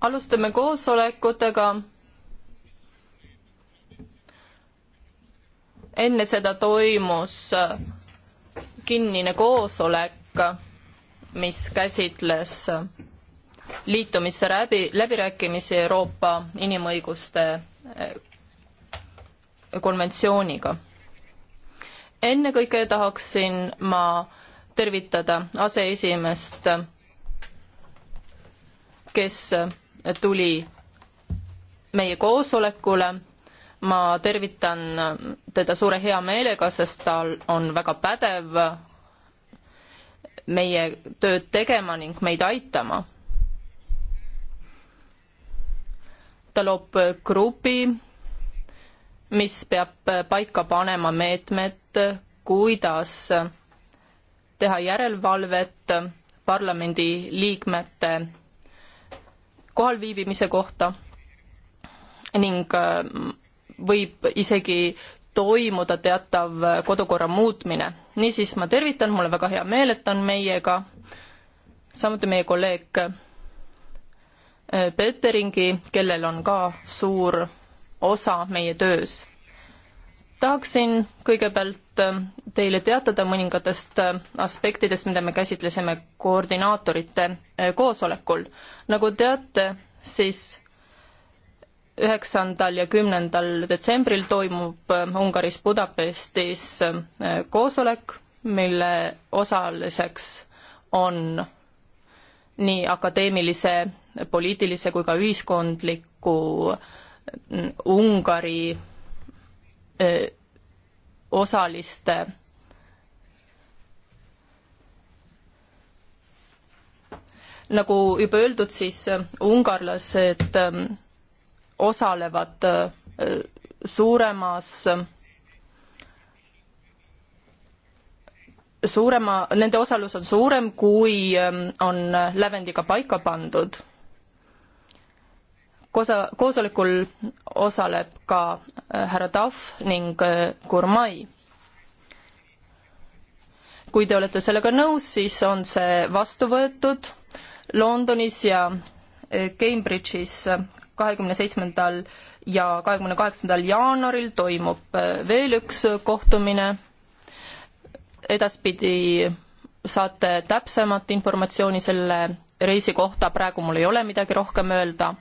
alustame koosolekutega. enne seda toimus äh, kinnine koosolek, mis käsitles äh, liitumisse läbi, läbirääkimisi Euroopa inimõiguste äh, konventsiooniga. ennekõike tahaksin ma tervitada aseesimeest kes tuli meie koosolekule. ma tervitan teda suure heameelega, sest tal on väga pädev meie tööd tegema ning meid aitama. ta loob grupi, mis peab paika panema meetmed, kuidas teha järelevalvet parlamendi liikmete kohalviibimise kohta ning äh, võib isegi toimuda teatav äh, kodukorra muutmine. niisiis ma tervitan, mul on väga hea meel, et ta on meiega, samuti meie kolleeg äh, Peteringi, kellel on ka suur osa meie töös tahaksin kõigepealt äh, teile teatada mõningatest äh, aspektidest, mida me käsitlesime koordinaatorite äh, koosolekul. nagu teate, siis üheksandal ja kümnendal detsembril toimub Ungaris Budapestis koosolek, mille osaliseks on nii akadeemilise, poliitilise kui ka ühiskondliku Ungari osaliste nagu juba öeldud, siis ungarlased osalevad suuremas, suurema, nende osalus on suurem, kui on lävendiga paika pandud kosa, koosolekul osaleb ka äh, härra Tahv ning äh, Gurmai. kui te olete sellega nõus, siis on see vastu võetud Londonis ja äh, Cambridge'is kahekümne seitsmendal ja kahekümne kaheksandal jaanuaril toimub veel üks kohtumine. edaspidi saate täpsemat informatsiooni selle reisi kohta, praegu mul ei ole midagi rohkem öelda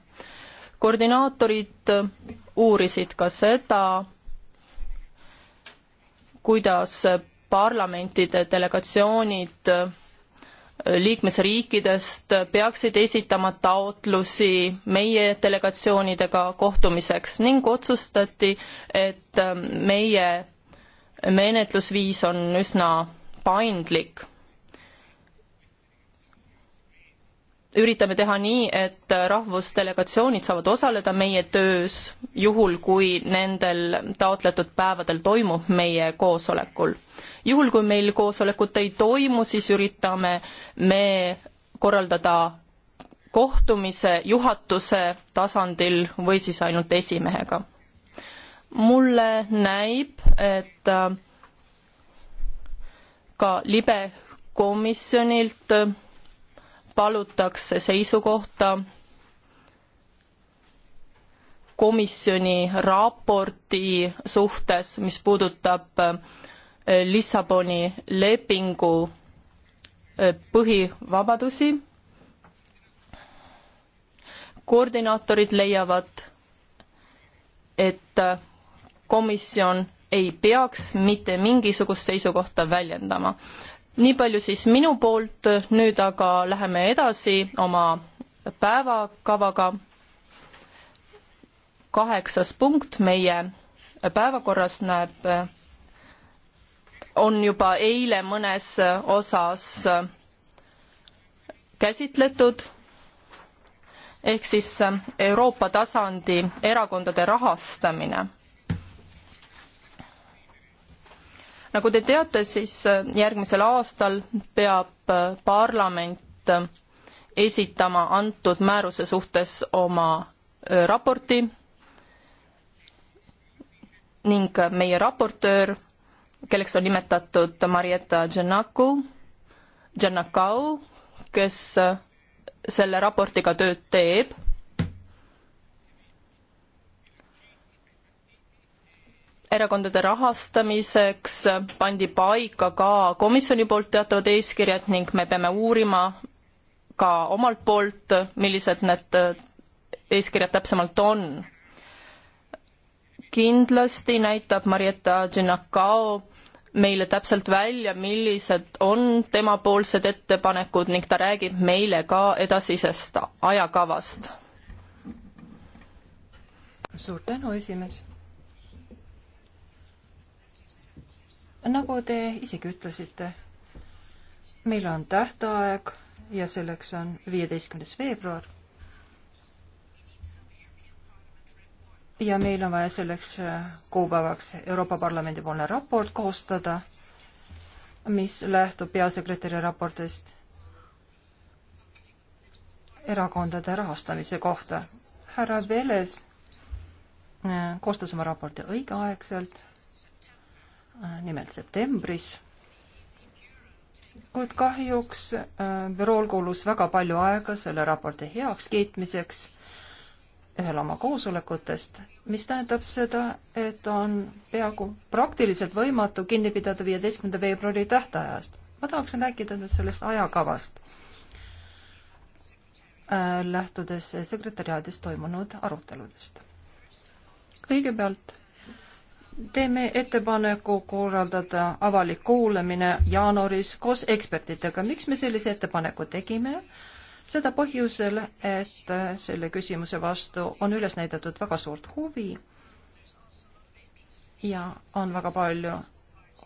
koordinaatorid uurisid ka seda, kuidas parlamentide delegatsioonid liikmesriikidest peaksid esitama taotlusi meie delegatsioonidega kohtumiseks ning otsustati, et meie menetlusviis on üsna paindlik üritame teha nii, et rahvusdelegatsioonid saavad osaleda meie töös, juhul kui nendel taotletud päevadel toimub meie koosolekul. juhul, kui meil koosolekut ei toimu, siis üritame me korraldada kohtumise juhatuse tasandil või siis ainult esimehega. mulle näib, et äh, ka libekomisjonilt äh, palutakse seisukohta komisjoni raporti suhtes, mis puudutab eh, Lissaboni lepingu eh, põhivabadusi. koordinaatorid leiavad, et eh, komisjon ei peaks mitte mingisugust seisukohta väljendama nii palju siis minu poolt, nüüd aga läheme edasi oma päevakavaga. kaheksas punkt meie päevakorras näeb, on juba eile mõnes osas käsitletud, ehk siis Euroopa tasandi erakondade rahastamine nagu te teate, siis äh, järgmisel aastal peab äh, parlament äh, esitama antud määruse suhtes oma raporti ning meie raportöör, kelleks on nimetatud Marietta Giannaku, Giannakau, kes selle raportiga tööd teeb erakondade rahastamiseks pandi paika ka komisjoni poolt teatavad eeskirjad ning me peame uurima ka omalt poolt, millised need eeskirjad täpsemalt on. kindlasti näitab Marietta Giannakao meile täpselt välja, millised on temapoolsed ettepanekud ning ta räägib meile ka edasisest ajakavast. suur tänu, esimees nagu te isegi ütlesite, meil on tähtaeg ja selleks on viieteistkümnes veebruar. ja meil on vaja selleks kuupäevaks Euroopa Parlamendi poolne raport koostada, mis lähtub peasekretäri raportist erakondade rahastamise kohta. härra Veles eh, koostas oma raporti õigeaegselt Äh, nimelt septembris. kuid kahjuks äh, bürool kulus väga palju aega selle raporti heakskiitmiseks ühel oma koosolekutest, mis tähendab seda, et on peaaegu praktiliselt võimatu kinni pidada viieteistkümnenda veebruari tähtajast. ma tahaksin rääkida nüüd sellest ajakavast, äh, lähtudes sekretäriaadis toimunud aruteludest. kõigepealt teeme ettepaneku korraldada avalik kuulamine jaanuaris koos ekspertidega. miks me sellise ettepaneku tegime? seda põhjusel, et selle küsimuse vastu on üles näidatud väga suurt huvi ja on väga palju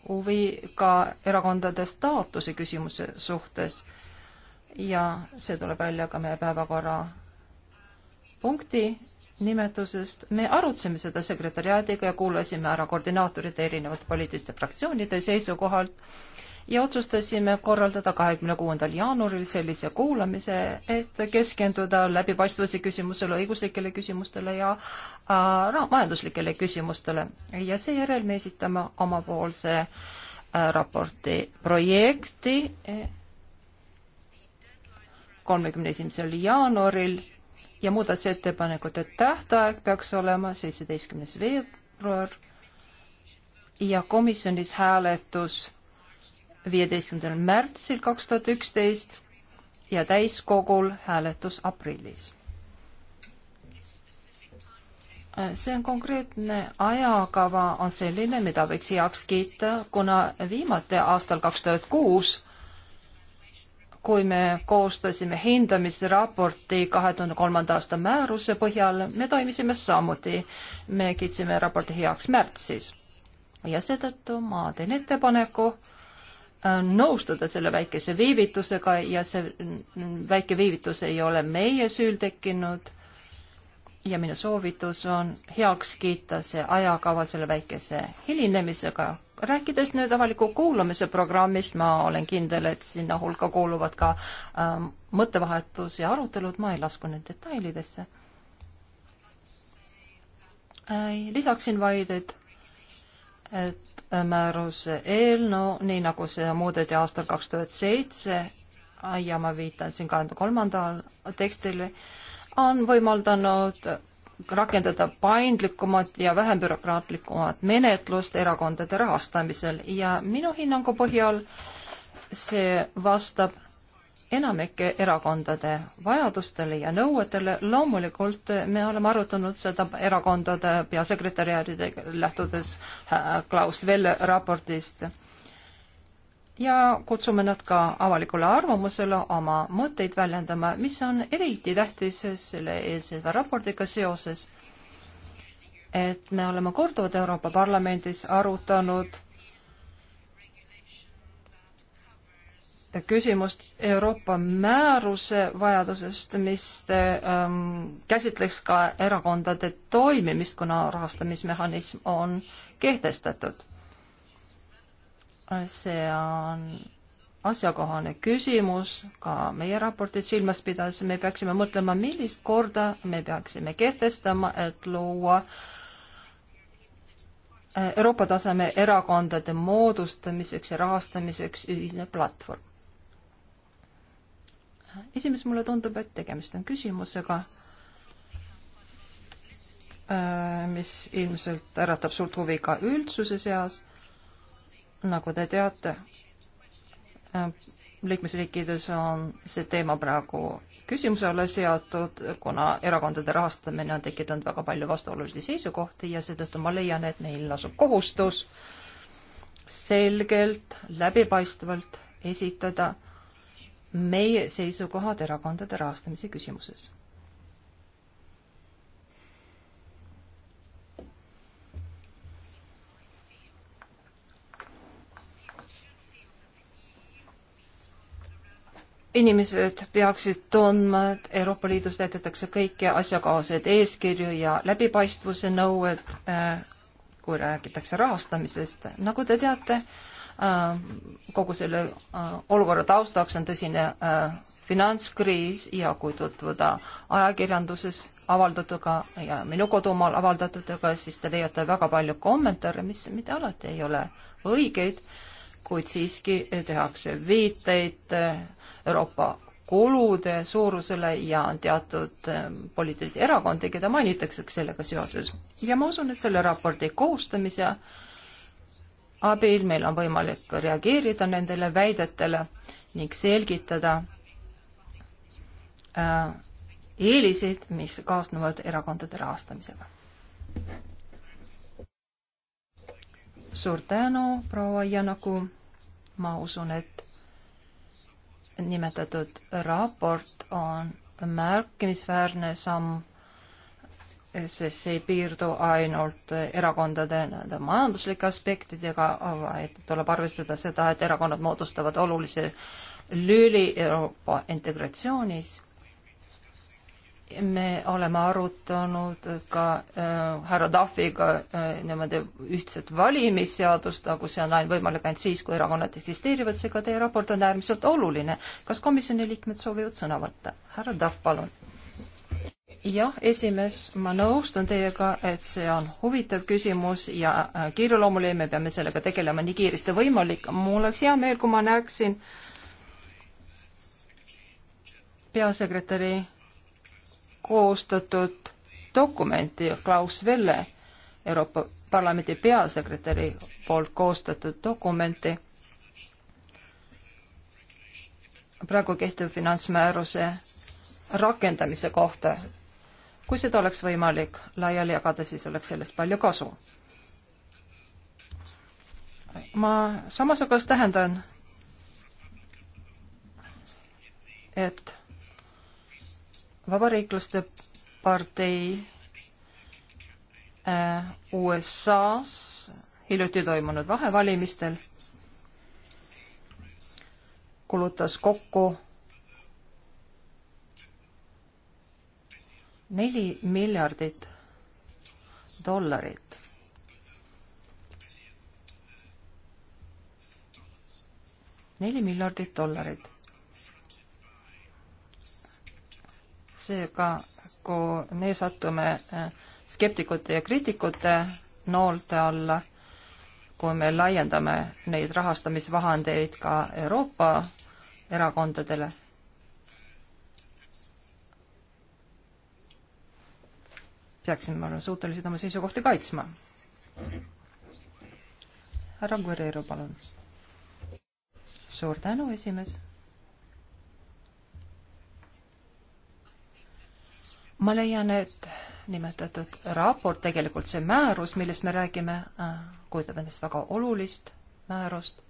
huvi ka erakondade staatuse küsimuse suhtes. ja see tuleb välja ka meie päevakorra punkti nimetusest. me arutasime seda sekretäriaadiga ja kuulasime ära koordinaatorite erinevate poliitiliste fraktsioonide seisukohalt ja otsustasime korraldada kahekümne kuuendal jaanuaril sellise kuulamise, et keskenduda läbipaistvuse küsimusele, õiguslikele küsimustele ja äh, majanduslikele küsimustele ja seejärel me esitame omapoolse äh, raporti projekti eh, kolmekümne esimesel jaanuaril ja muudatusettepanekute tähtaeg peaks olema seitseteistkümnes veebruar ja komisjonis hääletus viieteistkümnendal märtsil kaks tuhat üksteist ja täiskogul hääletus aprillis. see on konkreetne ajakava, on selline, mida võiks heaks kiita, kuna viimati aastal kaks tuhat kuus kui me koostasime hindamisraporti kahe tuhande kolmanda aasta määruse põhjal, me toimisime samuti. me kiitsime raporti heaks märtsis ja seetõttu ma teen ettepaneku äh, nõustuda selle väikese viivitusega ja see väike viivitus ei ole meie süül tekkinud ja minu soovitus on heaks kiita see ajakava selle väikese hilinemisega. rääkides nüüd avaliku kuulamise programmist, ma olen kindel, et sinna hulka kuuluvad ka ähm, mõttevahetus ja arutelud, ma ei lasku nüüd detailidesse äh,. lisaksin vaid, et, et äh, määruse eelnõu, nii nagu see muudeti aastal kaks tuhat seitse ja ma viitan siin kahekümne kolmandal tekstile äh,, on võimaldanud rakendada paindlikumat ja vähem bürokraatlikumat menetlust erakondade rahastamisel ja minu hinnangu põhjal see vastab enamike erakondade vajadustele ja nõuetele. loomulikult me oleme arutanud seda erakondade peasekretäriaadidega, lähtudes äh, Klaus Velle raportist ja kutsume nad ka avalikule arvamusele oma mõtteid väljendama, mis on eriti tähtis selle eelseva raportiga seoses. et me oleme korduvalt Euroopa Parlamendis arutanud küsimust Euroopa määruse vajadusest, mis ähm, käsitleks ka erakondade toimimist, kuna rahastamismehhanism on kehtestatud see on asjakohane küsimus ka meie raportit silmas pidades, me peaksime mõtlema, millist korda me peaksime kehtestama, et luua Euroopa taseme erakondade moodustamiseks ja rahastamiseks ühine platvorm. esimees, mulle tundub, et tegemist on küsimusega, äh, mis ilmselt äratab suurt huvi ka üldsuse seas nagu te teate, äh, liikmesriikides on see teema praegu küsimuse alla seatud, kuna erakondade rahastamine on tekitanud väga palju vastuolulisi seisukohti ja seetõttu ma leian, et meil lasub kohustus selgelt, läbipaistvalt esitada meie seisukohad erakondade rahastamise küsimuses inimesed peaksid tundma, et Euroopa Liidus täidetakse kõiki asjakohaseid eeskirju ja läbipaistvuse nõued, äh, kui räägitakse rahastamisest. nagu te teate, äh, kogu selle äh, olukorra taustaks on tõsine finantskriis ja kui tutvuda ajakirjanduses avaldatuga ja minu kodumaal avaldatutega, siis te leiate väga palju kommentaare, mis mitte alati ei ole õigeid kuid siiski tehakse viiteid Euroopa kulude suurusele ja on teatud ähm, poliitilisi erakondi, keda mainitakse sellega seoses. ja ma usun, et selle raporti koostamise abil meil on võimalik reageerida nendele väidetele ning selgitada äh, eeliseid, mis kaasnevad erakondade rahastamisega suur tänu, proua Janaku. ma usun, et nimetatud raport on märkimisväärne samm, sest see ei piirdu ainult erakondade nii-öelda majanduslike aspektidega, vaid tuleb arvestada seda, et erakonnad moodustavad olulise lüli Euroopa integratsioonis me oleme arutanud ka äh, härra Tahviga äh, niimoodi ühtset valimisseadust, aga see on ainult võimalik ainult siis, kui erakonnad eksisteerivad, seega teie raport on äärmiselt oluline. kas komisjoni liikmed soovivad sõna võtta? härra Tahv, palun. jah, esimees, ma nõustun teiega, et see on huvitav küsimus ja äh, kiireloomuline, me peame sellega tegelema nii kiiresti võimalik. mul oleks hea meel, kui ma näeksin peasekretäri koostatud dokumenti Klaus Velle, Euroopa Parlamendi peasekretäri poolt koostatud dokumenti, praegu kehtiv finantsmääruse rakendamise kohta. kui seda oleks võimalik laiali jagada, siis oleks sellest palju kasu. ma samas aga tähendan, et vabariiklaste partei äh, USA-s hiljuti toimunud vahevalimistel kulutas kokku neli miljardit dollarit. neli miljardit dollarit seega, kui me satume äh, skeptikute ja kriitikute noolte alla, kui me laiendame neid rahastamisvahendeid ka Euroopa erakondadele, peaksime olema suutelised oma seisukohti kaitsma. härra Guerrero, palun. suur tänu, esimees ma leian, et nimetatud raport, tegelikult see määrus, millest me räägime, äh, kujutab endast väga olulist määrust.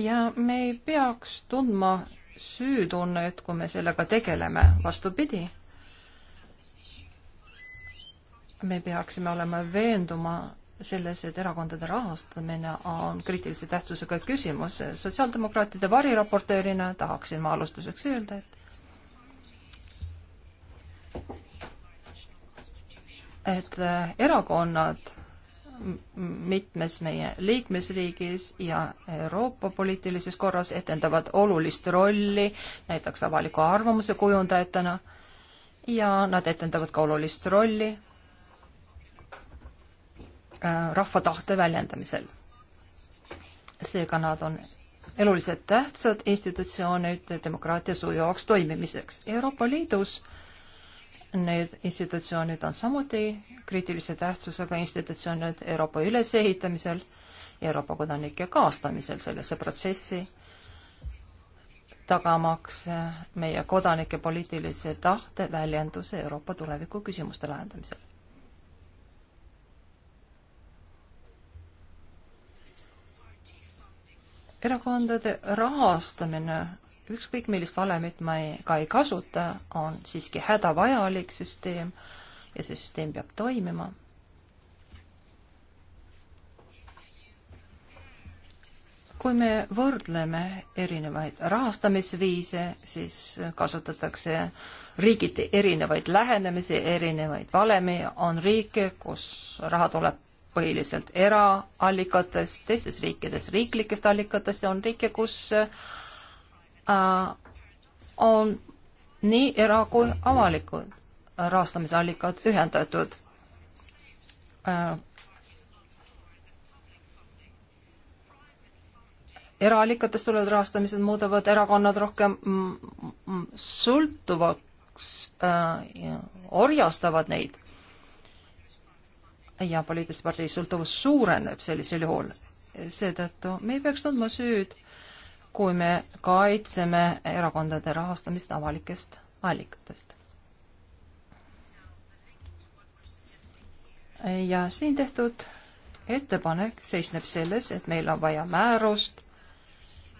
ja me ei peaks tundma süütunnet, kui me sellega tegeleme, vastupidi. me peaksime olema veenduma, selles, et erakondade rahastamine on kriitilise tähtsusega küsimus. sotsiaaldemokraatide variraportöörina tahaksin ma alustuseks öelda, et et äh, erakonnad mitmes meie liikmesriigis ja Euroopa poliitilises korras etendavad olulist rolli näiteks avaliku arvamuse kujundajatena ja nad etendavad ka olulist rolli Äh, rahva tahte väljendamisel. seega nad on eluliselt tähtsad institutsioonid demokraatia sujuvaks toimimiseks. Euroopa Liidus need institutsioonid on samuti kriitilise tähtsusega institutsioonid Euroopa ülesehitamisel ja Euroopa kodanike kaastamisel sellesse protsessi, tagamaks meie kodanike poliitilise tahte väljenduse Euroopa tuleviku küsimuste lahendamisel erakondade rahastamine, ükskõik millist valemit ma ei, ka ei kasuta, on siiski hädavajalik süsteem ja see süsteem peab toimima. kui me võrdleme erinevaid rahastamisviise, siis kasutatakse riigiti erinevaid lähenemisi, erinevaid valemi, on riike, kus raha tuleb põhiliselt eraallikatest, teistes riikides riiklikest allikatest ja on riike, kus äh, on nii era- kui avalikud rahastamisallikad ühendatud äh,. eraallikatest tulevad rahastamised muudavad erakonnad rohkem sõltuvaks äh,, orjastavad neid ja poliitilise partei sõltuvus suureneb sellisel juhul. seetõttu me ei peaks tundma süüd, kui me kaitseme erakondade rahastamist avalikest allikatest. ja siin tehtud ettepanek seisneb selles, et meil on vaja määrust,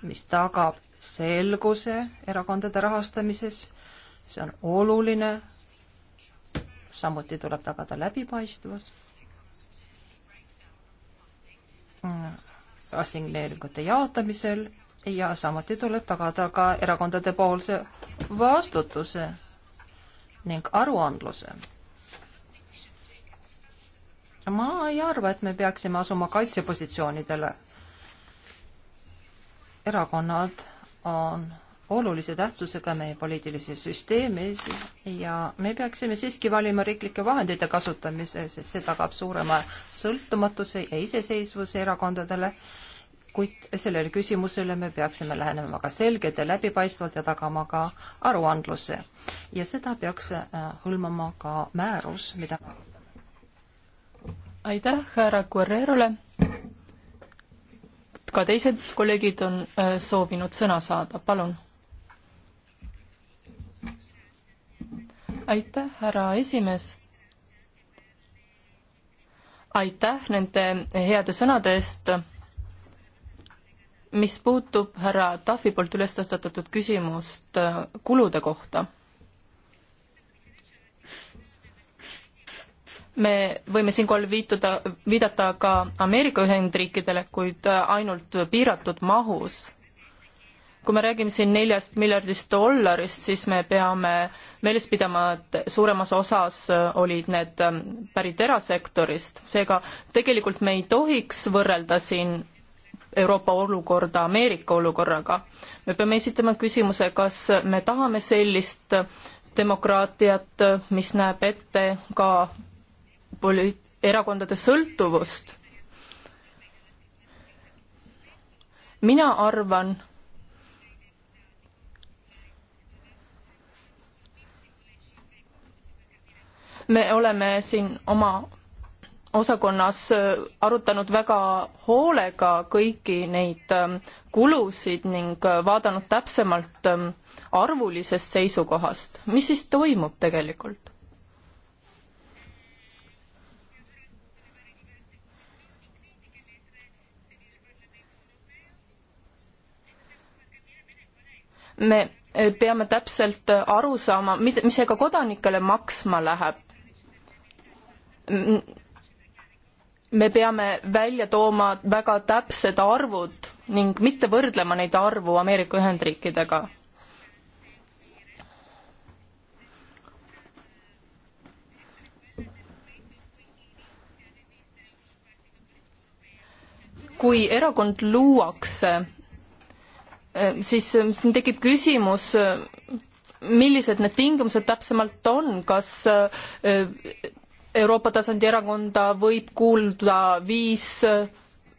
mis tagab selguse erakondade rahastamises, see on oluline, samuti tuleb tagada läbipaistvus assimileeringute jaotamisel ja samuti tuleb tagada ka erakondade poolse vastutuse ning aruandluse. ma ei arva, et me peaksime asuma kaitsepositsioonidele. erakonnad on olulise tähtsusega meie poliitilises süsteemis ja me peaksime siiski valima riiklike vahendite kasutamise, sest see tagab suurema sõltumatuse ja iseseisvuse erakondadele, kuid sellele küsimusele me peaksime lähenema väga selgelt ja läbipaistvalt ja tagama ka aruandluse. ja seda peaks äh, hõlmama ka määrus, mida aitäh härra Guerrerole ka teised kolleegid on äh, soovinud sõna saada, palun aitäh, härra esimees. aitäh nende heade sõnade eest. mis puutub härra Tafi poolt üles tõstatatud küsimust äh, kulude kohta. me võime siinkohal viituda, viidata ka Ameerika Ühendriikidele, kuid äh, ainult piiratud mahus kui me räägime siin neljast miljardist dollarist, siis me peame meeles pidama, et suuremas osas äh, olid need ähm, pärit erasektorist, seega tegelikult me ei tohiks võrrelda siin Euroopa olukorda Ameerika olukorraga. me peame esitama küsimuse, kas me tahame sellist demokraatiat, mis näeb ette ka poli-, erakondade sõltuvust. mina arvan, me oleme siin oma osakonnas äh, arutanud väga hoolega kõiki neid ähm, kulusid ning äh, vaadanud täpsemalt ähm, arvulisest seisukohast, mis siis toimub tegelikult? me äh, peame täpselt aru saama, mida, mis see ka kodanikele maksma läheb me peame välja tooma väga täpsed arvud ning mitte võrdlema neid arvu Ameerika Ühendriikidega. kui erakond luuakse, siis siin tekib küsimus, millised need tingimused täpsemalt on, kas Euroopa tasandi erakonda võib kuulda viis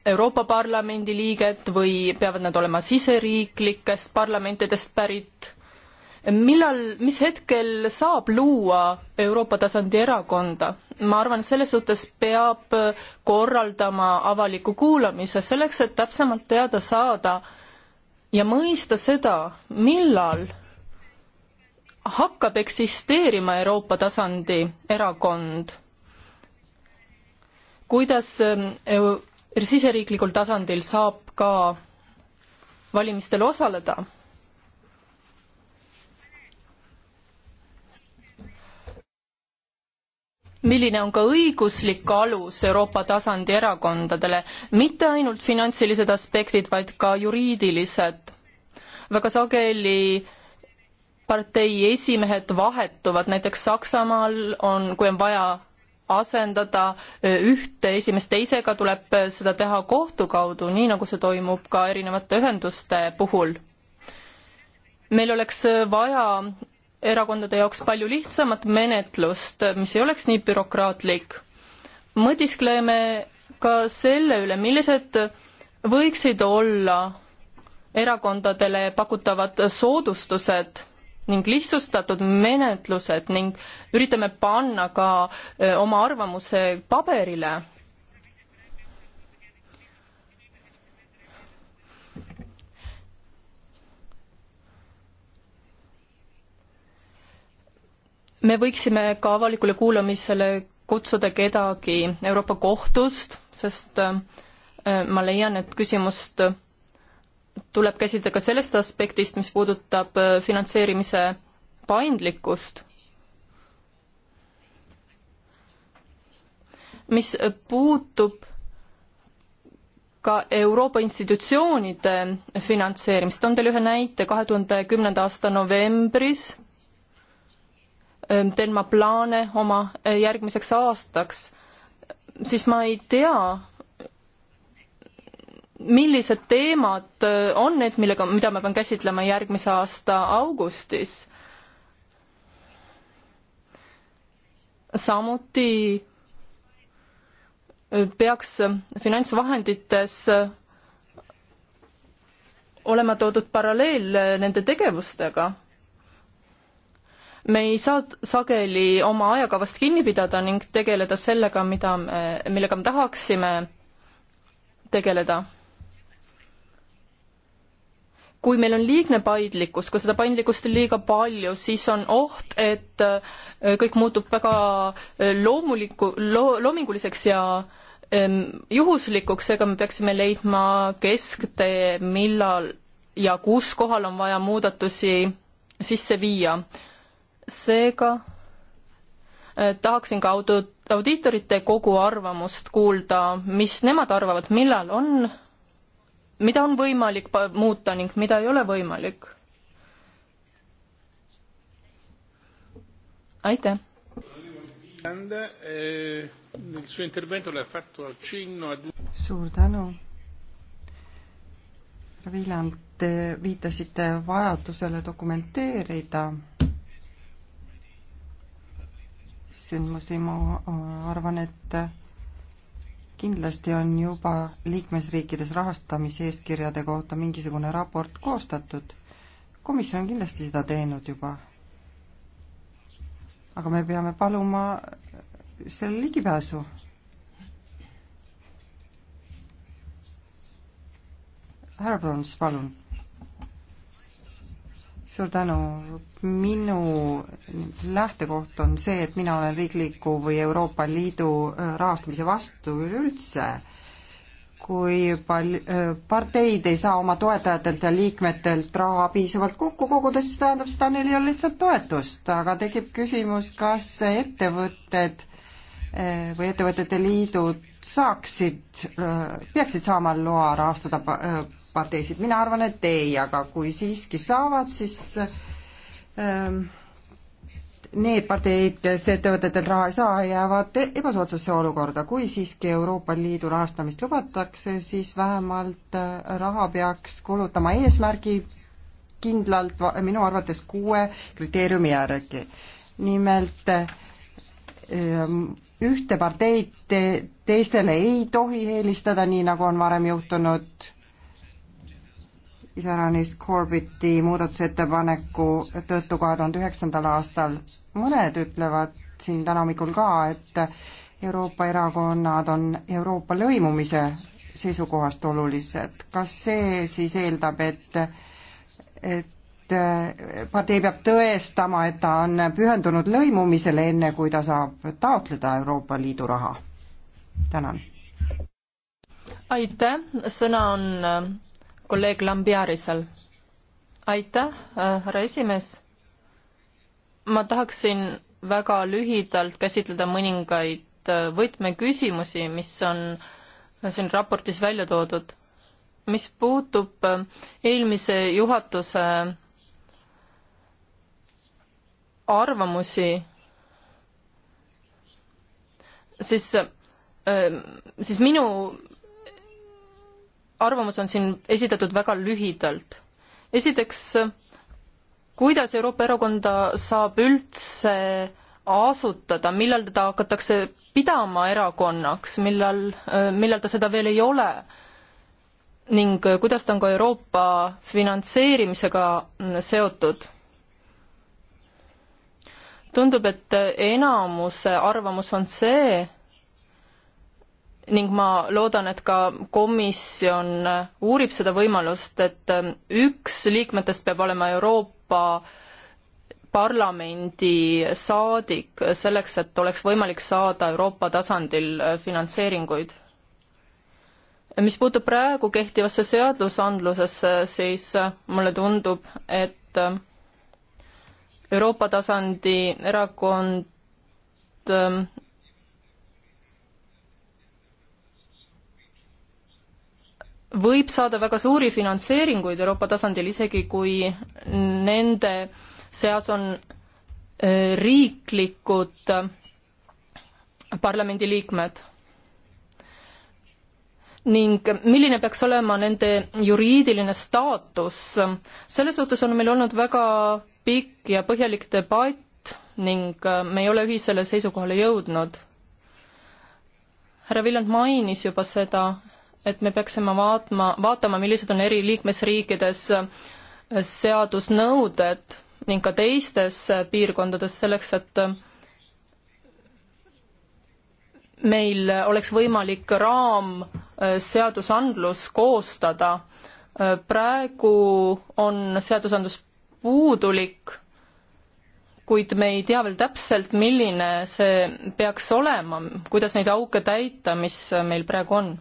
Euroopa Parlamendi liiget või peavad nad olema siseriiklikest parlamentidest pärit? millal, mis hetkel saab luua Euroopa tasandi erakonda? ma arvan, selles suhtes peab korraldama avaliku kuulamise selleks, et täpsemalt teada saada ja mõista seda, millal hakkab eksisteerima Euroopa tasandi erakond kuidas ähm, siseriiklikul tasandil saab ka valimistel osaleda milline on ka õiguslik alus Euroopa tasandi erakondadele, mitte ainult finantsilised aspektid, vaid ka juriidilised. väga sageli partei esimehed vahetuvad, näiteks Saksamaal on, kui on vaja asendada ühte esimest teisega, tuleb seda teha kohtu kaudu, nii nagu see toimub ka erinevate ühenduste puhul. meil oleks vaja erakondade jaoks palju lihtsamat menetlust, mis ei oleks nii bürokraatlik. mõtiskleme ka selle üle, millised võiksid olla erakondadele pakutavad soodustused ning lihtsustatud menetlused ning üritame panna ka oma arvamuse paberile. me võiksime ka avalikule kuulamisele kutsuda kedagi Euroopa Kohtust, sest ma leian, et küsimust tuleb käsitleda ka sellest aspektist, mis puudutab äh, finantseerimise paindlikkust, mis äh, puutub ka Euroopa institutsioonide finantseerimist, on teil ühe näite, kahe tuhande kümnenda aasta novembris teen ähm, ma plaane oma äh, järgmiseks aastaks, siis ma ei tea, millised teemad äh, on need, millega, mida ma pean käsitlema järgmise aasta augustis. samuti äh, peaks äh, finantsvahendites olema toodud paralleel nende tegevustega. me ei saa sageli oma ajakavast kinni pidada ning tegeleda sellega, mida me, millega me tahaksime tegeleda kui meil on liigne paindlikkus, kui seda paindlikkust on liiga palju, siis on oht, et äh, kõik muutub väga äh, loomuliku, loo-, loominguliseks ja ähm, juhuslikuks, seega me peaksime leidma kesktee, millal ja kus kohal on vaja muudatusi sisse viia. seega äh, tahaksin ka auto, audiitorite kogu arvamust kuulda, mis nemad arvavad, millal on mida on võimalik muuta ning mida ei ole võimalik. aitäh. Eh, suur tänu. Viljand, te viitasite vajadusele dokumenteerida sündmusi, ma arvan, et kindlasti on juba liikmesriikides rahastamiseeskirjade kohta mingisugune raport koostatud. komisjon on kindlasti seda teinud juba. aga me peame paluma selle ligipääsu. härra Brons, palun suur tänu. minu lähtekoht on see, et mina olen riikliku või Euroopa Liidu äh, rahastamise vastu üleüldse. kui pal-, äh, parteid ei saa oma toetajatelt ja liikmetelt raha piisavalt kokku koguda, siis tähendab seda, neil ei ole lihtsalt toetust, aga tekib küsimus, kas ettevõtted äh, või ettevõtete liidud saaksid, peaksid saama loa rahastada parteisid, mina arvan, et ei, aga kui siiski saavad, siis ähm, need parteid, kes ettevõtetelt raha ei saa, jäävad e-, ebasoodsasse olukorda. kui siiski Euroopa Liidu rahastamist lubatakse, siis vähemalt äh, raha peaks kulutama eesmärgi kindlalt minu arvates kuue kriteeriumi järgi. nimelt ähm, ühte parteid teistele ei tohi eelistada, nii nagu on varem juhtunud iseäranis Corbyti muudatusettepaneku tõttu kahe tuhande üheksandal aastal. mõned ütlevad siin täna hommikul ka, et Euroopa erakonnad on Euroopa lõimumise seisukohast olulised. kas see siis eeldab, et, et partei peab tõestama, et ta on pühendunud lõimumisele, enne kui ta saab taotleda Euroopa Liidu raha. tänan. aitäh, sõna on kolleeg Lambiarisel. aitäh, äh, härra esimees. ma tahaksin väga lühidalt käsitleda mõningaid äh, võtmeküsimusi, mis on siin raportis välja toodud. mis puutub äh, eelmise juhatuse arvamusi, siis, siis minu arvamus on siin esitatud väga lühidalt. esiteks, kuidas Euroopa Erakonda saab üldse asutada, millal teda hakatakse pidama erakonnaks, millal, millal ta seda veel ei ole? ning kuidas ta on ka Euroopa finantseerimisega seotud? tundub, et enamuse arvamus on see, ning ma loodan, et ka komisjon uurib seda võimalust, et ähm, üks liikmetest peab olema Euroopa Parlamendi saadik selleks, et oleks võimalik saada Euroopa tasandil äh, finantseeringuid. mis puutub praegu kehtivasse seadusandlusesse, siis äh, mulle tundub, et ähm, Euroopa tasandi erakond ähm, võib saada väga suuri finantseeringuid Euroopa tasandil, isegi kui nende seas on äh, riiklikud äh, parlamendiliikmed. ning milline peaks olema nende juriidiline staatus, selles suhtes on meil olnud väga pikk ja põhjalik debatt ning äh, me ei ole ühisele seisukohale jõudnud. härra Villand mainis juba seda, et me peaksime vaatma, vaatama, millised on eri liikmesriikides äh, seadusnõuded ning ka teistes äh, piirkondades selleks, et äh, meil oleks võimalik raamseadusandlus koostada. praegu on seadusandlus puudulik, kuid me ei tea veel täpselt, milline see peaks olema, kuidas neid auke täita, mis meil praegu on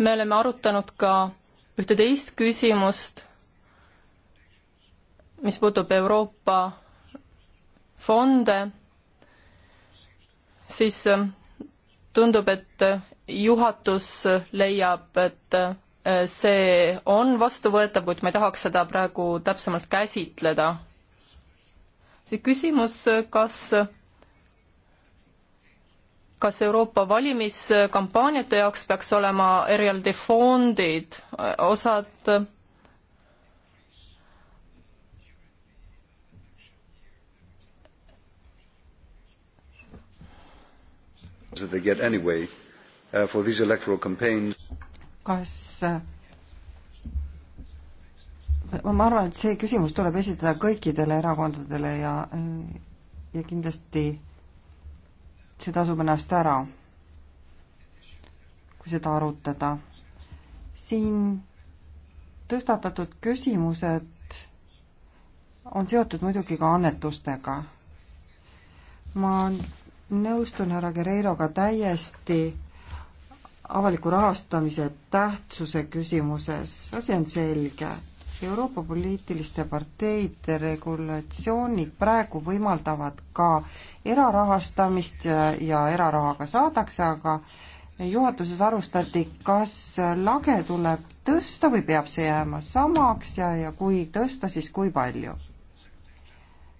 me oleme arutanud ka ühte teist küsimust, mis puutub Euroopa fonde, siis ähm, tundub, et juhatus leiab, et äh, see on vastuvõetav, kuid ma ei tahaks seda praegu täpsemalt käsitleda. see küsimus, kas kas Euroopa valimiskampaaniate jaoks peaks olema eraldi fondid, äh, osad that they get anyway uh, for these electoral campaigns. kas äh, ma arvan, et see küsimus tuleb esitada kõikidele erakondadele ja, äh, ja kindlasti see tasub ennast ära, kui seda arutada. siin tõstatatud küsimused on seotud muidugi ka annetustega. ma nõustun härra Guerreiroga täiesti avaliku rahastamise tähtsuse küsimuses, asi on selge Euroopa poliitiliste parteide regulatsioonid praegu võimaldavad ka erarahastamist ja, ja eraraha ka saadakse, aga juhatuses arutati, kas lage tuleb tõsta või peab see jääma samaks ja, ja kui tõsta, siis kui palju?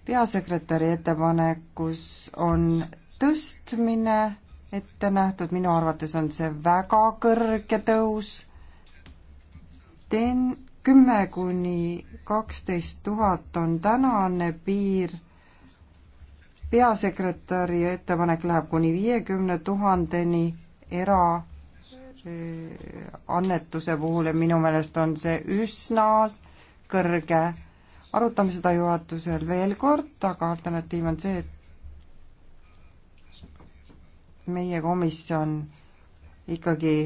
peasekretäri ettepanekus on tõstmine ette nähtud, minu arvates on see väga kõrge tõus. teen kümme kuni kaksteist tuhat on tänane piir, peasekretäri ettepanek läheb kuni viiekümne tuhandeni era annetuse puhul ja minu meelest on see üsna kõrge. arutame seda juhatusel veel kord, aga alternatiiv on see, et meie komisjon ikkagi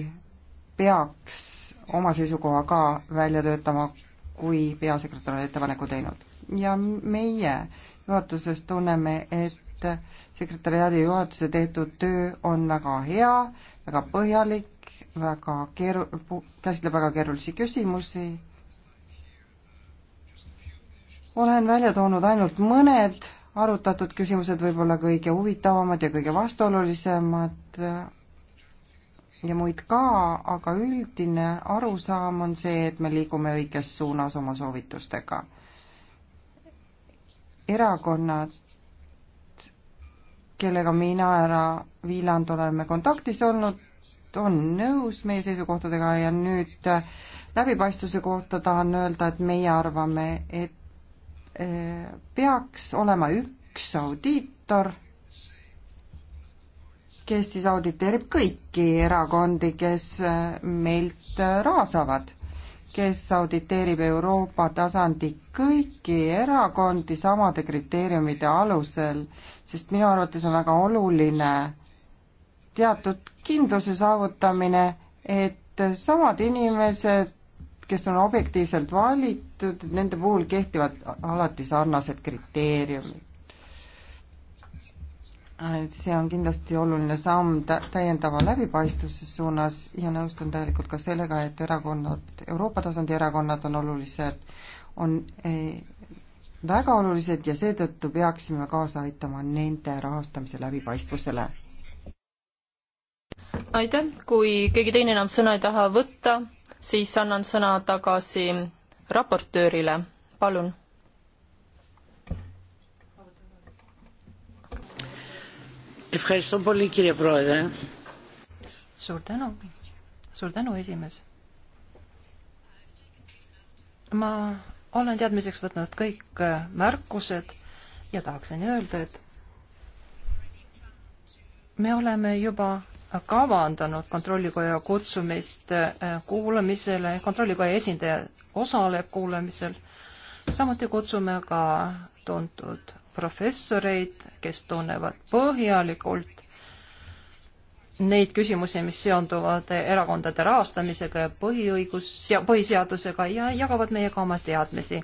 peaks oma seisukoha ka välja töötama, kui peasekretär on ettepaneku teinud. ja meie juhatuses tunneme, et sekretäriaadi juhatuse tehtud töö on väga hea, väga põhjalik, väga keeru-, käsitleb väga keerulisi küsimusi, olen välja toonud ainult mõned arutatud küsimused, võib-olla kõige huvitavamad ja kõige vastuolulisemad, ja muid ka, aga üldine arusaam on see, et me liigume õiges suunas oma soovitustega. erakonnad, kellega mina ja Viiland oleme kontaktis olnud, on nõus meie seisukohtadega ja nüüd läbipaistvuse kohta tahan öelda, et meie arvame, et eh, peaks olema üks audiitor kes siis auditeerib kõiki erakondi, kes äh, meilt äh, raha saavad, kes auditeerib Euroopa tasandi kõiki erakondi samade kriteeriumide alusel, sest minu arvates on väga oluline teatud kindluse saavutamine, et samad inimesed, kes on objektiivselt valitud, nende puhul kehtivad alati sarnased kriteeriumid Äh, see on kindlasti oluline samm täiendava läbipaistvuse suunas ja nõustun täielikult ka sellega, et erakonnad, Euroopa tasandi erakonnad on olulised, on väga olulised ja seetõttu peaksime kaasa aitama nende rahastamise läbipaistvusele. aitäh, kui keegi teine enam sõna ei taha võtta, siis annan sõna tagasi raportöörile, palun Ευχαριστώ πολύ κύριε Πρόεδρε. Suur tänu. Suur tänu, esimees. Ma olen teadmiseks võtnud kõik äh, märkused ja tahaksin öelda, et me oleme juba kavandanud kontrollikoja kutsumist äh, kuulamisele. Kontrollikoja esindaja osaleb kuulamisel. Samuti kutsume ka tuntud professoreid, kes tunnevad põhjalikult neid küsimusi, mis seonduvad erakondade rahastamisega ja põhiõigus, põhiseadusega ja jagavad meiega oma teadmisi.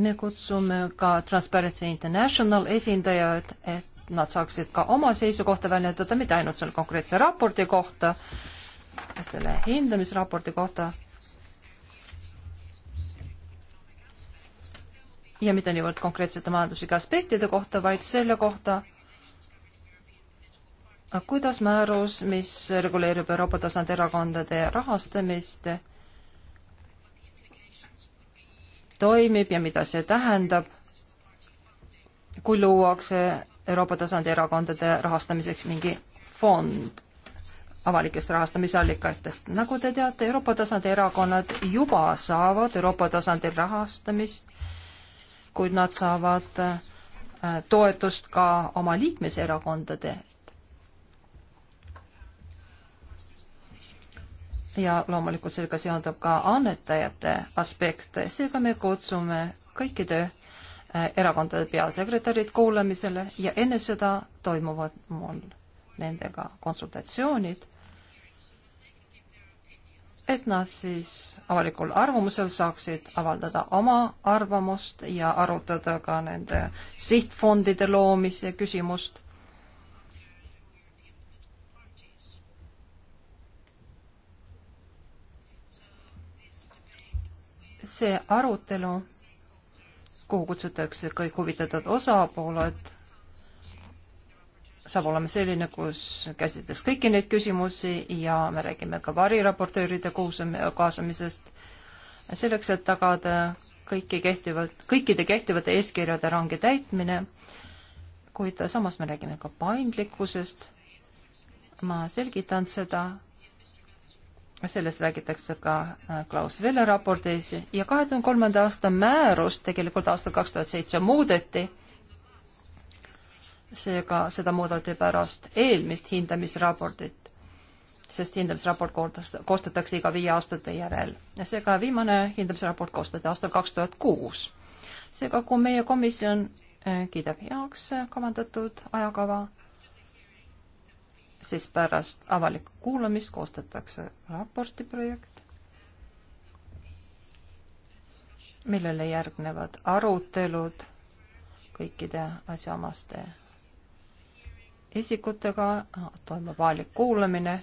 me kutsume ka Transparency International esindajad, et nad saaksid ka oma seisukohta väljendada, mitte ainult selle konkreetse raporti kohta, selle hindamisraporti kohta ja mitte niivõrd konkreetsete majanduslike aspektide kohta, vaid selle kohta, kuidas määrus, mis reguleerib Euroopa tasandi erakondade rahastamist, toimib ja mida see tähendab, kui luuakse Euroopa tasandi erakondade rahastamiseks mingi fond avalikest rahastamisallikatest. nagu te teate, Euroopa tasandi erakonnad juba saavad Euroopa tasandil rahastamist kuid nad saavad äh, toetust ka oma liikmeserakondadelt. ja loomulikult sellega seondub ka annetajate aspekt, seega me kutsume kõikide äh, erakondade peasekretärid kuulamisele ja enne seda toimuvad mul nendega konsultatsioonid et nad siis avalikul arvamusel saaksid avaldada oma arvamust ja arutada ka nende sihtfondide loomise küsimust. see arutelu, kuhu kutsutakse kõik huvitatud osapooled saab olema selline, kus käsitles kõiki neid küsimusi ja me räägime ka variraportööride kaasamisest selleks, et tagada kõiki kehtivad, kõikide kehtivate eeskirjade range täitmine, kuid samas me räägime ka paindlikkusest. ma selgitan seda, sellest räägitakse ka äh, Klaus Velle raportis ja kahe tuhande kolmanda aasta määrus tegelikult aastal kaks tuhat seitse muudeti seega seda muudeti pärast eelmist hindamisraportit, sest hindamisraport koostatakse iga viie aastate järel. seega viimane hindamisraport koostati aastal kaks tuhat kuus. seega, kui meie komisjon eh, kiidab heaks kavandatud ajakava, siis pärast avalikku kuulamist koostatakse raporti projekt, millele järgnevad arutelud kõikide asjaomaste isikutega, toimub avalik kuulamine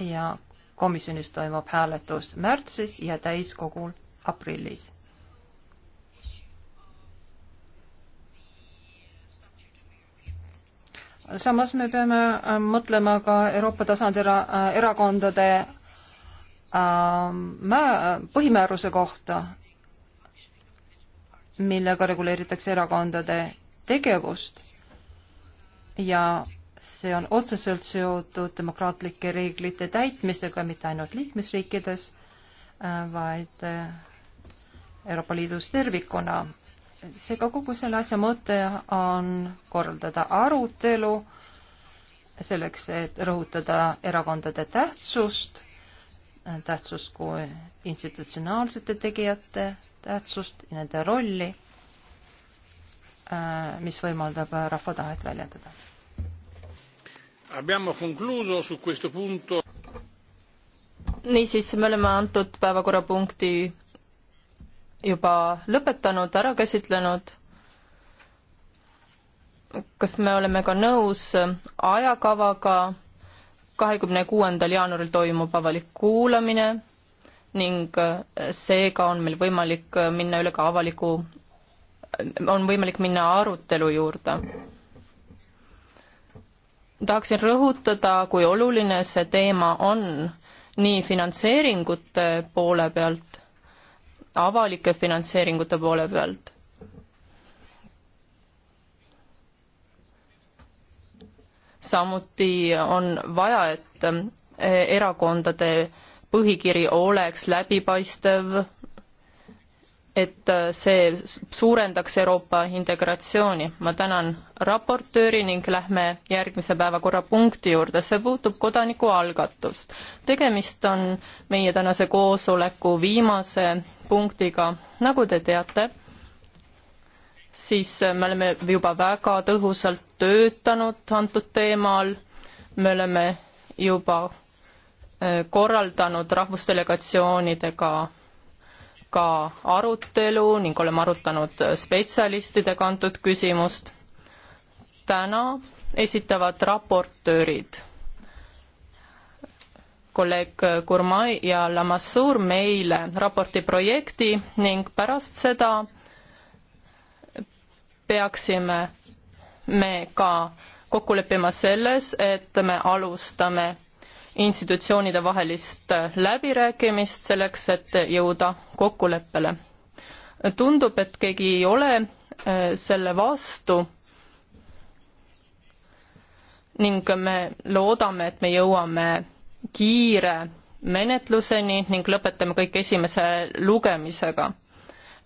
ja komisjonis toimub hääletus märtsis ja täiskogul aprillis. samas me peame äh, mõtlema ka Euroopa tasandil äh, erakondade äh, põhimääruse kohta, millega reguleeritakse erakondade tegevust ja see on otseselt seotud demokraatlike reeglite täitmisega mitte ainult liikmesriikides, äh, vaid äh, Euroopa Liidus tervikuna. seega kogu selle asja mõte on korraldada arutelu selleks, et rõhutada erakondade tähtsust, äh, tähtsust kui institutsionaalsete tegijate tähtsust, nende rolli Äh, mis võimaldab äh, rahva tahet väljendada. niisiis, me oleme antud päevakorrapunkti juba lõpetanud, ära käsitlenud. kas me oleme ka nõus ajakavaga? kahekümne kuuendal jaanuaril toimub avalik kuulamine ning äh, seega on meil võimalik minna üle ka avaliku on võimalik minna arutelu juurde. tahaksin rõhutada, kui oluline see teema on nii finantseeringute poole pealt, avalike finantseeringute poole pealt samuti on vaja, et eh, erakondade põhikiri oleks läbipaistev, et äh, see suurendaks Euroopa integratsiooni. ma tänan raportööri ning lähme järgmise päevakorrapunkti juurde, see puutub kodanikualgatust. tegemist on meie tänase koosoleku viimase punktiga, nagu te teate, siis me oleme juba väga tõhusalt töötanud antud teemal, me oleme juba äh, korraldanud rahvusdelegatsioonidega pika arutelu ning oleme arutanud spetsialistidega antud küsimust. täna esitavad raportöörid kolleeg Gurmai ja Lamassoor meile raporti projekti ning pärast seda peaksime me ka kokku leppima selles, et me alustame institutsioonide vahelist läbirääkimist selleks, et jõuda kokkuleppele. tundub, et keegi ei ole äh, selle vastu ning me loodame, et me jõuame kiire menetluseni ning lõpetame kõik esimese lugemisega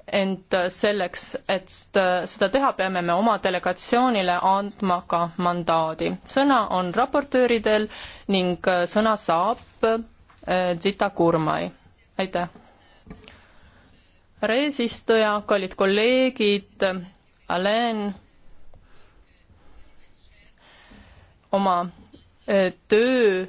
ent selleks, et seda teha, peame me oma delegatsioonile andma ka mandaadi. sõna on raportööridel ning sõna saab eh, Zita Kurmai. aitäh! härra eesistuja, kallid kolleegid, Alain oma eh, töö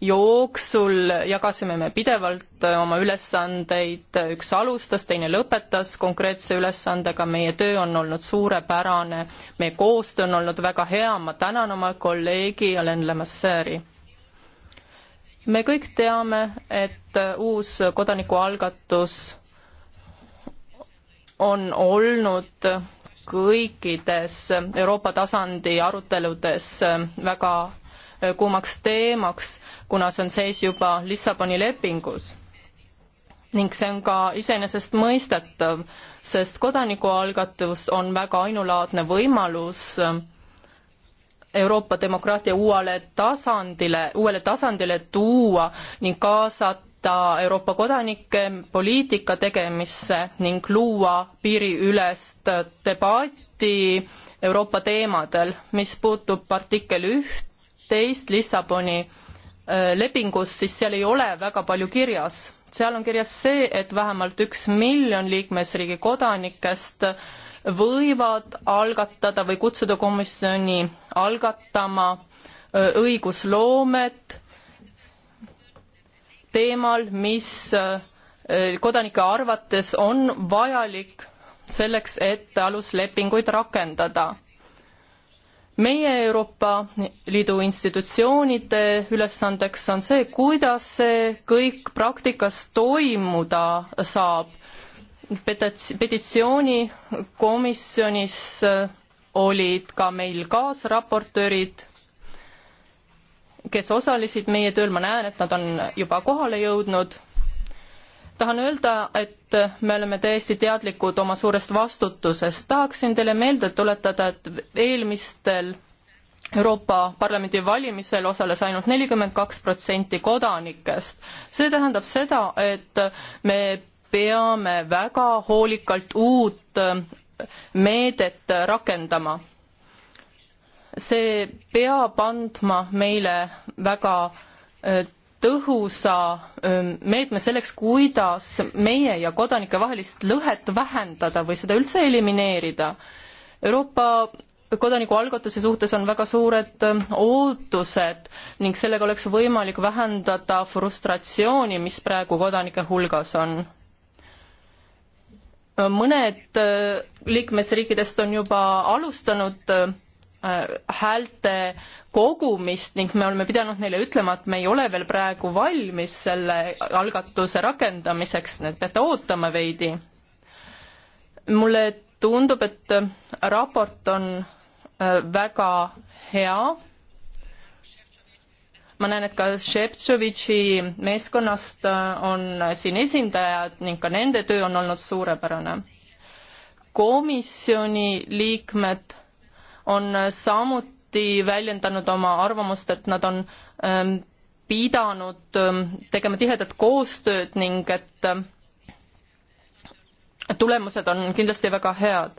jooksul jagasime me pidevalt oma ülesandeid, üks alustas, teine lõpetas konkreetse ülesandega, meie töö on olnud suurepärane, meie koostöö on olnud väga hea, ma tänan oma kolleegi Alain Lemasseri. me kõik teame, et uus kodanikualgatus on olnud kõikides Euroopa tasandi aruteludes väga kuumaks teemaks, kuna see on sees juba Lissaboni lepingus. ning see on ka iseenesestmõistetav, sest kodanikualgatus on väga ainulaadne võimalus Euroopa demokraatia uuele tasandile, uuele tasandile tuua ning kaasata Euroopa kodanikke poliitika tegemisse ning luua piiriülest debatti Euroopa teemadel. mis puutub artikkel üht, teist Lissaboni äh, lepingust, siis seal ei ole väga palju kirjas. seal on kirjas see, et vähemalt üks miljon liikmesriigi kodanikest võivad algatada või kutsuda komisjoni algatama äh, õigusloomet teemal, mis äh, kodanike arvates on vajalik selleks, et aluslepinguid rakendada meie Euroopa Liidu institutsioonide ülesandeks on see, kuidas see kõik praktikas toimuda saab. petitsioonikomisjonis olid ka meil kaasraportöörid, kes osalesid meie tööl, ma näen, et nad on juba kohale jõudnud tahan öelda, et me oleme täiesti teadlikud oma suurest vastutusest. tahaksin teile meelde tuletada, et eelmistel Euroopa Parlamendi valimisel osales ainult nelikümmend kaks protsenti kodanikest. see tähendab seda, et me peame väga hoolikalt uut meedet rakendama. see peab andma meile väga äh, tõhusa meetme selleks, kuidas meie ja kodanike vahelist lõhet vähendada või seda üldse elimineerida. Euroopa kodanikualgatuse suhtes on väga suured ootused ning sellega oleks võimalik vähendada frustratsiooni, mis praegu kodanike hulgas on. mõned liikmesriikidest on juba alustanud Äh, häälte kogumist ning me oleme pidanud neile ütlema, et me ei ole veel praegu valmis selle algatuse rakendamiseks, nii et peate ootama veidi. mulle tundub, et raport on äh, väga hea. ma näen, et ka Šeptšovitši meeskonnast äh, on siin esindajad ning ka nende töö on olnud suurepärane. komisjoni liikmed on samuti väljendanud oma arvamust, et nad on ähm, pidanud ähm, tegema tihedat koostööd ning et ähm, tulemused on kindlasti väga head.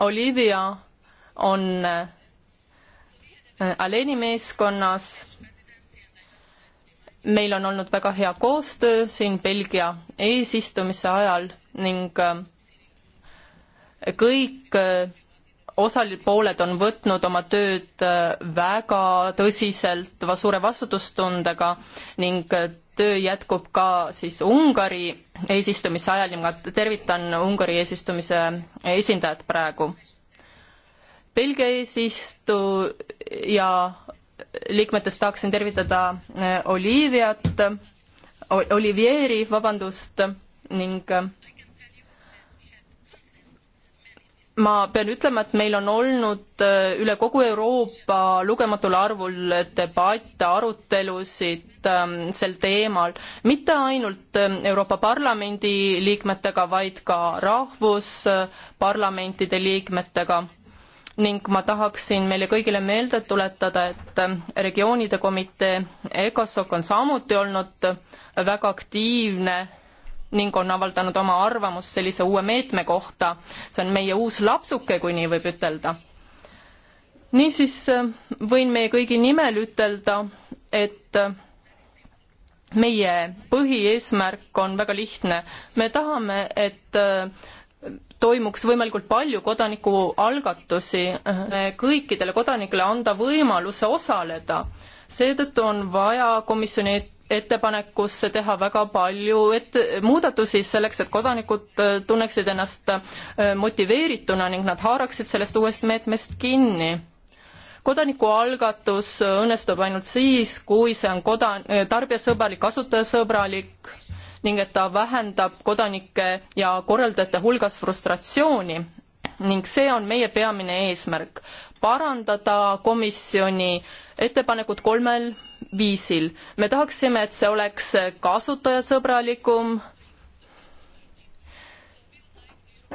Olivia on äh, Aleni meeskonnas. meil on olnud väga hea koostöö siin Belgia eesistumise ajal ning kõik äh, osapooled on võtnud oma tööd äh, väga tõsiselt, suure vastutustundega ning äh, töö jätkub ka siis Ungari eesistumise ajal ja ma tervitan Ungari eesistumise esindajat praegu. Belgia eesistuja liikmetest tahaksin tervitada Oliviat, Olivieri, vabandust, ning ma pean ütlema, et meil on olnud äh, üle kogu Euroopa lugematul arvul debatte, arutelusid ähm, sel teemal, mitte ainult ähm, Euroopa Parlamendi liikmetega, vaid ka rahvusparlamentide äh, liikmetega. ning ma tahaksin meile kõigile meelde tuletada, et ähm, regioonide komitee ECOSOC on samuti olnud äh, väga aktiivne ning on avaldanud oma arvamust sellise uue meetme kohta. see on meie uus lapsuke, kui nii võib ütelda. niisiis äh, võin meie kõigi nimel ütelda, et äh, meie põhieesmärk on väga lihtne. me tahame, et äh, toimuks võimalikult palju kodanikualgatusi, kõikidele kodanikele anda võimaluse osaleda. seetõttu on vaja komisjoni ettepanekusse teha väga palju et-, muudatusi selleks, et kodanikud äh, tunneksid ennast äh, motiveerituna ning nad haaraksid sellest uuest meetmest kinni. kodanikualgatus õnnestub ainult siis, kui see on kodan-, äh, tarbijasõbralik, kasutajasõbralik ning et ta vähendab kodanike ja korraldajate hulgas frustratsiooni ning see on meie peamine eesmärk, parandada komisjoni ettepanekut kolmel viisil. me tahaksime, et see oleks kasutajasõbralikum.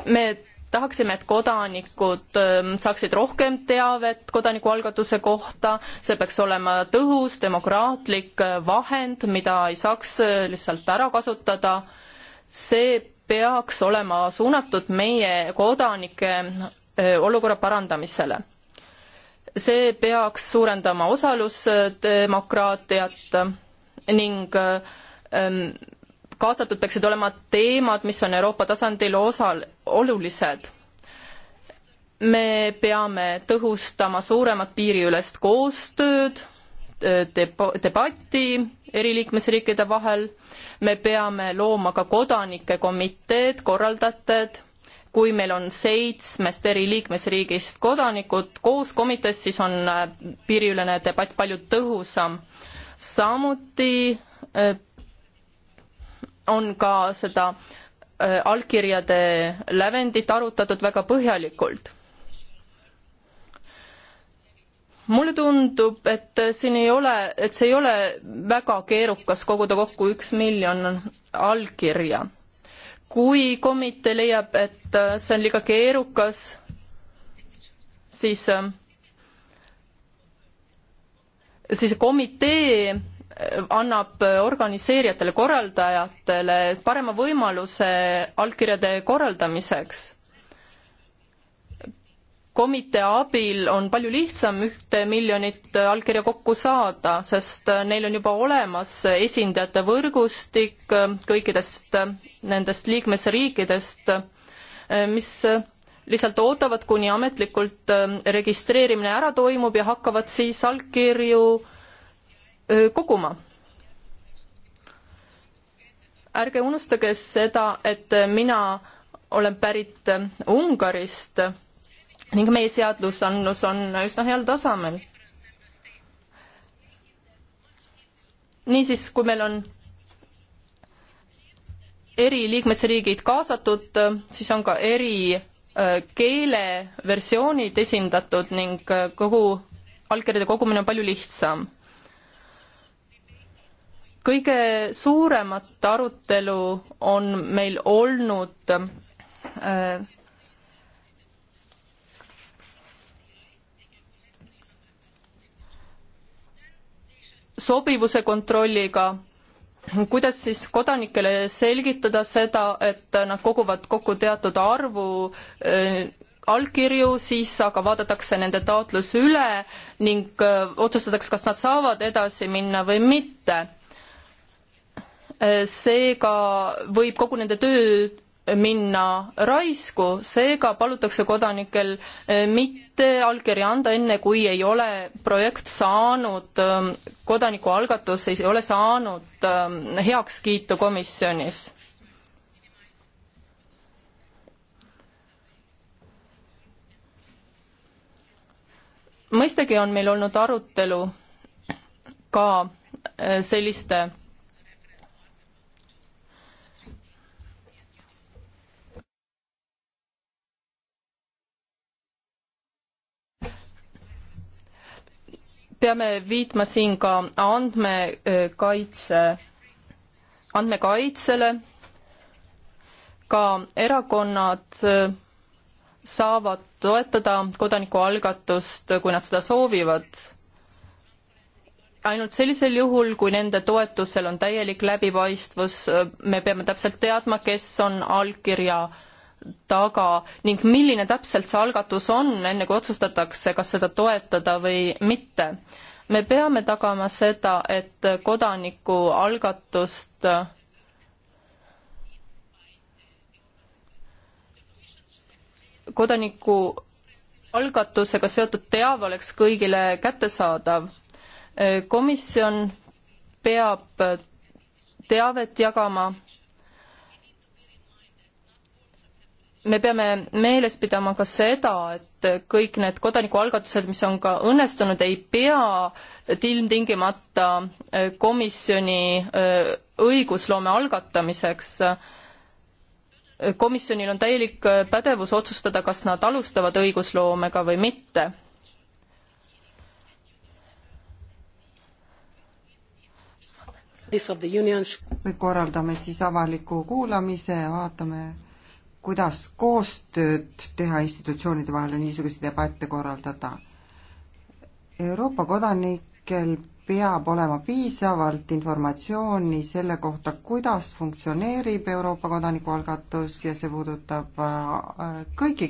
me tahaksime, et kodanikud ähm, saaksid rohkem teavet kodanikualgatuse kohta, see peaks olema tõhus demokraatlik äh, vahend, mida ei saaks äh, lihtsalt ära kasutada. see peaks olema suunatud meie kodanike äh, olukorra parandamisele see peaks suurendama osalusdemokraatiat ning ähm, kaasatud peaksid olema teemad, mis on Euroopa tasandil osal-, olulised. me peame tõhustama suuremat piiriülest koostööd, äh, deba-, debatti eri liikmesriikide vahel, me peame looma ka kodanike komiteed, korraldajad kui meil on seitsmest eri liikmesriigist kodanikud koos komitees, siis on äh, piiriülene debatt palju tõhusam. samuti äh, on ka seda äh, allkirjade lävendit arutatud väga põhjalikult mulle tundub, et siin ei ole, et see ei ole väga keerukas koguda kokku üks miljon allkirja kui komitee leiab, et äh, see on liiga keerukas, siis, äh, siis komitee äh, annab organiseerijatele, korraldajatele parema võimaluse allkirjade korraldamiseks komitee abil on palju lihtsam ühte miljonit allkirja kokku saada, sest neil on juba olemas esindajate võrgustik kõikidest nendest liikmesriikidest, mis lihtsalt ootavad, kuni ametlikult registreerimine ära toimub ja hakkavad siis allkirju koguma ärge unustage seda, et mina olen pärit Ungarist ning meie seadusandlus on üsna heal tasemel. niisiis, kui meil on eri liikmesriigid kaasatud, siis on ka eri äh, keeleversioonid esindatud ning äh, kogu allkirjade kogumine on palju lihtsam. kõige suuremat arutelu on meil olnud äh, sobivuse kontrolliga, kuidas siis kodanikele selgitada seda, et nad koguvad kokku teatud arvu äh, allkirju, siis aga vaadatakse nende taotlus üle ning äh, otsustatakse, kas nad saavad edasi minna või mitte. Äh, seega võib kogu nende töö minna raisku, seega palutakse kodanikel mitte mitte allkirja anda, enne kui ei ole projekt saanud, ähm, kodanikualgatus ei ole saanud ähm, heakskiitu komisjonis. mõistagi on meil olnud arutelu ka äh, selliste peame viitma siin ka andmekaitse, äh, andmekaitsele, ka erakonnad äh, saavad toetada kodanikualgatust, kui nad seda soovivad. ainult sellisel juhul, kui nende toetusel on täielik läbipaistvus, äh, me peame täpselt teadma, kes on allkirja taga ning milline täpselt see algatus on, enne kui otsustatakse, kas seda toetada või mitte. me peame tagama seda, et kodanikualgatust kodanikualgatusega seotud teave oleks kõigile kättesaadav. komisjon peab teavet jagama me peame meeles pidama ka seda, et kõik need kodanikualgatused, mis on ka õnnestunud, ei pea ilmtingimata äh, komisjoni äh, õigusloome algatamiseks. Äh, komisjonil on täielik pädevus otsustada, kas nad alustavad õigusloomega või mitte. me korraldame siis avaliku kuulamise ja vaatame kuidas koostööd teha institutsioonide vahel ja niisuguseid debatte korraldada. Euroopa kodanikel peab olema piisavalt informatsiooni selle kohta, kuidas funktsioneerib Euroopa kodanikualgatus ja see puudutab äh, kõiki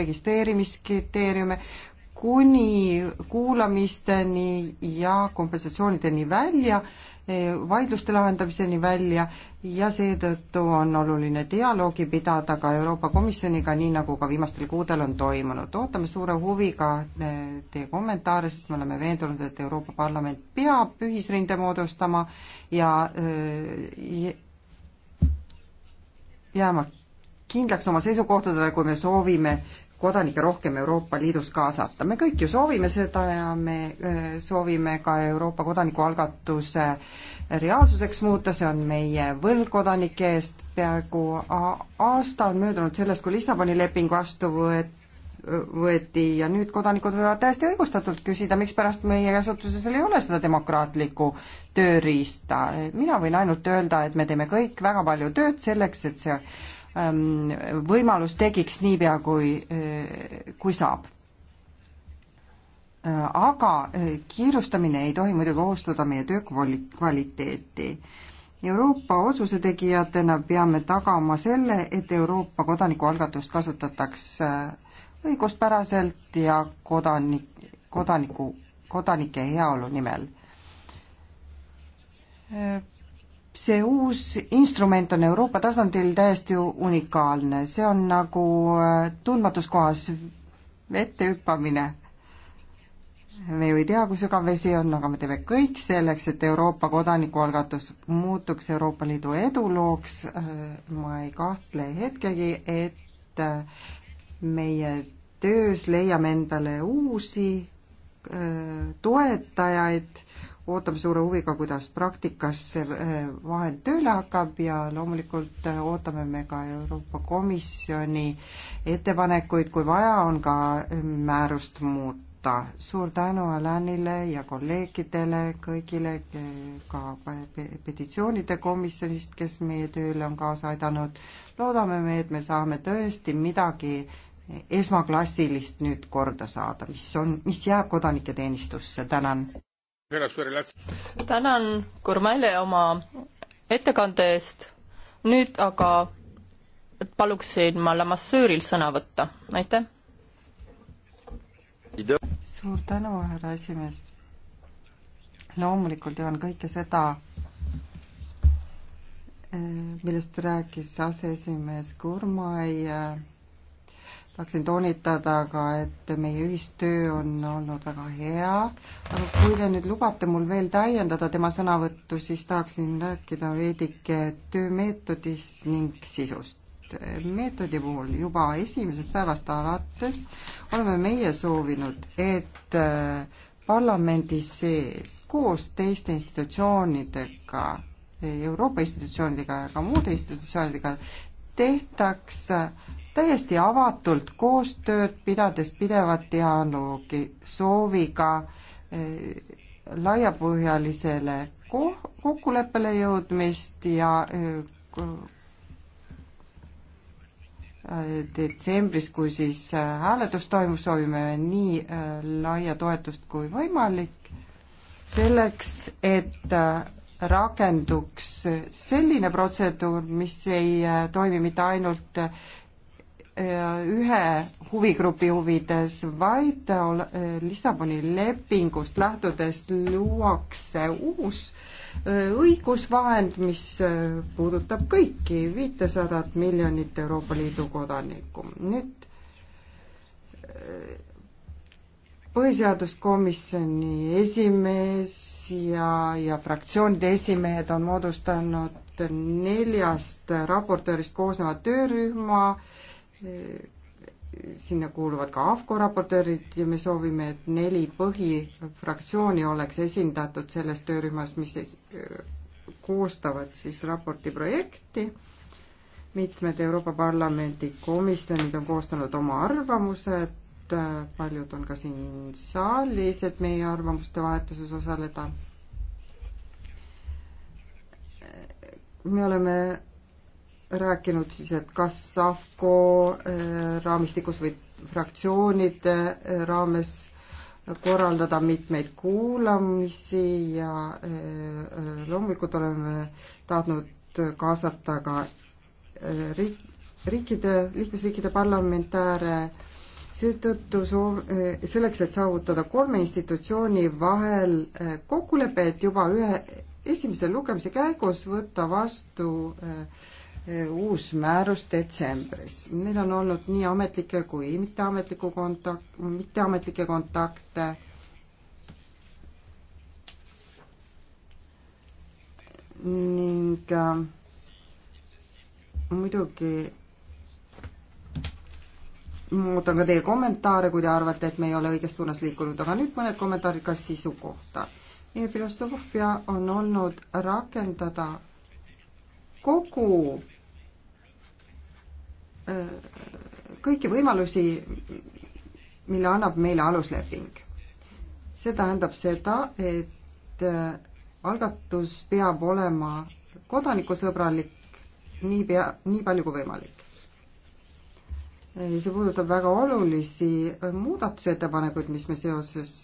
registreerimiskriteeriume, kuni kuulamisteni ja kompensatsioonideni välja, vaidluste lahendamiseni välja ja seetõttu on oluline dialoogi pidada ka Euroopa Komisjoniga, nii nagu ka viimastel kuudel on toimunud. ootame suure huviga eh, teie kommentaare, sest me oleme veendunud, et Euroopa Parlament peab ühisrinde moodustama ja eh, jääma kindlaks oma seisukohtadele, kui me soovime kodanikke rohkem Euroopa Liidus kaasata. me kõik ju soovime seda ja me soovime ka Euroopa kodanikualgatuse reaalsuseks muuta, see on meie võlg kodanike eest. peaaegu aasta on möödunud sellest, kui Lissaboni leping vastu võeti võeti ja nüüd kodanikud võivad täiesti õigustatult küsida, mikspärast meie käsutuses veel ei ole seda demokraatlikku tööriista. mina võin ainult öelda, et me teeme kõik väga palju tööd selleks, et see Ähm, võimalus tekiks niipea, kui, äh, kui saab. Äh, aga äh, kiirustamine ei tohi muidugi ohustada meie töö kvaliteeti. Euroopa otsusetegijatena peame tagama selle, et Euroopa kodanikualgatust kasutataks õiguspäraselt ja kodanik, kodaniku, kodanike heaolu nimel see uus instrument on Euroopa tasandil täiesti unikaalne, see on nagu äh, tundmatus kohas vette hüppamine. me ju ei tea, kui sügav vesi on, aga me teeme kõik selleks, et Euroopa kodanikualgatus muutuks Euroopa Liidu edulooks. Äh, ma ei kahtle hetkegi, et äh, meie töös leiame endale uusi toetajaid, ootame suure huviga, kuidas praktikas see eh, vahend tööle hakkab ja loomulikult eh, ootame me ka Euroopa Komisjoni ettepanekuid, kui vaja, on ka eh, määrust muuta. suur tänu Alanile ja kolleegidele, kõigile ka petitsioonide komisjonist, kes meie tööle on kaasa aidanud. loodame me, et me saame tõesti midagi esmaklassilist nüüd korda saada, mis on, mis jääb kodanike teenistusse, tänan tänan Kurmele oma ettekande eest, nüüd aga paluksin ma Lamasseuril sõna võtta, aitäh. suur tänu, härra esimees. loomulikult jagan kõike seda, eh, millest rääkis aseesimees Kurmai eh, tahaksin toonitada ka, et meie ühistöö on olnud väga hea, aga kui te nüüd lubate mul veel täiendada tema sõnavõttu, siis tahaksin rääkida veidike töömeetodist ning sisust. meetodi puhul juba esimesest päevast alates oleme meie soovinud, et äh, parlamendi sees koos teiste institutsioonidega, Euroopa institutsioonidega ja ka muude institutsioonidega tehtaks äh, täiesti avatult koostööd, pidades pidevat dialoogi sooviga eh, laiapõhjalisele kokkuleppele jõudmist ja eh, detsembris, kui siis eh, hääletus toimub, soovime nii laia toetust kui võimalik, selleks, et rakenduks selline protseduur, mis ei toimi mitte ainult ühe huvigrupi huvides, vaid Lissaboni lepingust lähtudes luuakse uus äh, õigusvahend, mis äh, puudutab kõiki viitesadat miljonit Euroopa Liidu kodanikku. nüüd äh, põhiseaduskomisjoni esimees ja, ja fraktsioonide esimehed on moodustanud neljast raportöörist koosneva töörühma äh, sinna kuuluvad ka AFCO raportöörid ja me soovime, et neli põhifraktsiooni oleks esindatud selles töörühmas, mis siis koostavad siis raporti projekti. mitmed Euroopa Parlamendi komisjonid on koostanud oma arvamused, paljud on ka siin saalis, et meie arvamuste vahetuses osaleda. me oleme rääkinud siis, et kas SAFCO eh, raamistikus või fraktsioonide eh, raames korraldada mitmeid kuulamisi ja eh, loomulikult oleme tahtnud kaasata ka riik, riikide, liikmesriikide parlamentääre seetõttu soov, selleks, et saavutada kolme institutsiooni vahel kokkulepe, et juba ühe esimese lugemise käigus võtta vastu äh, uus määrus detsembris. meil on olnud nii ametlikke kui mitteametliku kontakt, mitteametlikke kontakte. ning äh, muidugi ma ootan ka teie kommentaare, kui te arvate, et me ei ole õiges suunas liikunud, aga nüüd mõned kommentaarid ka sisu kohta. meie filosoofia on olnud rakendada kogu kõiki võimalusi, mille annab meile alusleping. see tähendab seda, et algatus peab olema kodanikusõbralik nii pea, nii palju kui võimalik. see puudutab väga olulisi muudatusettepanekuid, mis me seoses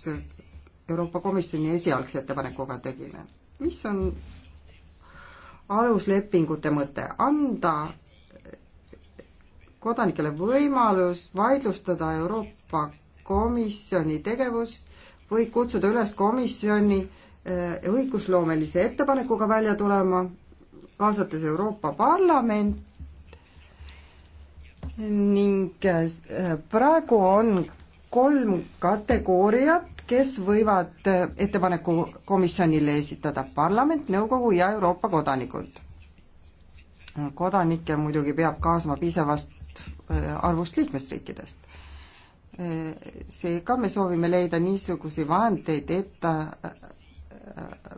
Euroopa Komisjoni esialgse ettepanekuga tegime. mis on aluslepingute mõte, anda kodanikele võimalus vaidlustada Euroopa Komisjoni tegevust või kutsuda üles komisjoni eh, õigusloomelise ettepanekuga välja tulema, kaasates Euroopa Parlament ning eh, praegu on kolm kategooriat, kes võivad eh, ettepaneku komisjonile esitada, parlament, nõukogu ja Euroopa kodanikud. kodanikke muidugi peab kaasama piisavast erinevast äh, arvust liikmesriikidest. Äh, seega me soovime leida niisuguseid vahendeid, et ta äh,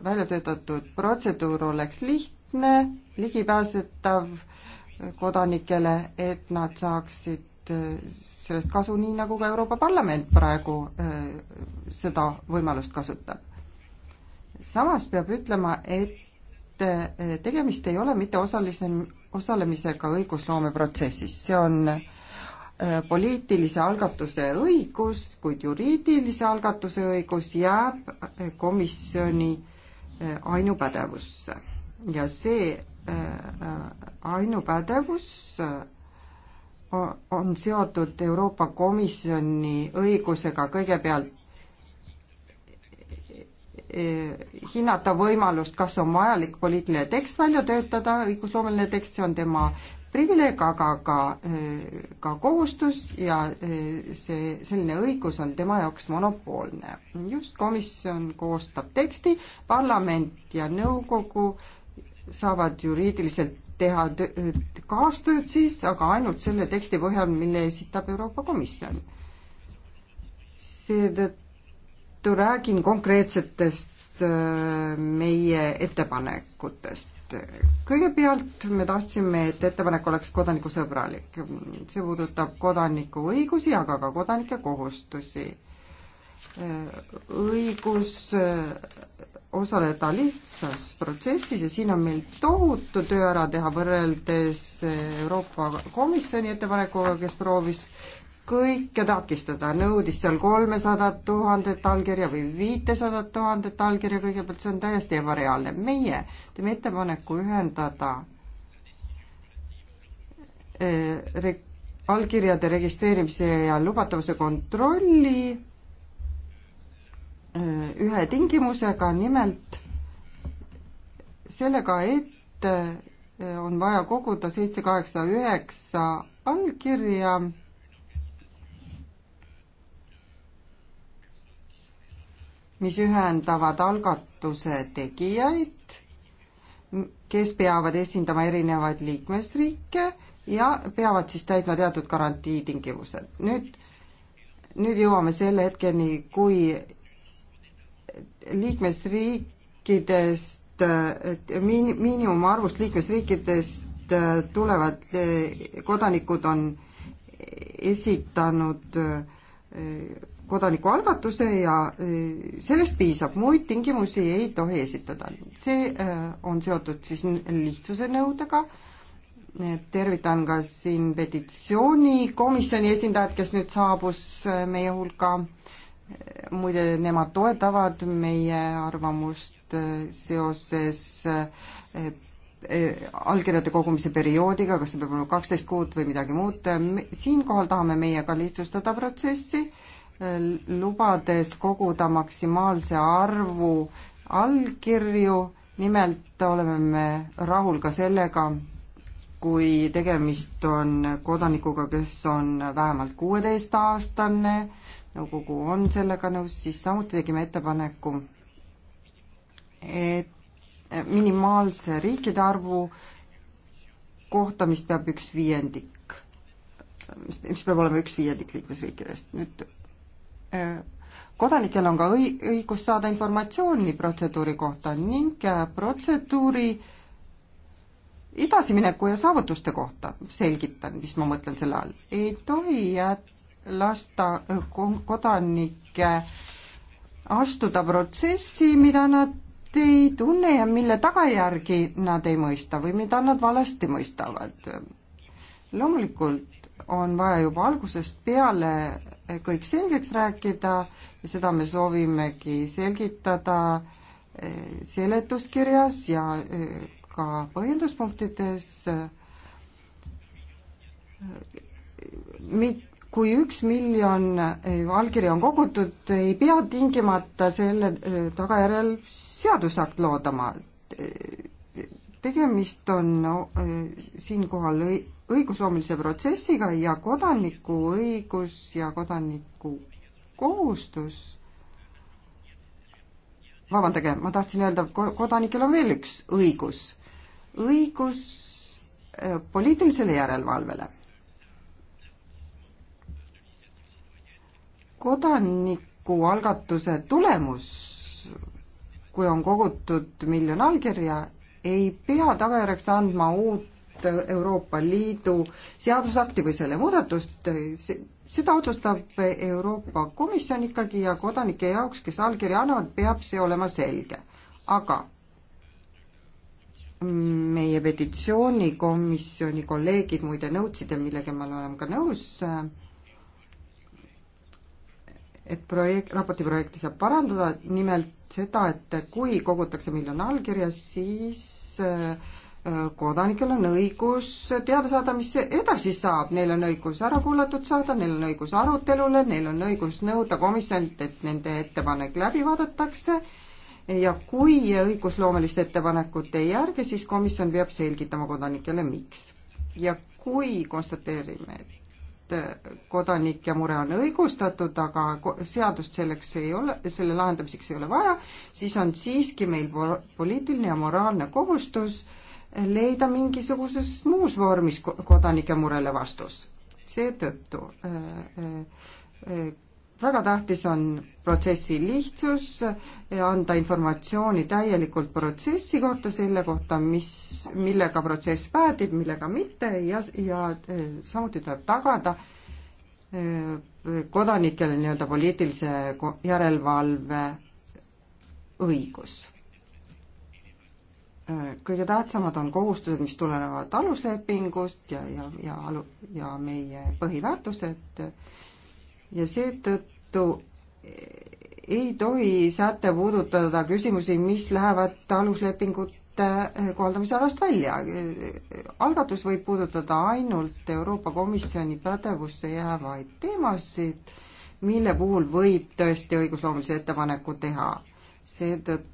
välja töötatud protseduur oleks lihtne, ligipääsetav kodanikele, et nad saaksid sellest kasu, nii nagu ka Euroopa Parlament praegu seda võimalust kasutab. samas peab ütlema, et tegemist ei ole mitte osalise osalemisega õigusloomeprotsessis, see on äh, poliitilise algatuse õigus, kuid juriidilise algatuse õigus jääb äh, komisjoni äh, ainupädevusse ja see ainupädevus on seotud Euroopa Komisjoni õigusega kõigepealt Eh, hinnata võimalust, kas on vajalik poliitiline tekst välja töötada, õigusloomeline tekst, see on tema privileeg, aga ka, eh, ka kohustus ja eh, see, selline õigus on tema jaoks monopoolne. just komisjon koostab teksti, parlament ja nõukogu saavad juriidiliselt teha kaastööd siis, aga ainult selle teksti põhjal, mille esitab Euroopa Komisjon. seetõttu seetõttu räägin konkreetsetest äh, meie ettepanekutest. kõigepealt me tahtsime, et ettepanek oleks kodanikusõbralik. see puudutab kodaniku õigusi, aga ka kodanike kohustusi. Äh, õigus äh, osaleda lihtsas protsessis ja siin on meil tohutu töö ära teha võrreldes Euroopa Komisjoni ettepanekuga, kes proovis kõike takistada, nõudis seal kolmesadat tuhandet allkirja või viitesadat tuhandet allkirja, kõigepealt see on täiesti ebareaalne. meie teeme ettepaneku ühendada eh, re-, allkirjade registreerimise ja lubatavuse kontrolli eh, ühe tingimusega, nimelt sellega, et eh, on vaja koguda seitse, kaheksa, üheksa allkirja mis ühendavad algatuse tegijaid, kes peavad esindama erinevaid liikmesriike ja peavad siis täitma teatud garantiitingimused. nüüd, nüüd jõuame selle hetkeni, kui liikmesriikidest miin-, miinimumarvust liikmesriikidest tulevad kodanikud on esitanud kodanikualgatuse ja e, sellest piisab, muid tingimusi ei tohi esitada. see e, on seotud siis lihtsuse nõudega, e, tervitan ka siin petitsioonikomisjoni esindajat, kes nüüd saabus meie hulka, muide nemad toetavad meie arvamust seoses allkirjade kogumise perioodiga, kas see peab olema kaksteist kuud või midagi muud, siinkohal tahame meie ka lihtsustada protsessi äh, lubades koguda maksimaalse arvu allkirju, nimelt oleme me rahul ka sellega, kui tegemist on kodanikuga, kes on vähemalt kuueteistaastane, nõukogu on sellega nõus, siis samuti tegime ettepaneku, et minimaalse riikide arvu kohta, mis peab üks viiendik, mis, mis peab olema üks viiendik liikmesriikidest. nüüd Äh, kodanikel on ka õi-, õigus saada informatsiooni protseduuri kohta ning äh, protseduuri edasimineku ja saavutuste kohta, selgitan, mis ma mõtlen selle all, ei tohi jääda lasta äh, kodanikke astuda protsessi, mida nad ei tunne ja mille tagajärgi nad ei mõista või mida nad valesti mõistavad. loomulikult on vaja juba algusest peale Eh, kõik selgeks rääkida ja seda me soovimegi selgitada eh, seletuskirjas ja eh, ka põhjenduspunktides. kui üks miljon allkirja on kogutud, ei pea tingimata selle tagajärjel seadusakt loodama. tegemist on siinkohal õigusloomelise protsessiga ja kodanikuõigus ja kodanikukohustus vabandage, ma tahtsin öelda, kodanikel on veel üks õigus, õigus äh, poliitilisele järelevalvele. kodanikualgatuse tulemus, kui on kogutud miljon allkirja, ei pea tagajärjeks andma uut uut Euroopa Liidu seadusakti või selle muudatust, seda otsustab Euroopa Komisjon ikkagi ja kodanike jaoks, kes allkirja annavad, peab see olema selge. aga meie petitsioonikomisjoni kolleegid muide nõudsid ja millega me oleme ka nõus, et projekt, raporti projekti saab parandada, nimelt seda, et kui kogutakse miljon allkirja, siis kodanikel on õigus teada saada, mis edasi saab, neil on õigus ära kuulatud saada, neil on õigus arutelule, neil on õigus nõuda komisjonilt, et nende ettepanek läbi vaadatakse ja kui õigusloomelist ettepanekut ei järgi, siis komisjon peab selgitama kodanikele, miks. ja kui konstateerime, et kodanike mure on õigustatud, aga seadust selleks ei ole, selle lahendamiseks ei ole vaja, siis on siiski meil poliitiline ja moraalne kohustus äh, leida mingisuguses muus vormis kodanike murele vastus. seetõttu äh, äh, äh, väga tähtis on protsessi lihtsus, anda informatsiooni täielikult protsessi kohta, selle kohta, mis, millega protsess päädib, millega mitte ja, ja samuti tuleb tagada kodanikele nii-öelda poliitilise järelevalve õigus kõige tähtsamad on kohustused, mis tulenevad aluslepingust ja, ja, ja alu-, ja meie põhiväärtused ja seetõttu ei tohi säte puudutada küsimusi, mis lähevad aluslepingute kohaldamisalast välja. algatus võib puudutada ainult Euroopa Komisjoni pädevusse jäävaid teemasid, mille puhul võib tõesti õigusloomelise ettepaneku teha. seetõttu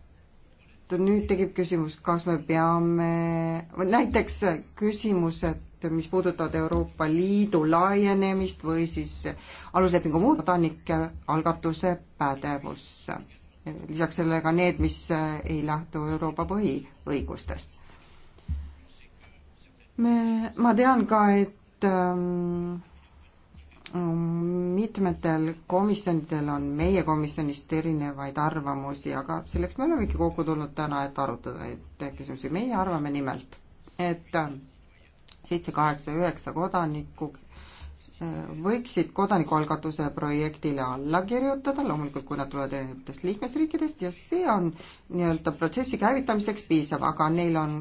nüüd tekib küsimus, kas me peame, näiteks küsimused, mis puudutavad Euroopa Liidu laienemist või siis aluslepingu muud kodanike algatuse pädevusse. lisaks sellele ka need, mis ei lähtu Euroopa põhiõigustest. me, ma tean ka, et ähm, Mm, mitmetel komisjonidel on meie komisjonist erinevaid arvamusi, aga selleks me olemegi kokku tulnud täna, et arutada neid küsimusi. meie arvame nimelt, et äh, seitse, kaheksa, üheksa kodanikku äh, võiksid kodanikualgatuse projektile alla kirjutada, loomulikult kui nad tulevad erinevatest liikmesriikidest ja see on nii-öelda protsessi käivitamiseks piisav, aga neil on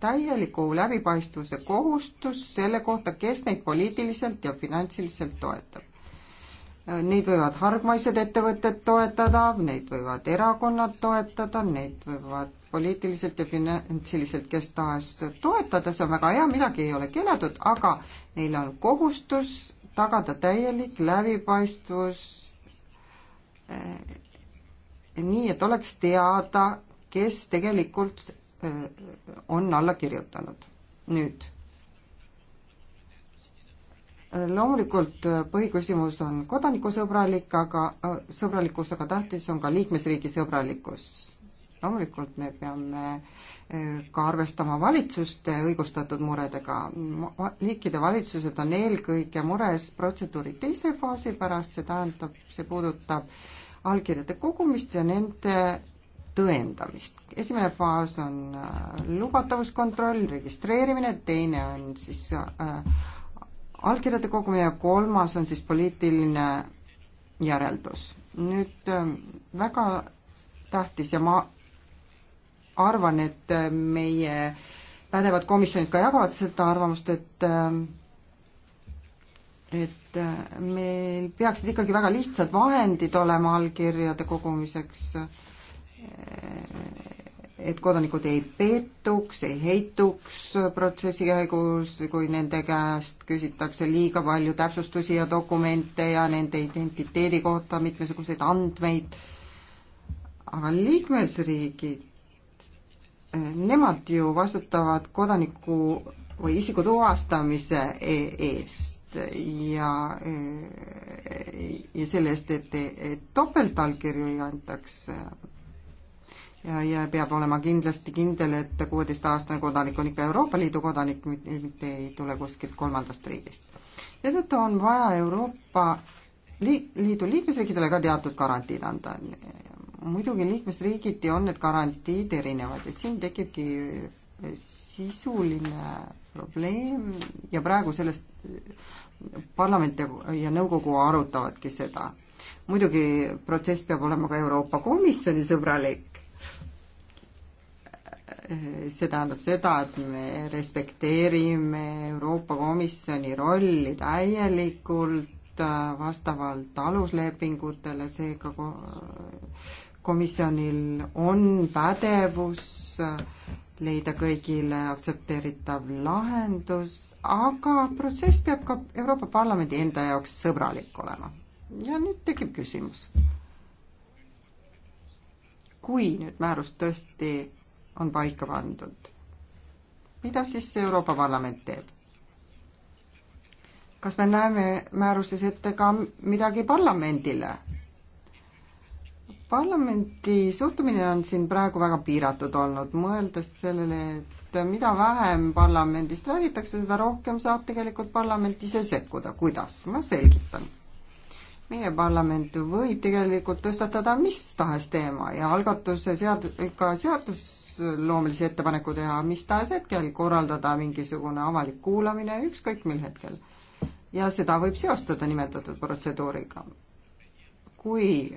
täieliku läbipaistvuse kohustus selle kohta, kes neid poliitiliselt ja finantsiliselt toetab. Neid võivad hargmaised ettevõtted toetada, neid võivad erakonnad toetada, neid võivad poliitiliselt ja finantsiliselt kes tahes toetada, see on väga hea, midagi ei ole keelatud, aga neil on kohustus tagada täielik läbipaistvus eh, nii, et oleks teada, kes tegelikult on alla kirjutanud. nüüd loomulikult äh, põhiküsimus on kodanikusõbralik, aga äh, sõbralikkus, aga tähtis on ka liikmesriigi sõbralikkus. loomulikult me peame äh, ka arvestama valitsuste õigustatud muredega. riikide valitsused on eelkõige mures protseduuri teise faasi pärast, see tähendab, see puudutab allkirjade kogumist ja nende tõendamist. esimene faas on äh, lubatavuskontroll, registreerimine, teine on siis äh, allkirjade kogumine ja kolmas on siis poliitiline järeldus. nüüd äh, väga tähtis ja ma arvan, et meie pädevad komisjonid ka jagavad seda arvamust, et et meil peaksid ikkagi väga lihtsad vahendid olema allkirjade kogumiseks äh, et kodanikud ei peetuks, ei heituks protsessi käigus, kui nende käest küsitakse liiga palju täpsustusi ja dokumente ja nende identiteedi kohta mitmesuguseid andmeid. aga liikmesriigid, nemad ju vastutavad kodaniku või isiku tuvastamise e-, eest ja, ja selle eest, et, et topeltallkirju ei antaks ja, ja peab olema kindlasti kindel, et kuueteistaastane kodanik on ikka Euroopa Liidu kodanik, mitte ei tule kuskilt kolmandast riigist. seetõttu on vaja Euroopa Liidu liikmesriikidele ka teatud garantiid anda. muidugi liikmesriigiti on need garantiid erinevad ja siin tekibki sisuline probleem ja praegu sellest parlament ja, ja nõukogu arutavadki seda. muidugi protsess peab olema ka Euroopa Komisjoni sõbralik, Eh, see tähendab seda, et me respekteerime Euroopa Komisjoni rolli täielikult äh, vastavalt aluslepingutele, seega komisjonil on pädevus äh, leida kõigile aktsepteeritav lahendus, aga protsess peab ka Euroopa Parlamendi enda jaoks sõbralik olema. ja nüüd tekib küsimus. kui nüüd määrus tõesti on paika pandud. mida siis Euroopa Parlament teeb? kas me näeme määruses ette ka midagi parlamendile? parlamendi suhtumine on siin praegu väga piiratud olnud, mõeldes sellele, et mida vähem parlamendist räägitakse, seda rohkem saab tegelikult parlament ise sekkuda. kuidas? ma selgitan. meie parlament võib tegelikult tõstatada mis tahes teema ja algatuse sead-, ka seadus, õigusloomelisi ettepaneku teha mis tahes hetkel, korraldada mingisugune avalik kuulamine ükskõik mil hetkel. ja seda võib seostada nimetatud protseduuriga. kui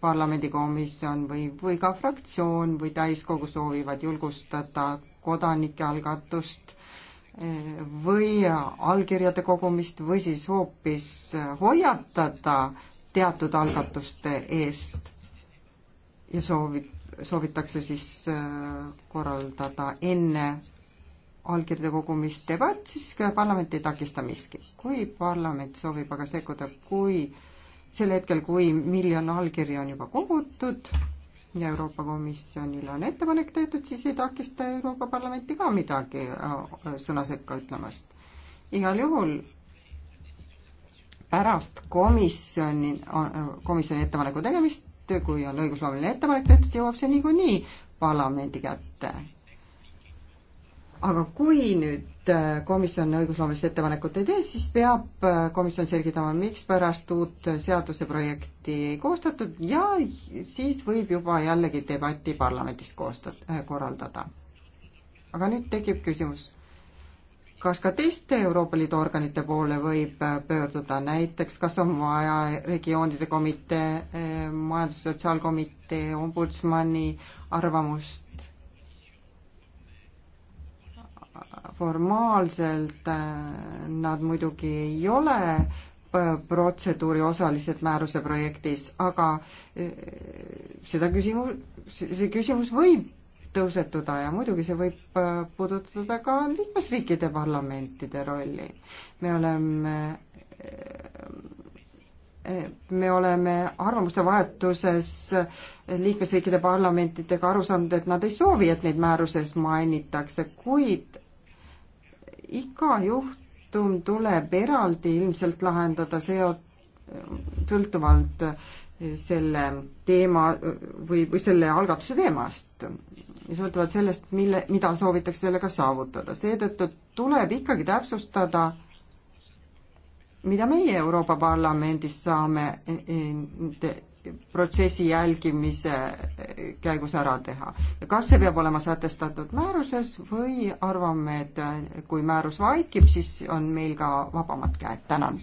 parlamendikomisjon või, või ka fraktsioon või täiskogu soovivad julgustada kodanike algatust eh, või allkirjade kogumist või siis hoopis hoiatada teatud algatuste eest ja soovid, soovitakse siis äh, korraldada enne allkirjade kogumist debatt, siis parlament ei takista miski. kui parlament soovib aga sekkuda, kui sel hetkel, kui miljon allkirja on juba kogutud ja Euroopa Komisjonile on ettepanek tehtud, siis ei takista Euroopa Parlamenti ka midagi äh, sõna sekka ütlemast. igal juhul pärast komisjoni, äh, komisjoni ettepaneku tegemist et kui on õigusloomeline ettepanek tehtud, jõuab see niikuinii parlamendi kätte. aga kui nüüd äh, komisjon õigusloomelist ettepanekut ei tee, siis peab äh, komisjon selgitama, mikspärast uut seaduseprojekti ei koostatud ja siis võib juba jällegi debatti parlamendis koostada, äh, korraldada. aga nüüd tekib küsimus, kas ka teiste Euroopa Liidu organite poole võib äh, pöörduda, näiteks kas on vaja regioonide komitee, äh, majandus- ja sotsiaalkomitee, ombudsmani arvamust? formaalselt äh, nad muidugi ei ole protseduuri osalised määruse projektis, aga seda küsimus, see küsimus võib tõusetuda ja muidugi see võib äh, puudutada ka liikmesriikide parlamentide rolli. me oleme äh, me oleme arvamuste vahetuses liikmesriikide parlamentidega aru saanud, et nad ei soovi, et neid määruses mainitakse, kuid iga juhtum tuleb eraldi ilmselt lahendada seo-, sõltuvalt selle teema või, või selle algatuse teemast sõltuvalt sellest, mille, mida soovitakse sellega saavutada. seetõttu tuleb ikkagi täpsustada, mida meie Euroopa Parlamendis saame e, e, protsessi jälgimise käigus ära teha. kas see peab olema sätestatud määruses või arvame, et kui määrus vaikib, siis on meil ka vabamad käed. tänan.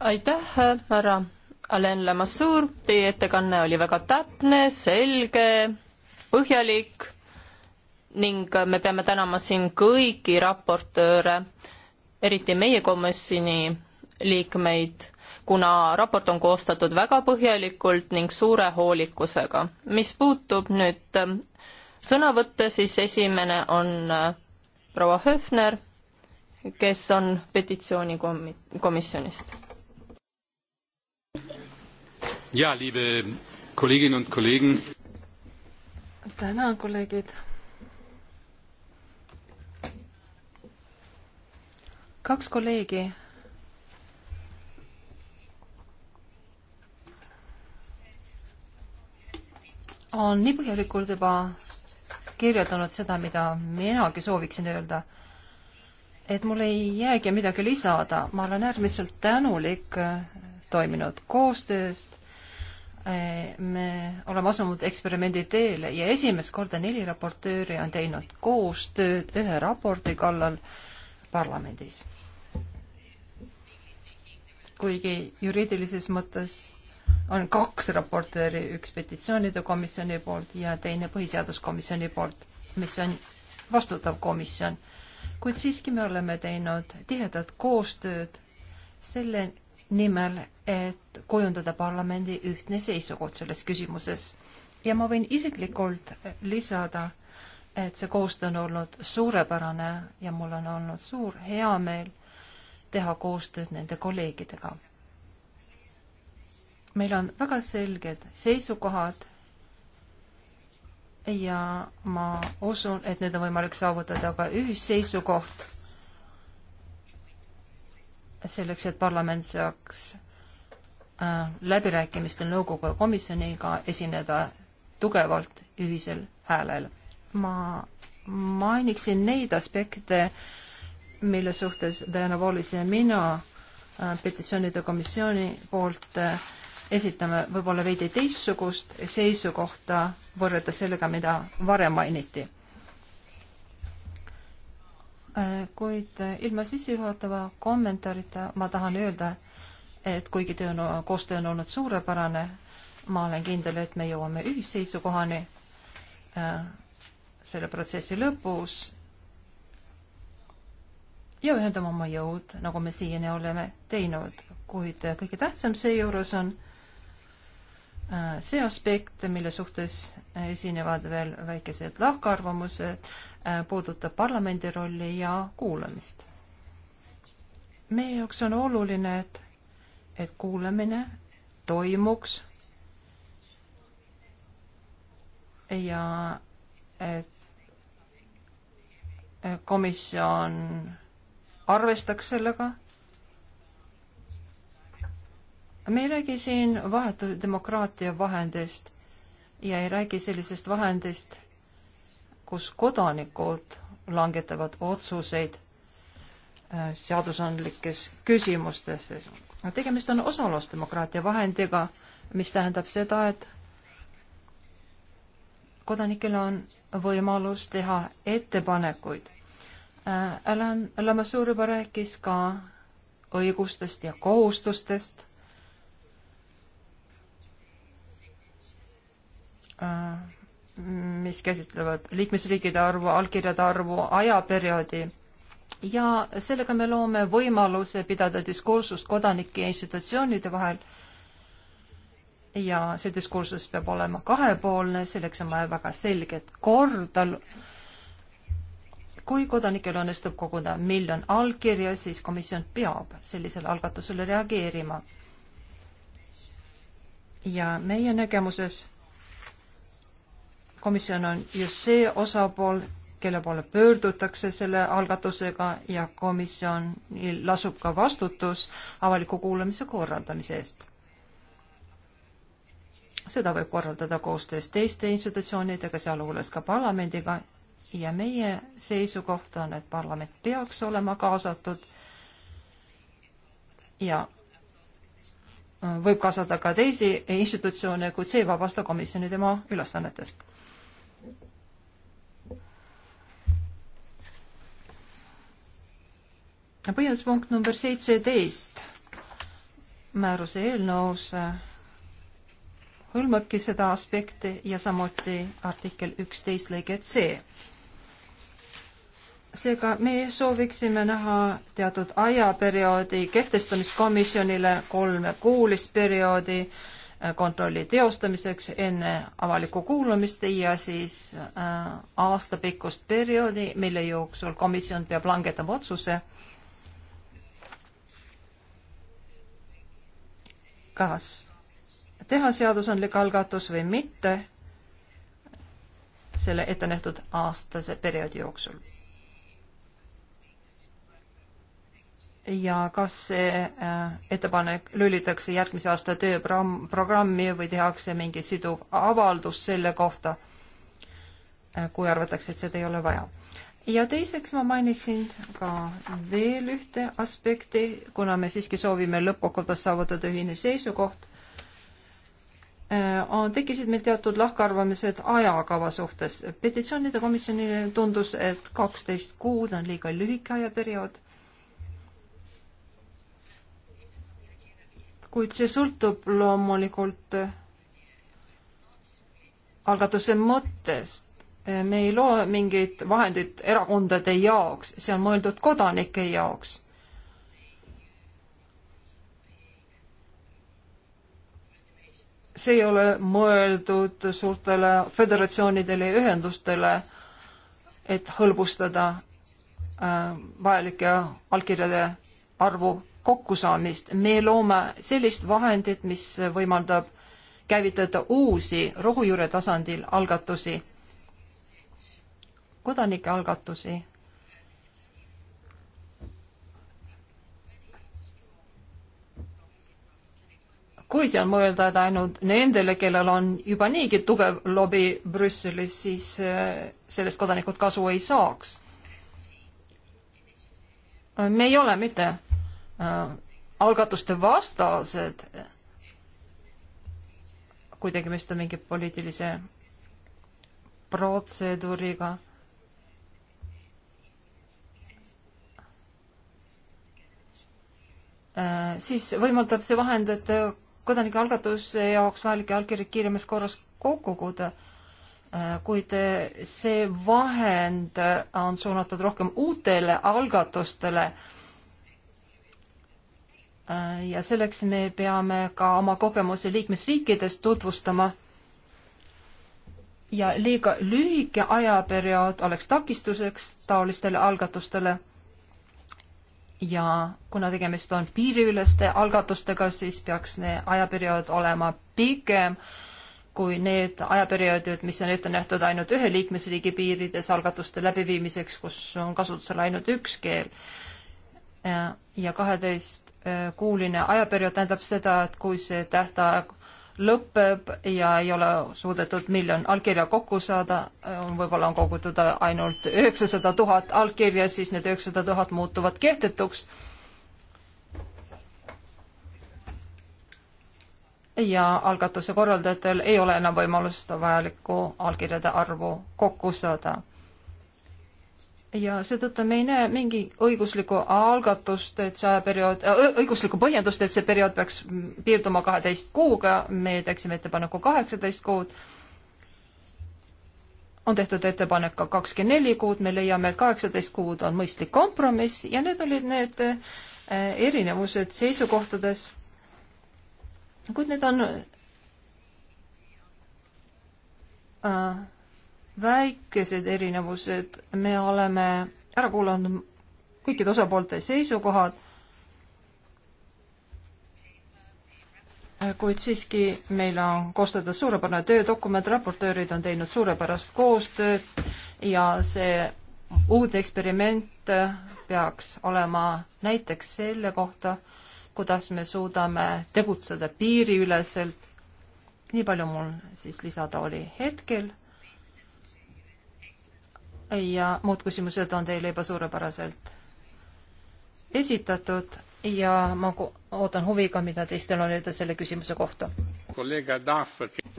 aitäh, härra Alen Lamassoor, teie ettekanne oli väga täpne, selge, põhjalik ning me peame tänama siin kõiki raportööre, eriti meie komisjoni liikmeid, kuna raport on koostatud väga põhjalikult ning suure hoolikusega. mis puutub nüüd sõnavõtte, siis esimene on äh, proua Höfner, kes on petitsioonikomisjonist ja, liebe Kolleginnen und Kollegen. tänan, kolleegid. kaks kolleegi on nii põhjalikult juba kirjeldanud seda, mida minagi sooviksin öelda, et mul ei jäägi midagi lisada. ma olen äärmiselt tänulik toiminud koostööst. me oleme asunud eksperimendi teele ja esimest korda neli raportööri on teinud koostööd ühe raporti kallal parlamendis. kuigi juriidilises mõttes on kaks raportööri, üks petitsioonide komisjoni poolt ja teine põhiseaduskomisjoni poolt, mis on vastutav komisjon. kuid siiski me oleme teinud tihedat koostööd selle nimel, et kujundada parlamendi ühtne seisukoht selles küsimuses. ja ma võin isiklikult lisada, et see koostöö on olnud suurepärane ja mul on olnud suur heameel teha koostööd nende kolleegidega. meil on väga selged seisukohad ja ma usun, et need on võimalik saavutada ka ühisseisukoht selleks, et parlament saaks äh, läbirääkimistel nõukogu komisjoniga esineda tugevalt ühisel häälel. ma mainiksin neid aspekte, mille suhtes Diana Wallis ja mina äh, petitsioonide komisjoni poolt äh, esitame võib-olla veidi teistsugust seisukohta võrreldes sellega, mida varem mainiti Äh, kuid äh, ilma sissejuhatava kommentaarita ma tahan öelda, et kuigi töö on, koostöö on olnud suurepärane, ma olen kindel, et me jõuame ühisseisukohani äh, selle protsessi lõpus ja ühendame oma jõud, nagu me siiani oleme teinud, kuid kõige tähtsam seejuures on Äh, see aspekt, mille suhtes esinevad veel väikesed lahkarvamused, äh, puudutab parlamendi rolli ja kuulamist. meie jaoks on oluline, et, et kuulamine toimuks ja et komisjon arvestaks sellega me ei räägi siin vahetu demokraatia vahendist ja ei räägi sellisest vahendist, kus kodanikud langetavad otsuseid äh, seadusandlikes küsimustes. tegemist on osalusdemokraatia vahendiga, mis tähendab seda, et kodanikel on võimalus teha ettepanekuid. Äh, Alan Lamassoor juba rääkis ka õigustest ja kohustustest Äh, mis käsitlevad liikmesriikide arvu, allkirjade arvu, ajaperioodi ja sellega me loome võimaluse pidada diskursust kodanike ja institutsioonide vahel ja see diskursus peab olema kahepoolne, selleks on vaja väga selget korda. kui kodanikel õnnestub koguda miljon allkirja, siis komisjon peab sellisele algatusele reageerima. ja meie nägemuses komisjon on just see osapool, kelle poole pöördutakse selle algatusega ja komisjonil lasub ka vastutus avaliku kuulamise korraldamise eest. seda võib korraldada koostöös teiste institutsioonidega, sealhulgas ka parlamendiga ja meie seisukoht on, et parlament peaks olema kaasatud ja äh, võib kaasata ka teisi institutsioone, kuid see ei vabasta komisjoni tema ülesannetest põhjenduspunkt number seitseteist määruse eelnõus äh, hõlmabki seda aspekti ja samuti artikkel üksteist lõiget C. seega me sooviksime näha teatud ajaperioodi kehtestamiskomisjonile kolmekuulist perioodi äh, kontrolli teostamiseks enne avalikku kuulamist ja siis äh, aastapikkust perioodi, mille jooksul komisjon peab langetama otsuse kas teha seadusandlik algatus või mitte selle ette nähtud aastase perioodi jooksul. ja kas see äh, ettepanek lülitakse järgmise aasta tööprogrammi või tehakse mingi siduv avaldus selle kohta, äh, kui arvatakse, et seda ei ole vaja ja teiseks ma mainiksin ka veel ühte aspekti, kuna me siiski soovime lõppkokkuvõttes saavutada ühine seisukoht, äh, on, tekkisid meil teatud lahkarvamised ajakava suhtes. petitsioonide komisjonile tundus, et kaksteist kuud on liiga lühike ajaperiood kuid see sõltub loomulikult algatuse mõttest me ei loo mingeid vahendeid erakondade jaoks, see on mõeldud kodanike jaoks see ei ole mõeldud suurtele föderatsioonidele ja ühendustele, et hõlbustada äh, vajalike allkirjade arvu kokkusaamist. me loome sellist vahendit, mis võimaldab käivitada uusi rohujuure tasandil algatusi kodanike algatusi. kui see on mõeldud ainult nendele, kellel on juba niigi tugev lobi Brüsselis, siis eh, sellest kodanikud kasu ei saaks. me ei ole mitte eh, algatuste vastased, kui tegemist on mingi poliitilise protseduuriga Äh, siis võimaldab see vahendada äh, kodanikealgatuse jaoks vajalikke allkirju kiiremas korras kokku koguda, äh, kuid see vahend on suunatud rohkem uutele algatustele. ja selleks me peame ka oma kogemusi liikmesriikides tutvustama. ja liiga lühike ajaperiood oleks takistuseks taolistele algatustele ja kuna tegemist on piiriüleste algatustega, siis peaks ajaperiood olema pikem kui need ajaperioodid, mis on ette nähtud ainult ühe liikmesriigi piirides algatuste läbiviimiseks, kus on kasutusel ainult üks keel. ja kaheteistkuuline äh, ajaperiood tähendab seda, et kui see tähtaeg lõpeb ja ei ole suudetud miljon allkirja kokku saada, võib-olla on kogutud ainult üheksasada tuhat allkirja, siis need üheksasada tuhat muutuvad kehtetuks. ja algatuse korraldajatel ei ole enam võimalust vajalikku allkirjade arvu kokku saada ja seetõttu me ei näe mingi õiguslikku algatust, et see ajaperiood, äh, õiguslikku põhjendust, et see periood peaks piirduma kaheteist kuuga, me teeksime ettepaneku kaheksateist kuud. on tehtud ettepanek ka kakskümmend neli kuud, me leiame, et kaheksateist kuud on mõistlik kompromiss ja need olid need äh, erinevused seisukohtades. kuid need on äh, väikesed erinevused, me oleme ära kuulanud kõikide osapoolte seisukohad, kuid siiski meil on koostatud suurepärane töödokument, raportöörid on teinud suurepärast koostööd ja see uudne eksperiment peaks olema näiteks selle kohta, kuidas me suudame tegutseda piiriüleselt. nii palju mul siis lisada oli hetkel ja muud küsimused on teile juba suurepäraselt esitatud ja ma ootan huviga, mida teistel on öelda selle küsimuse kohta.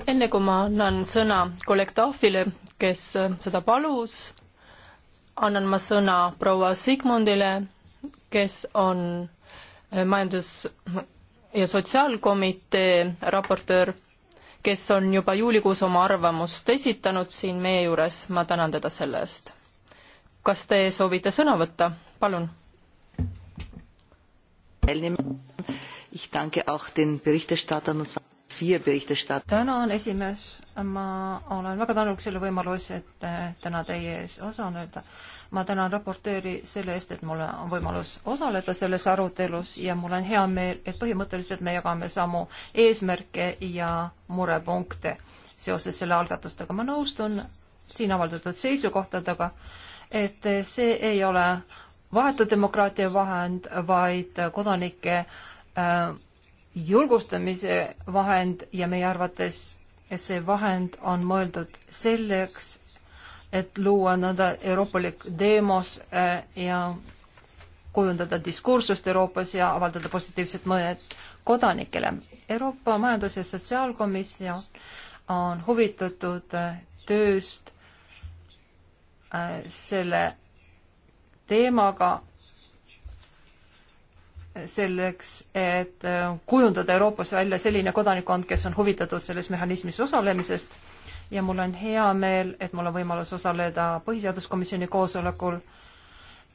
enne kui ma annan sõna kolleeg Tahvile, kes seda palus, annan ma sõna proua Sigmundile, kes on äh, majandus- ja sotsiaalkomitee raportöör kes on juba juulikuus oma arvamust esitanud siin meie juures, ma tänan teda selle eest. kas te soovite sõna võtta, palun? Ich danke auch den Berichterstattern und tänan, esimees, ma olen väga tänulik selle võimaluse, et eh, täna teie ees osaleda. ma tänan raportööri selle eest, et mul on võimalus osaleda selles arutelus ja mul on hea meel, et põhimõtteliselt me jagame samu eesmärke ja murepunkte seoses selle algatustega. ma nõustun siin avaldatud seisukohtadega, et see ei ole vahetu demokraatia vahend, vaid kodanike äh, julgustamise vahend ja meie arvates see vahend on mõeldud selleks, et luua nõnda euroopalik demos äh, ja kujundada diskursust Euroopas ja avaldada positiivset mõjet kodanikele. Euroopa Majandus- ja Sotsiaalkomisjon on huvitatud äh, tööst äh, selle teemaga selleks, et äh, kujundada Euroopas välja selline kodanikkond, kes on huvitatud selles mehhanismis osalemisest ja mul on hea meel, et mul on võimalus osaleda Põhiseaduskomisjoni koosolekul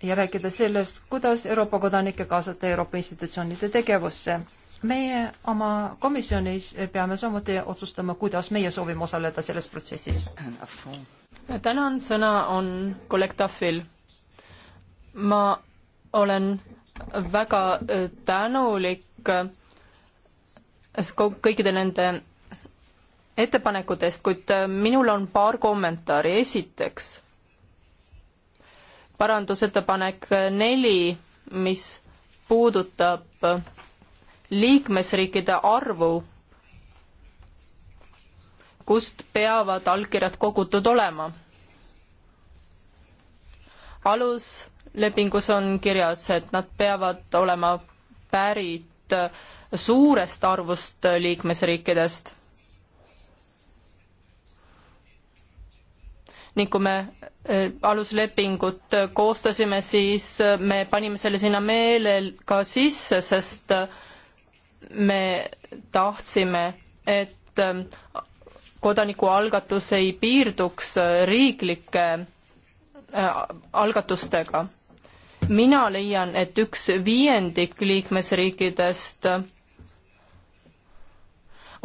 ja rääkida sellest, kuidas Euroopa kodanikke kaasata Euroopa institutsioonide tegevusse. meie oma komisjonis peame samuti otsustama, kuidas meie soovime osaleda selles protsessis. tänan, sõna on kolleeg Tahvil. ma olen väga äh, tänulik äh, kõikide nende ettepanekutest, kuid äh, minul on paar kommentaari. esiteks, parandusettepanek neli, mis puudutab liikmesriikide arvu, kust peavad allkirjad kogutud olema. alus lepingus on kirjas, et nad peavad olema pärit suurest arvust liikmesriikidest. ning kui me eh, aluslepingut koostasime, siis me panime selle sinna meelega sisse, sest me tahtsime, et eh, kodanikualgatus ei piirduks riiklike eh, algatustega mina leian, et üks viiendik liikmesriikidest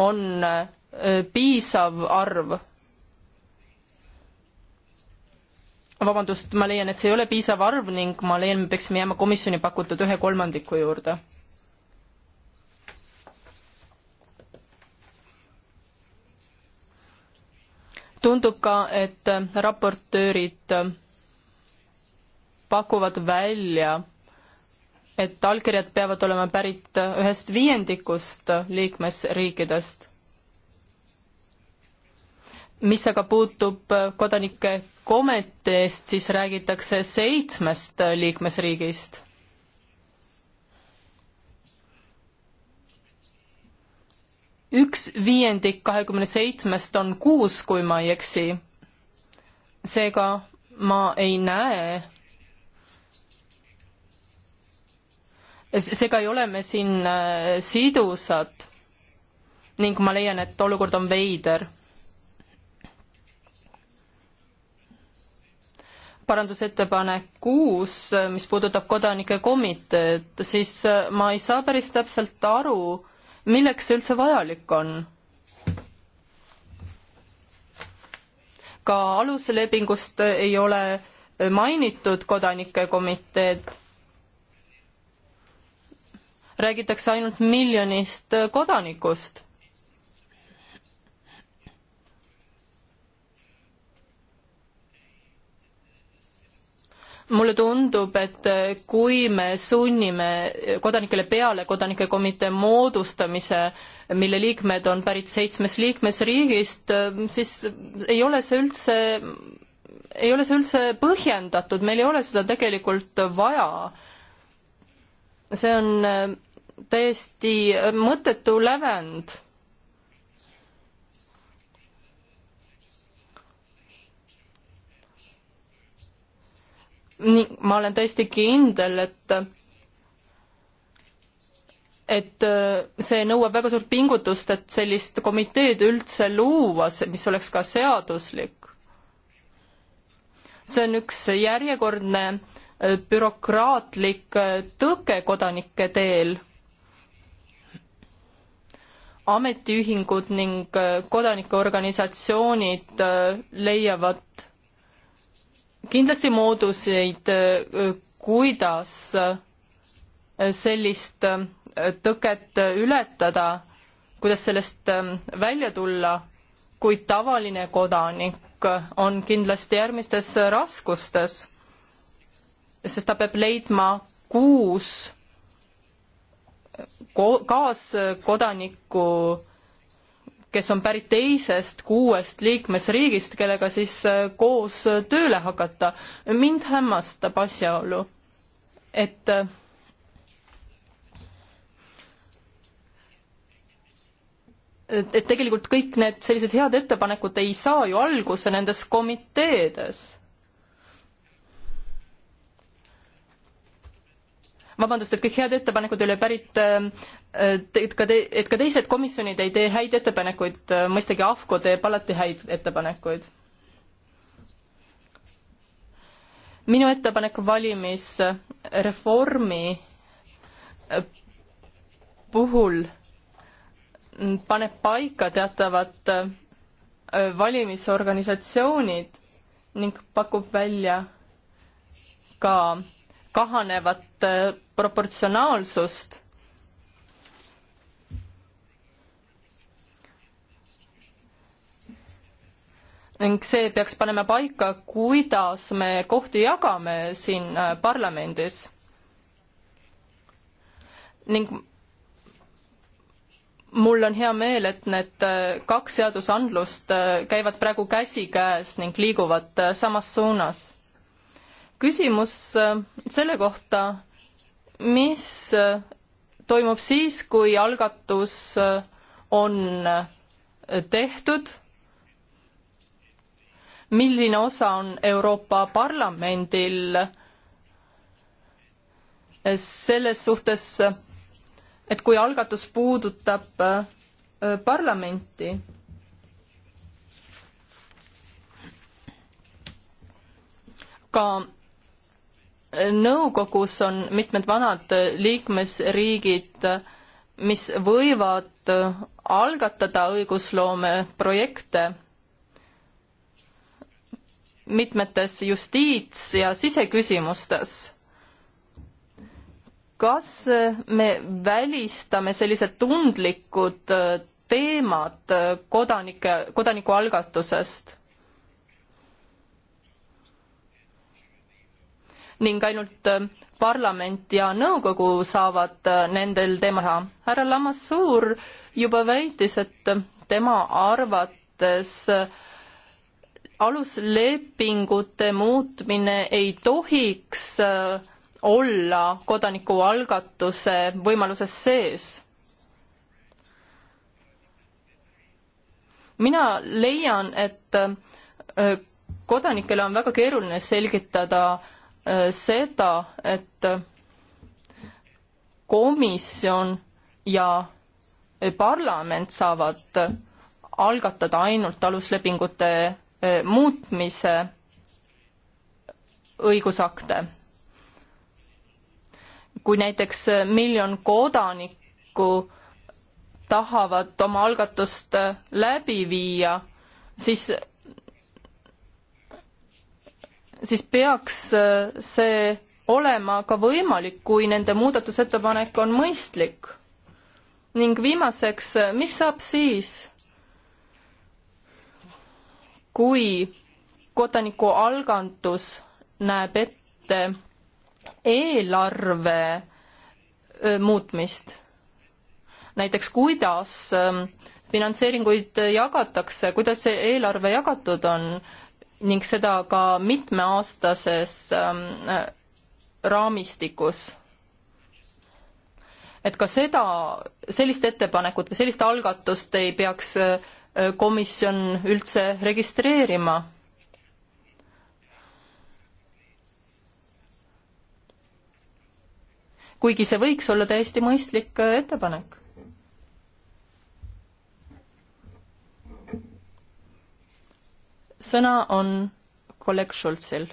on äh, piisav arv. vabandust, ma leian, et see ei ole piisav arv ning ma leian, me peaksime jääma komisjoni pakutud ühe kolmandiku juurde tundub ka, et raportöörid pakuvad välja, et allkirjad peavad olema pärit ühest viiendikust liikmesriikidest. mis aga puutub kodanike komiteest, siis räägitakse seitsmest liikmesriigist. üks viiendik kahekümne seitsmest on kuus, kui ma ei eksi. seega ma ei näe seega ei ole me siin äh, sidusad ning ma leian, et olukord on veider. parandusettepanek kuus, äh, mis puudutab kodanike komiteed, siis äh, ma ei saa päris täpselt aru, milleks see üldse vajalik on ka aluslepingust ei ole mainitud kodanike komiteed räägitakse ainult miljonist kodanikust. mulle tundub, et kui me sunnime kodanikele peale kodanike komitee moodustamise, mille liikmed on pärit seitsmest liikmesriigist, siis ei ole see üldse ei ole see üldse põhjendatud, meil ei ole seda tegelikult vaja. see on täiesti mõttetu lävend. nii, ma olen täiesti kindel, et et äh, see nõuab väga suurt pingutust, et sellist komiteed üldse luua, mis oleks ka seaduslik. see on üks järjekordne äh, bürokraatlik äh, tõke kodanike teel ametiühingud ning äh, kodanikuorganisatsioonid äh, leiavad kindlasti mooduseid, äh, kuidas sellist tõket ületada, kuidas sellest välja tulla, kuid tavaline kodanik on kindlasti järgmistes raskustes, sest ta peab leidma kuus ko-, kaaskodaniku, kes on pärit teisest kuuest liikmesriigist, kellega siis äh, koos tööle hakata. mind hämmastab asjaolu, et äh, et, et tegelikult kõik need sellised head ettepanekud ei saa ju alguse nendes komiteedes vabandust, et kõik head ettepanekud ei ole pärit äh, äh, et ka te, et ka teised komisjonid ei tee häid ettepanekuid, äh, mõistagi AFCO teeb alati häid ettepanekuid. minu ettepanek valimisreformi puhul paneb paika teatavad valimisorganisatsioonid ning pakub välja ka kahanevat et äh, proportsionaalsust ning see peaks panema paika, kuidas me kohti jagame siin äh, parlamendis. ning mul on hea meel, et need äh, kaks seadusandlust käivad praegu käsikäes ning liiguvad samas suunas. küsimus selle kohta, mis äh, toimub siis, kui algatus äh, on äh, tehtud, milline osa on Euroopa Parlamendil selles suhtes, et kui algatus puudutab parlamenti, ka nõukogus on mitmed vanad liikmesriigid, mis võivad algatada õigusloome projekte mitmetes justiits- ja siseküsimustes. kas me välistame sellised tundlikud teemad kodanike, kodanikualgatusest? ning ainult äh, parlament ja nõukogu saavad äh, nendel teemal. härra Lamassoor juba väitis, et tema arvates äh, aluslepingute muutmine ei tohiks olla kodanikualgatuse võimaluses sees. mina leian, et kodanikele on väga keeruline selgitada Äh, seda, et komisjon ja parlament saavad algatada ainult aluslepingute äh, muutmise õigusakte. kui näiteks miljon kodanikku tahavad oma algatust äh, läbi viia, siis siis peaks äh, see olema ka võimalik, kui nende muudatusettepanek on mõistlik. ning viimaseks, äh, mis saab siis, kui kodanikualgandus näeb ette eelarve äh, muutmist? näiteks kuidas finantseeringuid jagatakse, kuidas see eelarve jagatud on, ning seda ka mitmeaastases ähm, raamistikus et ka seda, sellist ettepanekut või sellist algatust ei peaks äh, komisjon üldse registreerima. kuigi see võiks olla täiesti mõistlik äh, ettepanek. sõna on kolleeg Schulzil.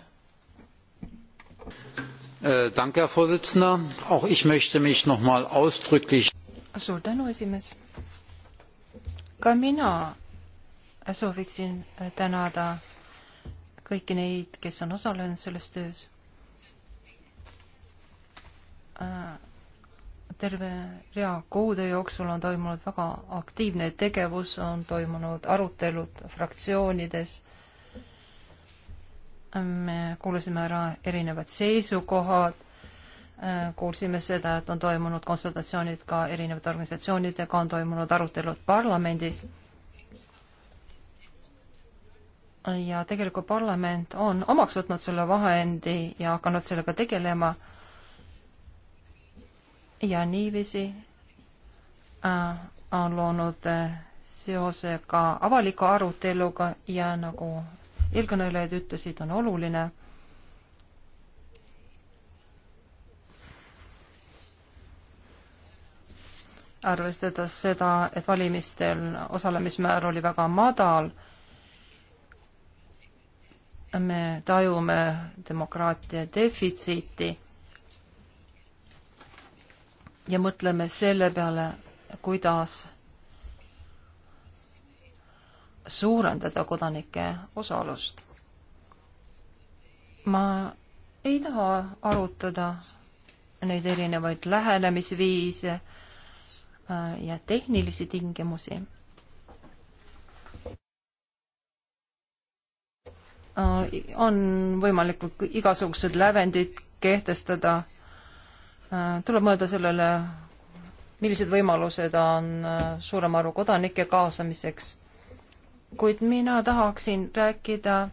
Äh, danke, Herr Vorsitzender. Auch ich möchte mich nochmal ausdrücklich. Suur tänu, esimees. Ka mina sooviksin äh, tänada kõiki neid, kes on osalenud selles töös. Äh, terve rea kuude jooksul on toimunud väga aktiivne tegevus, on toimunud arutelud fraktsioonides me kuulasime ära erinevad seisukohad, äh, kuulsime seda, et on toimunud konsultatsioonid ka erinevate organisatsioonidega, on toimunud arutelud parlamendis. ja tegelikult parlament on omaks võtnud selle vahendi ja hakanud sellega tegelema. ja niiviisi äh, on loonud äh, seose ka avaliku aruteluga ja nagu eelkõnelejad ütlesid, on oluline. arvestades seda, et valimistel osalemismäär oli väga madal, me tajume demokraatia defitsiiti ja mõtleme selle peale, kuidas suurendada kodanike osalust. ma ei taha arutada neid erinevaid lähenemisviise äh, ja tehnilisi tingimusi. Äh, on võimalikud igasugused lävendid kehtestada. Äh, tuleb mõelda sellele, millised võimalused on suurema arvu kodanike kaasamiseks kuid mina tahaksin rääkida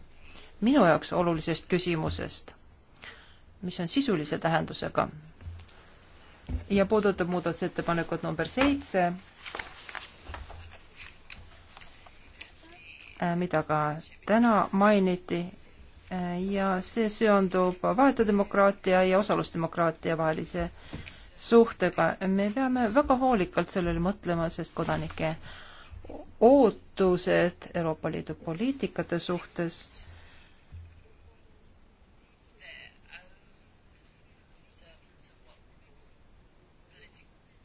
minu jaoks olulisest küsimusest, mis on sisulise tähendusega ja puudutab muudatusettepanekut number seitse, äh, mida ka täna mainiti äh, ja see seondub vahetudemokraatia ja osalusdemokraatia vahelise suhtega. me peame väga hoolikalt sellele mõtlema, sest kodanike äh, ootused Euroopa Liidu poliitikate suhtes.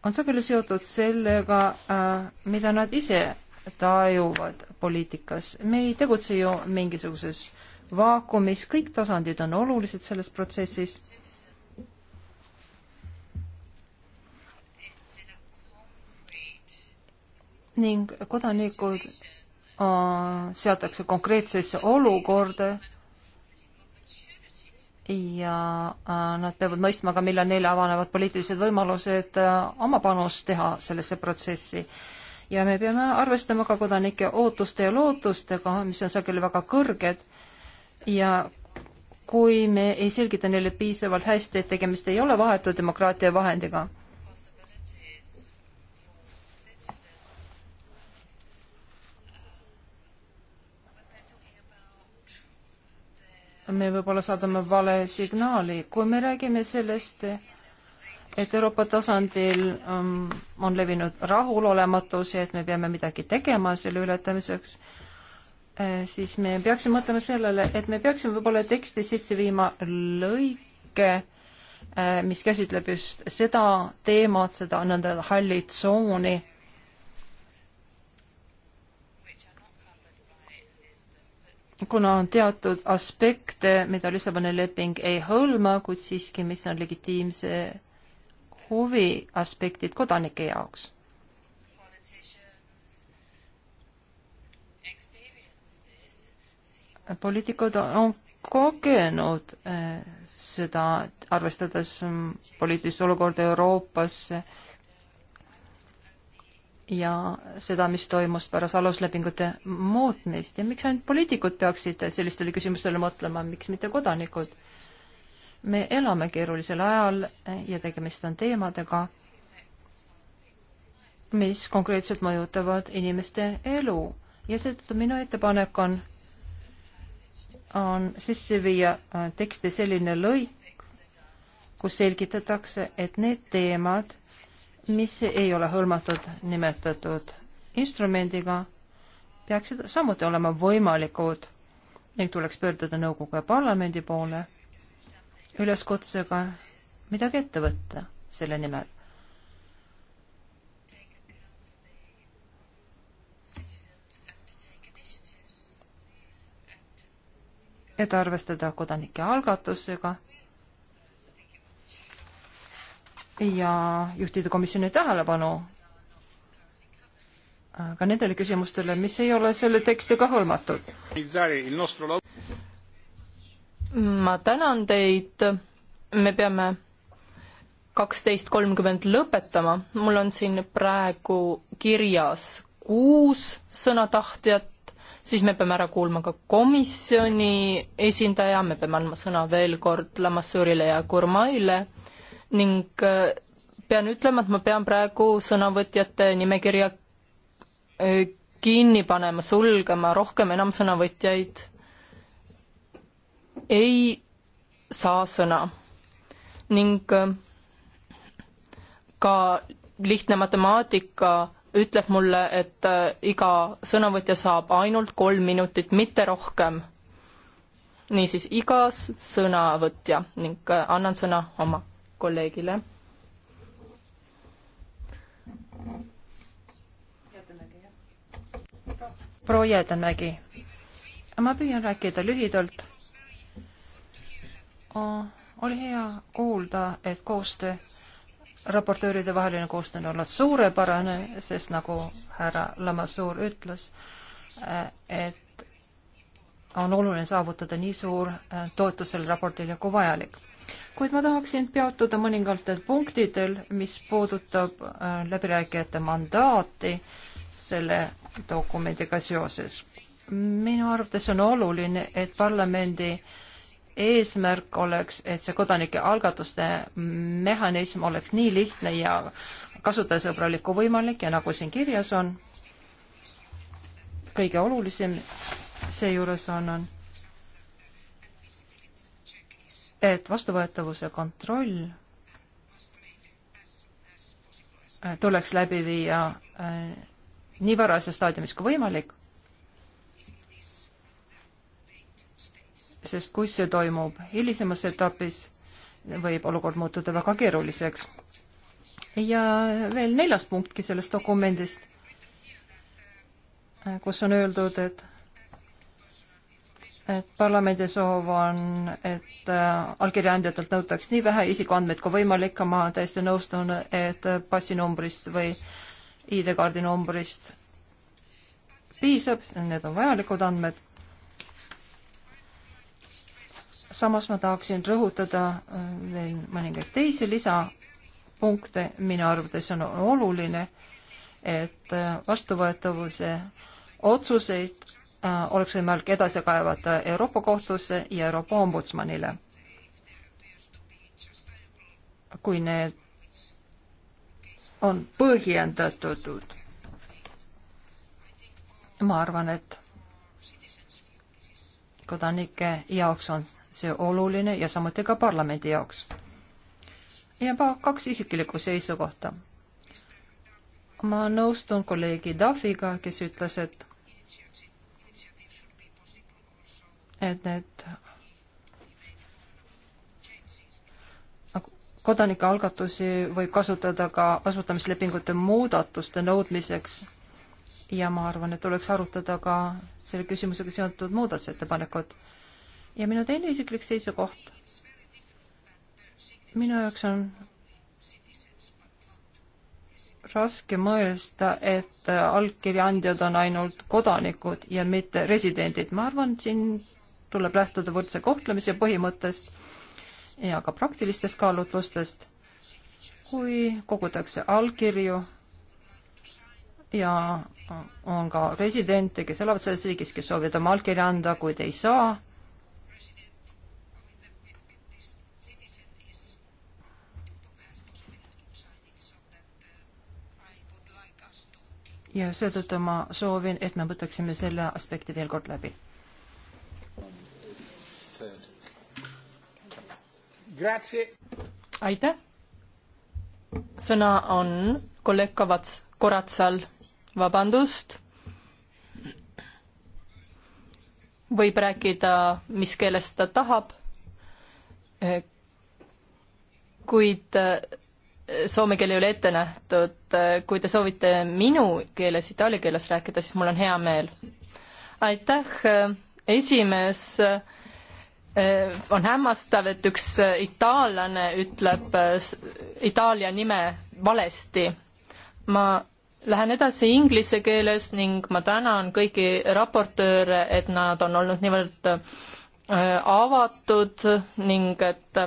on sageli seotud sellega, äh, mida nad ise tajuvad poliitikas. me ei tegutse ju mingisuguses vaakumis, kõik tasandid on olulised selles protsessis ning kodanikud äh, seatakse konkreetsesse olukorda ja äh, nad peavad mõistma ka, millal neile avanevad poliitilised võimalused äh, oma panust teha sellesse protsessi. ja me peame arvestama ka kodanike ootuste ja lootustega, mis on sageli väga kõrged ja kui me ei selgita neile piisavalt hästi, et tegemist ei ole vahetu demokraatia vahendiga me võib-olla saadame vale signaali, kui me räägime sellest, et Euroopa tasandil um, on levinud rahulolematus ja et me peame midagi tegema selle ületamiseks, äh, siis me peaksime mõtlema sellele, et me peaksime võib-olla teksti sisse viima lõike, äh, mis käsitleb just seda teemat, seda nõnda halli tsooni kuna on teatud aspekte, mida Lissaboni leping ei hõlma, kuid siiski, mis on legitiimse huvi aspektid kodanike jaoks. poliitikud on kogenud eh, seda, arvestades poliitilist olukorda Euroopas äh, ja seda, mis toimus pärast aluslepingute muutmist ja miks ainult poliitikud peaksid sellistele küsimustele mõtlema, miks mitte kodanikud? me elame keerulisel ajal ja tegemist on teemadega, mis konkreetselt mõjutavad inimeste elu ja seetõttu minu ettepanek on, on sisse viia äh, teksti selline lõik, kus selgitatakse, et need teemad, mis ei ole hõlmatud nimetatud instrumendiga, peaksid samuti olema võimalikud ning tuleks pöörduda nõukogu ja parlamendi poole üleskutsega midagi ette võtta selle nimel. et arvestada kodanike algatusega ja juhtida komisjoni tähelepanu ka nendele küsimustele, mis ei ole selle tekstiga hõlmatud. ma tänan teid, me peame kaksteist kolmkümmend lõpetama, mul on siin praegu kirjas kuus sõnatahtjat, siis me peame ära kuulma ka komisjoni esindaja, me peame andma sõna veel kord Lamassoorile ja Gurmaile ning äh, pean ütlema, et ma pean praegu sõnavõtjate nimekirja äh, kinni panema, sulgema, rohkem enam sõnavõtjaid ei saa sõna. ning äh, ka lihtne matemaatika ütleb mulle, et iga sõnavõtja saab ainult kolm minutit, mitte rohkem. niisiis, igas sõnavõtja ning annan sõna oma kolleegile. proua Jäädemägi, ma püüan rääkida lühidalt. oli hea kuulda, et koostöö raportööride vaheline koostöö on olnud suurepärane, sest nagu härra Lamassoor ütles, eh, et on oluline saavutada nii suur eh, toetus sellele raportile kui vajalik kuid ma tahaksin peatuda mõningatel punktidel, mis puudutab äh, läbirääkijate mandaati selle dokumendiga seoses. minu arvates on oluline, et parlamendi eesmärk oleks, et see kodanike algatuste mehhanism oleks nii lihtne ja kasutajasõbralik kui võimalik ja nagu siin kirjas on, kõige olulisem seejuures on, on et vastuvõetavuse kontroll äh, tuleks läbi viia äh, nii varases staadiumis kui võimalik, sest kui see toimub hilisemas etapis, võib olukord muutuda väga keeruliseks. ja veel neljas punktki sellest dokumendist, äh, kus on öeldud, et et parlamendi soov on, et äh, allkirja andjatelt nõutaks nii vähe isikuandmeid kui võimalik, ma täiesti nõustun, et passinumbrist või ID-kaardi numbrist piisab, need on vajalikud andmed. samas ma tahaksin rõhutada äh, veel mõningaid teisi lisapunkte, minu arvates on oluline, et äh, vastuvõetavuse otsuseid Äh, oleks võimalik edasi kaevata Euroopa Kohtusse ja Euroopa Ombudsmanile. kui need on põhjendatud. ma arvan, et kodanike jaoks on see oluline ja samuti ka parlamendi jaoks. ja pa kaks isiklikku seisukohta. ma nõustun kolleegi Dafiga, kes ütles, et et need kodanikealgatusi võib kasutada ka asutamislepingute muudatuste nõudmiseks ja ma arvan, et tuleks arutada ka selle küsimusega seotud muudatusettepanekud. ja minu teine isiklik seisukoht, minu jaoks on raske mõelda, et allkirja andjad on ainult kodanikud ja mitte residendid. ma arvan, siin tuleb lähtuda võrdse kohtlemise põhimõttest ja ka praktilistest kaalutlustest, kui kogutakse allkirju ja on ka residente, kes elavad selles riigis, kes soovivad oma allkirja anda, kuid ei saa ja seetõttu ma soovin, et me võtaksime selle aspekti veel kord läbi aitäh. sõna on kolleeg Kavats, Koratsal, vabandust. võib rääkida, mis keeles ta tahab. Eh, kuid eh, soome keel ei ole ette nähtud. Eh, kui te soovite minu keeles, itaalia keeles rääkida, siis mul on hea meel. aitäh, esimees Äh, on hämmastav, et üks äh, itaallane ütleb äh, Itaalia nime valesti. ma lähen edasi inglise keeles ning ma tänan kõiki raportööre, et nad on olnud niivõrd avatud ning et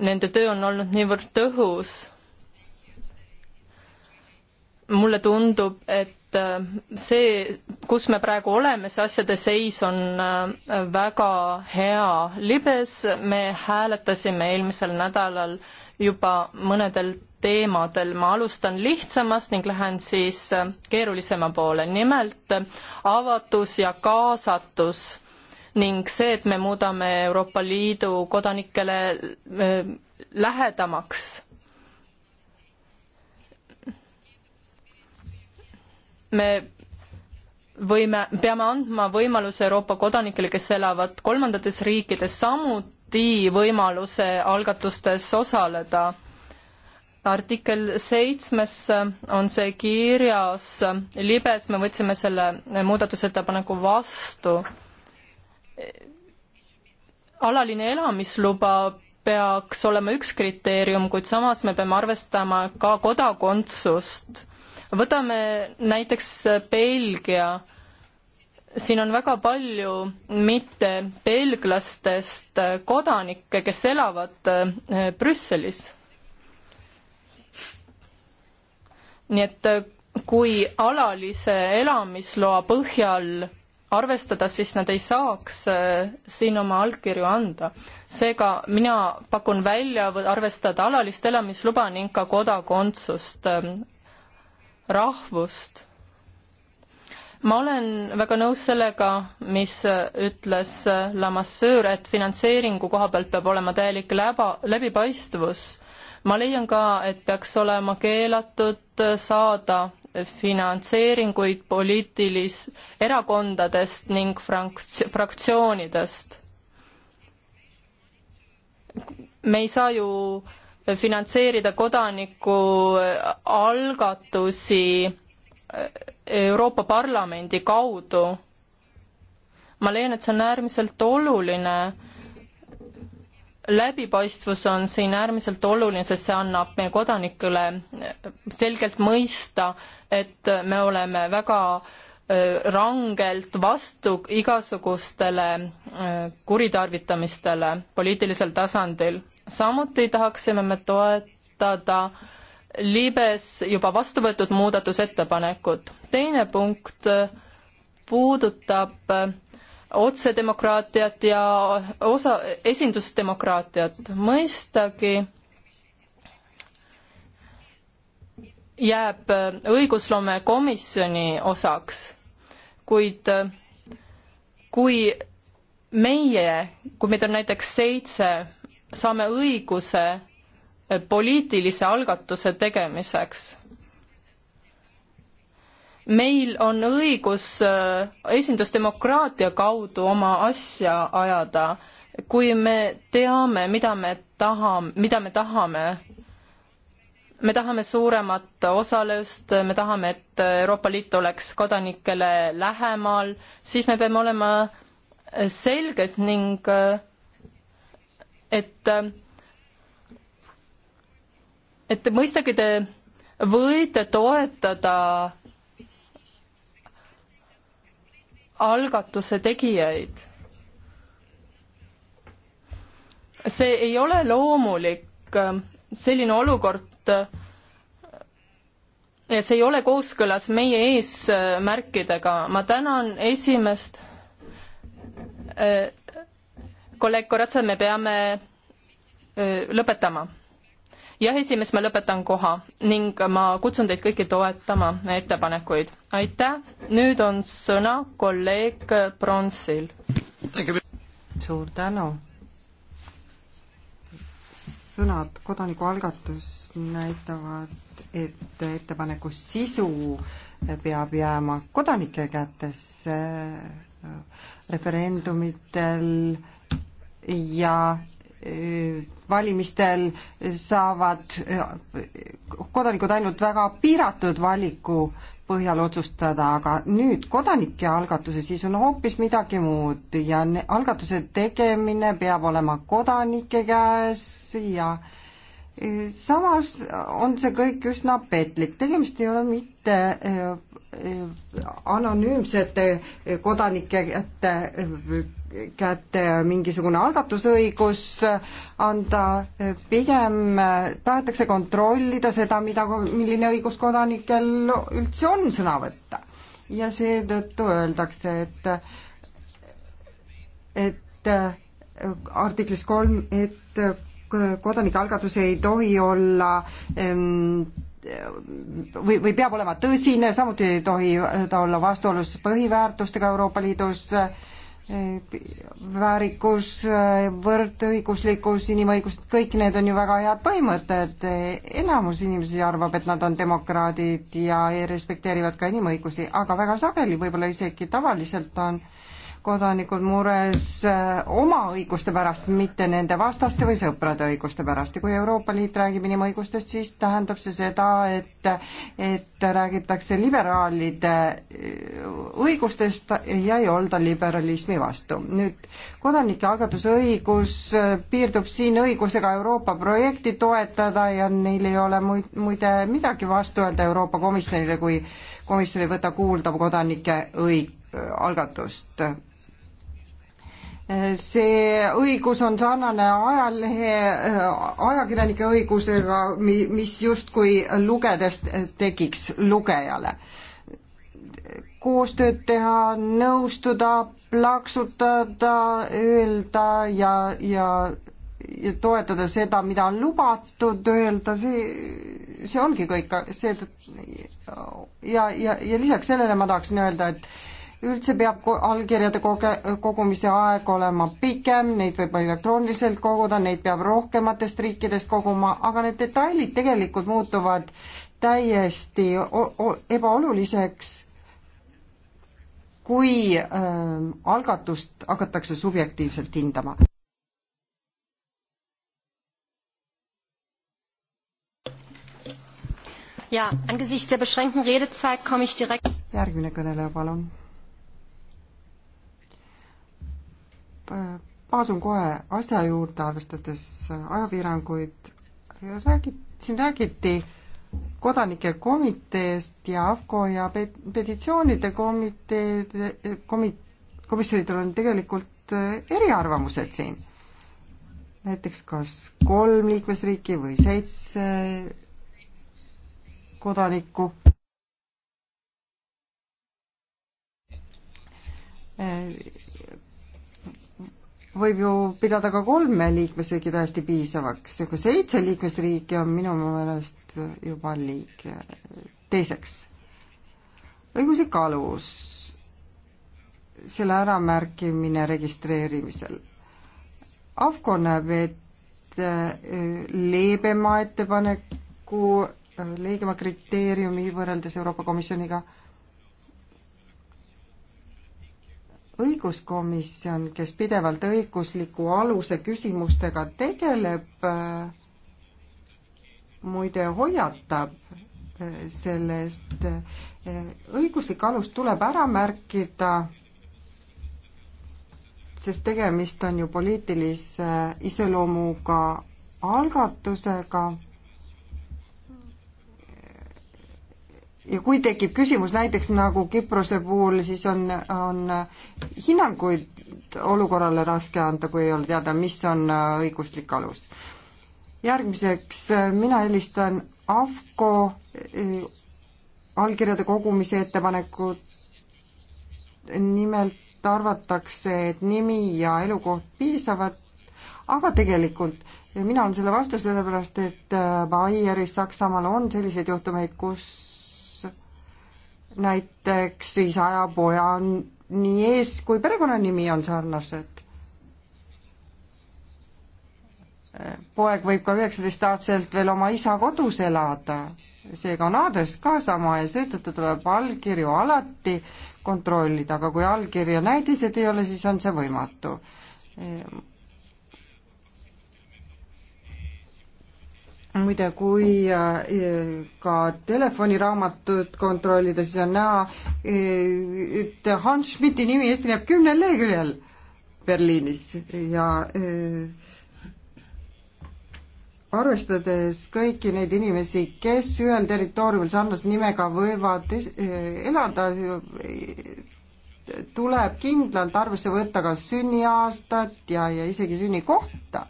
nende töö on olnud niivõrd tõhus. mulle tundub, et Äh, see, kus me praegu oleme, see asjade seis on äh, väga hea. libes me hääletasime eelmisel nädalal juba mõnedel teemadel. ma alustan lihtsamast ning lähen siis äh, keerulisema poole. nimelt avatus ja kaasatus ning see, et me muudame Euroopa Liidu kodanikele lähedamaks me võime, peame andma võimaluse Euroopa kodanikele, kes elavad kolmandates riikides, samuti võimaluse algatustes osaleda. artikkel seitsmes on see kirjas libes, me võtsime selle muudatusettepaneku vastu. alaline elamisluba peaks olema üks kriteerium, kuid samas me peame arvestama ka kodakondsust võtame näiteks Belgia. siin on väga palju mitte belglastest kodanikke, kes elavad eh, Brüsselis. nii et eh, kui alalise elamisloa põhjal arvestada, siis nad ei saaks eh, siin oma allkirju anda. seega mina pakun välja arvestada alalist elamisluba ning ka kodakondsust rahvust. ma olen väga nõus sellega, mis ütles Lamassöör, et finantseeringu koha pealt peab olema täielik läba, läbipaistvus. ma leian ka, et peaks olema keelatud saada finantseeringuid poliitilis-, erakondadest ning franks-, fraktsioonidest. me ei saa ju finantseerida kodanikualgatusi äh, äh, Euroopa Parlamendi kaudu. ma leian, et see on äärmiselt oluline. läbipaistvus on siin äärmiselt oluline, sest see annab meie kodanikele äh, selgelt mõista, et me oleme väga rangelt vastu igasugustele kuritarvitamistele poliitilisel tasandil samuti tahaksime me toetada libes juba vastu võetud muudatusettepanekut. teine punkt puudutab otsedemokraatiat ja osa, esindusdemokraatiat. mõistagi jääb õigusloome komisjoni osaks, kuid kui meie, kui meid on näiteks seitse saame õiguse eh, poliitilise algatuse tegemiseks. meil on õigus eh, esindusdemokraatia kaudu oma asja ajada, kui me teame, mida me tahame, mida me tahame. me tahame suuremat osalust, me tahame, et Euroopa Liit oleks kodanikele lähemal, siis me peame olema eh, selged ning äh, et, et mõistagi te võite toetada algatuse tegijaid. see ei ole loomulik, äh, selline olukord, see ei ole kooskõlas meie eesmärkidega. ma tänan esimest äh, kolleeg Koratsa, me peame lõpetama. jah, esimees, ma lõpetan koha ning ma kutsun teid kõiki toetama ettepanekuid. aitäh, nüüd on sõna kolleeg Pronsil. suur tänu. sõnad kodanikualgatus näitavad, et ettepaneku sisu peab jääma kodanike kätesse referendumitel äh, ja valimistel saavad kodanikud ainult väga piiratud valiku põhjal otsustada, aga nüüd kodanike algatuse sisu on hoopis midagi muud ja algatuse tegemine peab olema kodanike käes ja äh, samas on see kõik üsna petlik, tegemist ei ole mitte eh, eh, anonüümsete kodanike kätte, kätte mingisugune algatusõigus anda, pigem tahetakse kontrollida seda, mida, milline õigus kodanikel üldse on sõna võtta. ja seetõttu öeldakse, et, et artiklis kolm, et kodanikealgatus ei tohi olla või, või peab olema tõsine, samuti ei tohi ta olla vastuolus põhiväärtustega Euroopa Liidus, väärikus, võrdõiguslikkus, inimõigused, kõik need on ju väga head põhimõtted, enamus inimesi arvab, et nad on demokraadid ja respekteerivad ka inimõigusi, aga väga sageli, võib-olla isegi tavaliselt on äh, kodanikud mures äh, oma õiguste pärast, mitte nende vastaste või sõprade õiguste pärast ja kui Euroopa Liit räägib inimõigustest, siis tähendab see seda, et et räägitakse liberaalide äh, õigustest ja ei olda liberalismi vastu. nüüd kodanike algatusõigus äh, piirdub siin õigusega Euroopa projekti toetada ja neil ei ole muid, muide midagi vastu öelda Euroopa Komisjonile, kui komisjon ei võta kuulda kodanike õig-, algatust see õigus on sarnane ajalehe, ajakirjanike õigusega, mis justkui lugedes tekiks lugejale. koostööd teha, nõustuda, plaksutada, öelda ja, ja ja toetada seda, mida on lubatud öelda, see, see ongi kõik, see ja, ja, ja lisaks sellele ma tahaksin öelda, et üldse peab allkirjade koge-, kogumise aeg olema pikem, neid võib elektrooniliselt koguda, neid peab rohkematest riikidest koguma, aga need detailid tegelikult muutuvad täiesti ebaoluliseks, kui äh, algatust hakatakse subjektiivselt hindama. Ja, angesichts der beschränkten Redezeit komme ich direkt. Järgmine kõneleja, palun baasun kohe asja juurde, arvestades äh, ajapiiranguid. räägid, siin räägiti kodanike komiteest ja AFCO ja petitsioonide komitee, komi-, komisjonidel on tegelikult äh, eriarvamused siin. näiteks kas kolm liikmesriiki või seitse kodanikku. Äh, võib ju pidada ka kolme liikmesriigi täiesti piisavaks, aga seitse liikmesriiki on minu meelest juba liig-. teiseks, õiguslik alus, selle äramärkimine registreerimisel. AFCO näeb ette äh, leebema ettepaneku, äh, leigema kriteeriumi võrreldes Euroopa Komisjoniga õiguskomisjon, kes pidevalt õigusliku aluse küsimustega tegeleb, muide hoiatab eh, sellest, eh, õiguslik alus tuleb ära märkida, sest tegemist on ju poliitilise iseloomuga algatusega ja kui tekib küsimus näiteks nagu Küprose puhul, siis on, on hinnanguid olukorrale raske anda, kui ei ole teada, mis on äh, õiguslik alus. järgmiseks äh, mina helistan AFCO äh, allkirjade kogumise ettepanekut, nimelt arvatakse, et nimi ja elukoht piisavad, aga tegelikult mina olen selle vastu, sellepärast et Baieris Saksamaal on selliseid juhtumeid, kus näiteks isa ja poja nii ees- kui perekonnanimi on sarnased. poeg võib ka üheksateistaastaselt veel oma isa kodus elada, seega on aadress ka sama ja seetõttu tuleb allkirju alati kontrollida, aga kui allkirja näidised ei ole, siis on see võimatu muide, kui äh, ka telefoniraamatut kontrollida, siis on näha, äh, et Hans Schmidti nimi esineb kümnel leheküljel Berliinis ja äh, arvestades kõiki neid inimesi, kes ühel territooriumil sarnase nimega võivad elada, tuleb kindlalt arvesse võtta ka sünniaastat ja, ja isegi sünnikohta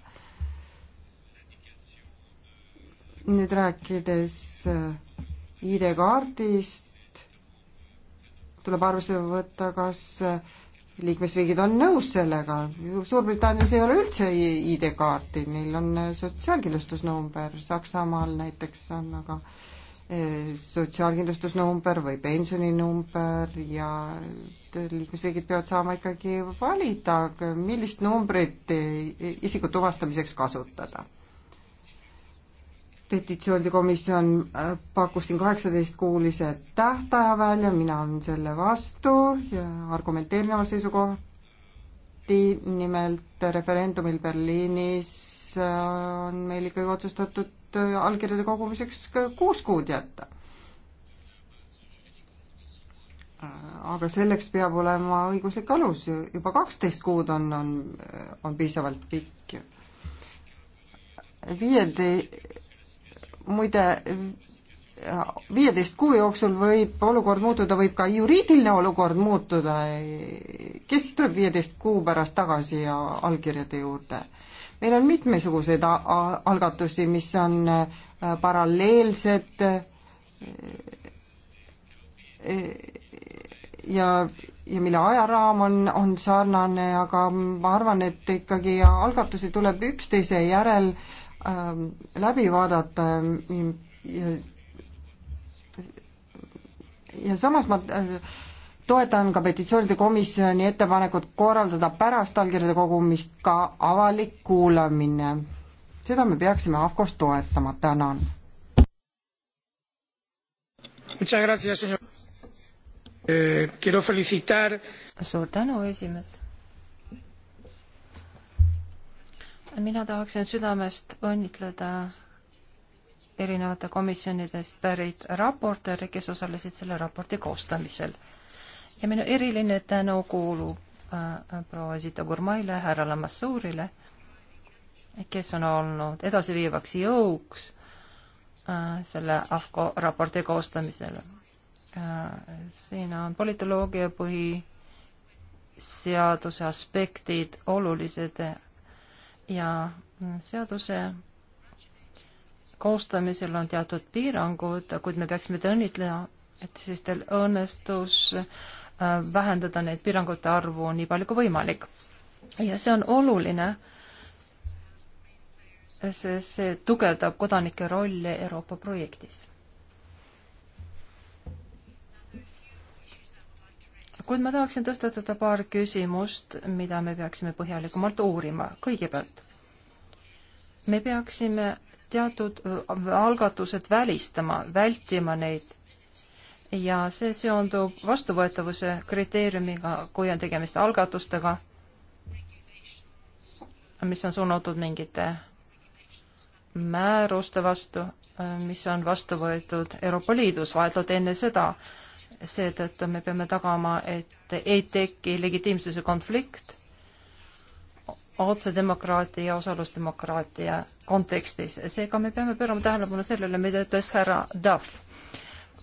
nüüd rääkides äh, ID-kaardist, tuleb arvesse võtta, kas äh, liikmesriigid on nõus sellega. Suurbritannias ei ole üldse ID-kaarti, neil on äh, sotsiaalkindlustusnumber, Saksamaal näiteks on aga sotsiaalkindlustusnumber või pensioninumber ja liikmesriigid peavad saama ikkagi valida, millist numbrit isiku tuvastamiseks kasutada petitsioonide komisjon äh, pakkus siin kaheksateistkuulise tähtaja välja, mina olen selle vastu ja argumenteerin oma seisukohti, nimelt referendumil Berliinis äh, on meil ikkagi otsustatud äh, allkirjade kogumiseks kuus kuud jätta. aga selleks peab olema õiguslik alus, juba kaksteist kuud on, on, on piisavalt pikk. viieldi muide, viieteist kuu jooksul võib olukord muutuda, võib ka juriidiline olukord muutuda, kes tuleb viieteist kuu pärast tagasi ja allkirjade juurde? meil on mitmesuguseid algatusi, mis on äh, paralleelsed äh, ja, ja mille ajaraam on, on sarnane, aga ma arvan, et ikkagi algatusi tuleb üksteise järel äh, ähm, läbi vaadata ähm, ja, ja samas ma äh, toetan ka petitsioonide komisjoni ettepanekut korraldada pärast allkirjade kogumist ka avalik kuulamine. seda me peaksime AFCOs toetama, tänan. Eh, suur tänu, esimees mina tahaksin südamest õnnitleda erinevate komisjonidest pärit raportööre, kes osalesid selle raporti koostamisel. ja minu eriline tänu kuulub äh, äh, proua Zita Gurmaile, härra Lamassuurile, kes on olnud edasiviivaks jõuks äh, selle AFCO raporti koostamisel äh,. siin on politoloogia põhi seaduse aspektid olulised ja seaduse koostamisel on teatud piirangud, kuid me peaksime teid õnnitlema, et siis teil õnnestus äh, vähendada neid piirangute arvu nii palju kui võimalik. ja see on oluline, sest see tugevdab kodanike rolli Euroopa projektis kuid ma tahaksin tõstatada paar küsimust, mida me peaksime põhjalikumalt uurima. kõigepealt, me peaksime teatud äh, algatused välistama, vältima neid ja see seondub vastuvõetavuse kriteeriumiga, kui on tegemist algatustega, mis on suunatud mingite määruste vastu, äh, mis on vastu võetud Euroopa Liidus vahetult enne seda seetõttu me peame tagama, et ei teki legitiimsuse konflikt otsedemokraatia ja osalusdemokraatia kontekstis. seega me peame pöörama tähelepanu sellele, mida ütles härra Duff.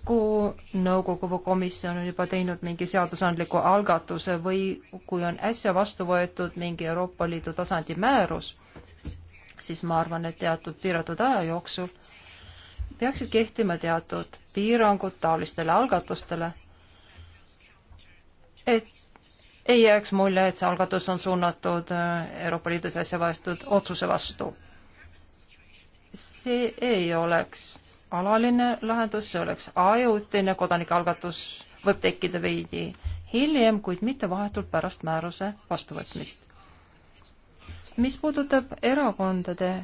kui nõukogu või komisjon on juba teinud mingi seadusandliku algatuse või kui on äsja vastu võetud mingi Euroopa Liidu tasandi määrus, siis ma arvan, et teatud piiratud aja jooksul peaksid kehtima teatud piirangud taolistele algatustele, et ei jääks mulje, et see algatus on suunatud äh, Euroopa Liidus äsja võetud otsuse vastu. see ei oleks alaline lahendus, see oleks ajutine kodanikualgatus, võib tekkida veidi hiljem, kuid mitte vahetult pärast määruse vastuvõtmist. mis puudutab erakondade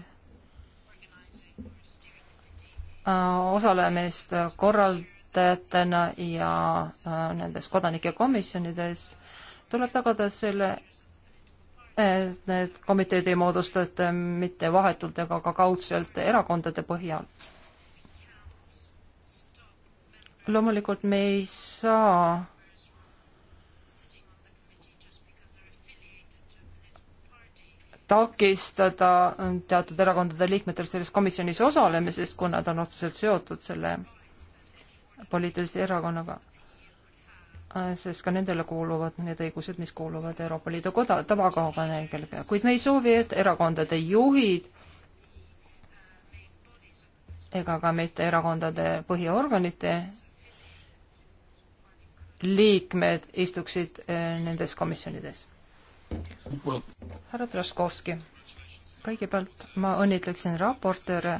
Äh, osalemist korraldajatena ja äh, nendes kodanike komisjonides, tuleb tagada selle, et need komiteed ei moodustata mitte vahetult ega ka kaudselt erakondade põhjal. loomulikult me ei saa takistada teatud erakondade liikmetel selles komisjonis osalemisest, kui nad on otseselt seotud selle poliitilise erakonnaga. sest ka nendele kuuluvad need õigused, mis kuuluvad Euroopa Liidu koda, tavakaubaneegelga, kuid me ei soovi, et erakondade juhid ega ka mitte erakondade põhiorganite liikmed istuksid eh, nendes komisjonides härra Traskovski, kõigepealt ma õnnitleksin raportööre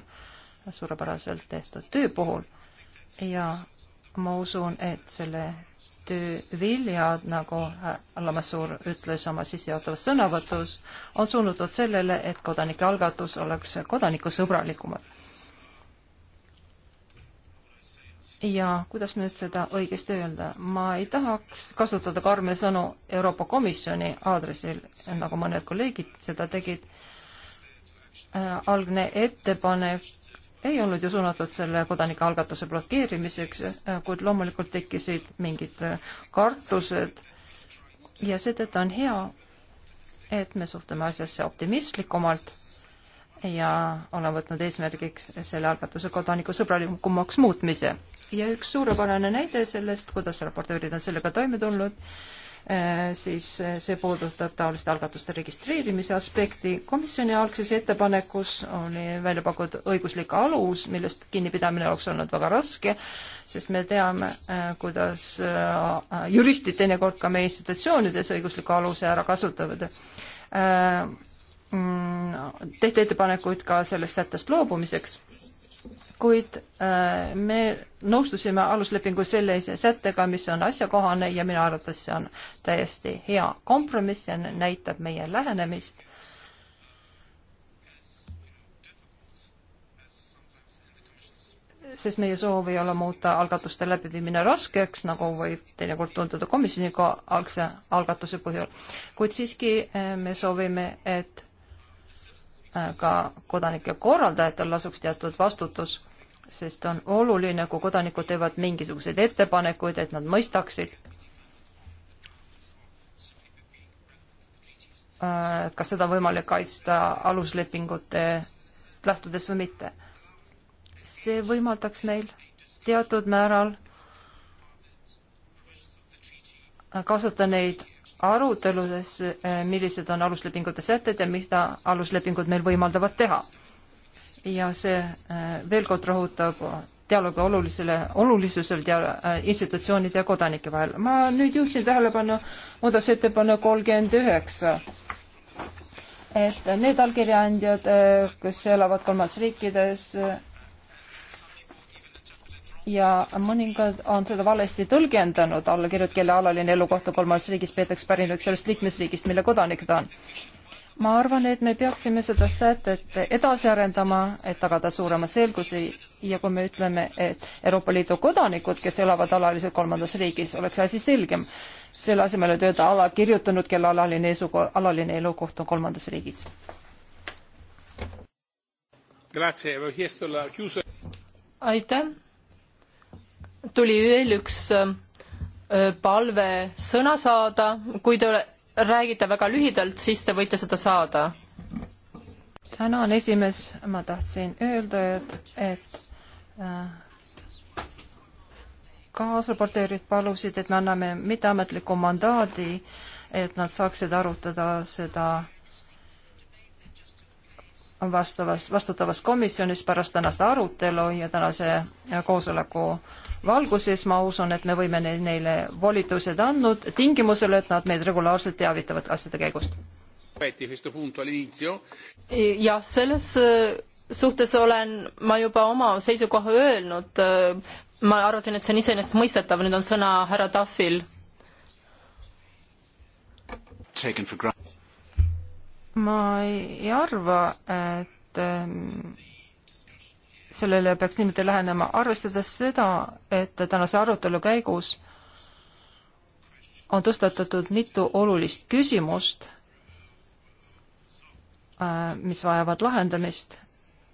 suurepäraselt tehtud töö puhul ja ma usun, et selle töö viljad, nagu Allamassuur ütles oma sissejuhatavas sõnavõtus, on suunatud sellele, et kodanike algatus oleks kodanikusõbralikumad ja kuidas nüüd seda õigesti öelda, ma ei tahaks kasutada karme sõnu Euroopa Komisjoni aadressil, nagu mõned kolleegid seda tegid. Äh, algne ettepanek ei olnud ju suunatud selle kodanikealgatuse blokeerimiseks, äh, kuid loomulikult tekkisid mingid äh, kartused ja seetõttu on hea, et me suhtume asjasse optimistlikumalt ja olen võtnud eesmärgiks selle algatuse kodanikusõbralikumaks muutmise. ja üks suurepärane näide sellest, kuidas raportöörid on sellega toime tulnud, eh, siis see puudutab taoliste algatuste registreerimise aspekti. komisjoni algses ettepanekus oli välja pakutud õiguslik alus, millest kinnipidamine oleks olnud väga raske, sest me teame, eh, kuidas eh, juristid teinekord ka meie institutsioonides õigusliku aluse ära kasutavad Mm, tehti ettepanekuid ka sellest sättest loobumiseks, kuid äh, me nõustusime aluslepingu sellise sättega, mis on asjakohane ja minu arvates see on täiesti hea kompromiss ja näitab meie lähenemist sest meie soov ei ole muuta algatuste läbiviimine raskeks, nagu võib teinekord tunduda komisjoni algse algatuse põhjal. kuid siiski äh, me soovime, et ka kodanike korraldajatel lasuks teatud vastutus, sest on oluline, kui kodanikud teevad mingisuguseid ettepanekuid, et nad mõistaksid, äh, kas seda on võimalik kaitsta aluslepingute lähtudes või mitte. see võimaldaks meil teatud määral kaasata neid aruteludes, eh, millised on aluslepingute sätted ja mida aluslepingud meil võimaldavad teha. ja see eh, veel kord rõhutab dialoogi olulisele, olulisusel dia-, eh, institutsioonide ja kodanike vahel. ma nüüd juhiksin tähelepanu muudatusettepaneku kolmkümmend üheksa et need allkirjaandjad, kes elavad kolmandates riikides, ja mõningad on seda valesti tõlgendanud allakirjut, kelle alaline elukohta kolmandas riigis peetakse pärinenud sellest liikmesriigist, mille kodanik ta on. ma arvan, et me peaksime seda sätet edasi arendama, et tagada suurema selguse ja kui me ütleme, et Euroopa Liidu kodanikud, kes elavad alaliselt kolmandas riigis, oleks asi selgem, selle asemel, et öelda alakirjutanud, kelle alaline esu, alaline elukoht on kolmandas riigis. aitäh tuli veel üks palve sõna saada, kui te räägite väga lühidalt, siis te võite seda saada. tänan, esimees, ma tahtsin öelda, et, et äh, kaasraporteerid palusid, et me anname mitteametliku mandaadi, et nad saaksid arutada seda äh, vastavas, vastutavas komisjonis pärast tänast arutelu ja tänase koosoleku valguses ma usun, et me võime neil, neile volitused andnud tingimusel, et nad meid regulaarselt teavitavad asjade käigust. jah, selles äh, suhtes olen ma juba oma seisukoha öelnud. Äh, ma arvasin, et see on iseenesestmõistetav, nüüd on sõna härra Tahvil. Taken for granted ma ei arva, et ähm, sellele peaks niimoodi lähenema, arvestades seda, et tänase arutelu käigus on tõstatatud mitu olulist küsimust, äh, mis vajavad lahendamist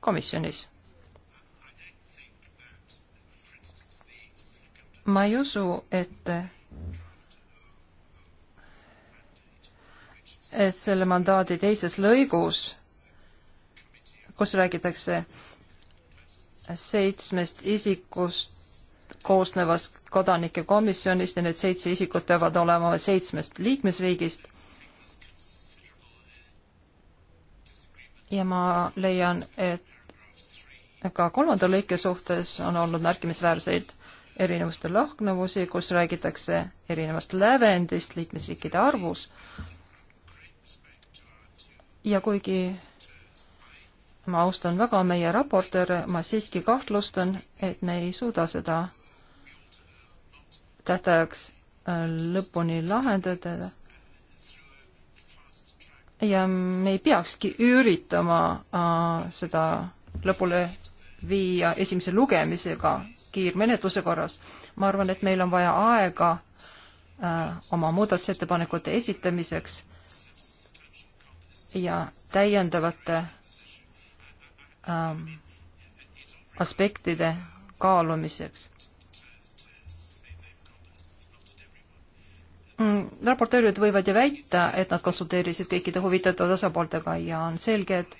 komisjonis. ma ei usu, et et selle mandaadi teises lõigus, kus räägitakse seitsmest isikust koosnevast kodanike komisjonist ja need seitse isikut peavad olema seitsmest liikmesriigist. ja ma leian, et ka kolmanda lõike suhtes on olnud märkimisväärseid erinevuste lahknevusi, kus räägitakse erinevast lävendist liikmesriikide arvus ja kuigi ma austan väga meie raportööre, ma siiski kahtlustan, et me ei suuda seda tähtajaks äh, lõpuni lahendada. ja me ei peakski üritama äh, seda lõpule viia esimese lugemisega kiirmenetluse korras. ma arvan, et meil on vaja aega äh, oma muudatusettepanekute esitamiseks ja täiendavate ähm, aspektide kaalumiseks mm, raportöörid võivad ju väita, et nad konsulteerisid kõikide huvitatud osapooltega ja on selge, et,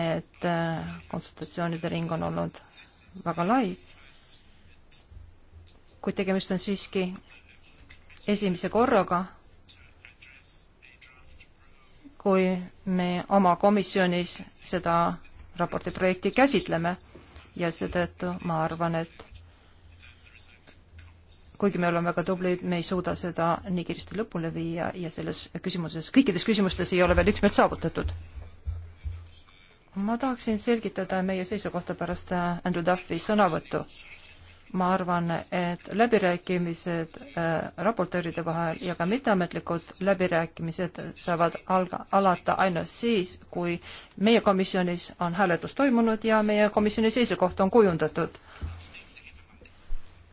et äh, konsultatsioonide ring on olnud väga lai. kuid tegemist on siiski esimese korraga, kui me oma komisjonis seda raporti projekti käsitleme ja seetõttu ma arvan, et kuigi me oleme väga tublid, me ei suuda seda nii kiiresti lõpule viia ja selles küsimuses, kõikides küsimustes ei ole veel üksmeelt saavutatud. ma tahaksin selgitada meie seisukohta pärast Andrew Duffy sõnavõttu ma arvan, et läbirääkimised äh, raportööride vahel ja ka mitteametlikud läbirääkimised saavad alga, alata ainult siis, kui meie komisjonis on hääletus toimunud ja meie komisjoni seisukoht on kujundatud.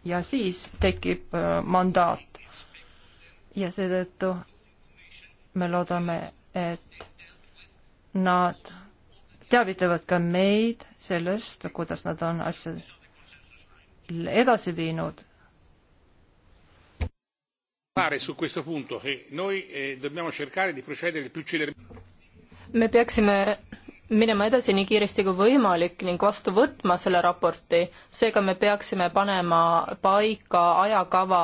ja siis tekib äh, mandaat. ja seetõttu me loodame, et nad teavitavad ka meid sellest, kuidas nad on asjades edasi viinud. Eh, me peaksime minema edasi nii kiiresti kui võimalik ning vastu võtma selle raporti, seega me peaksime panema paika ajakava,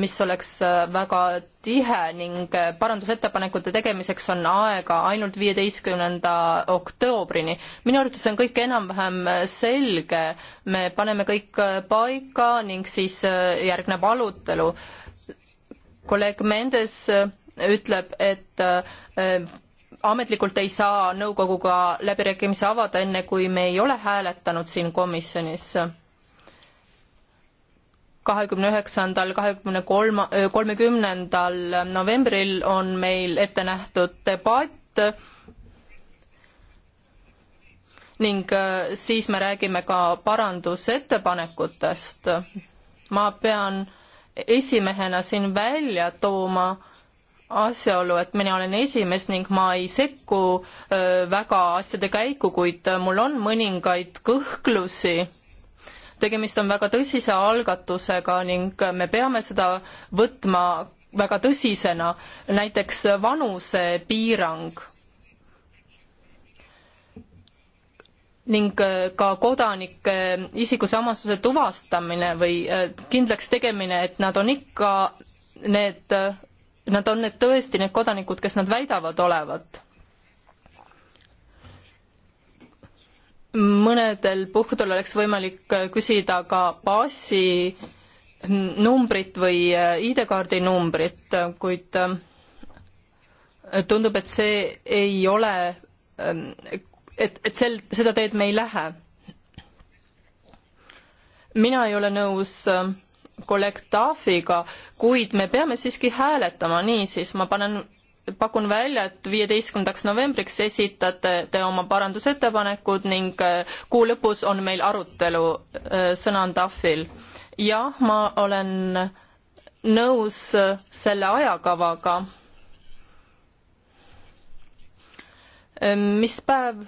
mis oleks äh, väga tihe ning äh, parandusettepanekute tegemiseks on aega ainult viieteistkümnenda oktoobrini. minu arvates on kõik enam-vähem äh, selge, me paneme kõik paika ning siis järgneb arutelu. kolleeg Mendes ütleb, et ametlikult ei saa nõukoguga läbirääkimisi avada, enne kui me ei ole hääletanud siin komisjonis kahekümne üheksandal, kahekümne kolma, kolmekümnendal novembril on meil ette nähtud debatt ning äh, siis me räägime ka parandusettepanekutest. ma pean esimehena siin välja tooma asjaolu, et mina olen esimees ning ma ei sekku väga asjade käiku, kuid mul on mõningaid kõhklusi. tegemist on väga tõsise algatusega ning me peame seda võtma väga tõsisena, näiteks vanusepiirang. ning ka kodanike isikusamasuse tuvastamine või kindlaks tegemine, et nad on ikka need nad on need tõesti need kodanikud, kes nad väidavad olevat. mõnedel puhkudel oleks võimalik äh, küsida ka passi numbrit või äh, ID-kaardi numbrit, äh, kuid tundub, et see ei ole, ähm, et, et sel, seda teed me ei lähe. mina ei ole nõus äh, kollektiiviga, kuid me peame siiski hääletama, niisiis ma panen pakun välja, et viieteistkümnendaks novembriks esitate te oma parandusettepanekud ning äh, kuu lõpus on meil arutelu, äh, sõna on TAFil. jah, ma olen nõus äh, selle ajakavaga. mis päev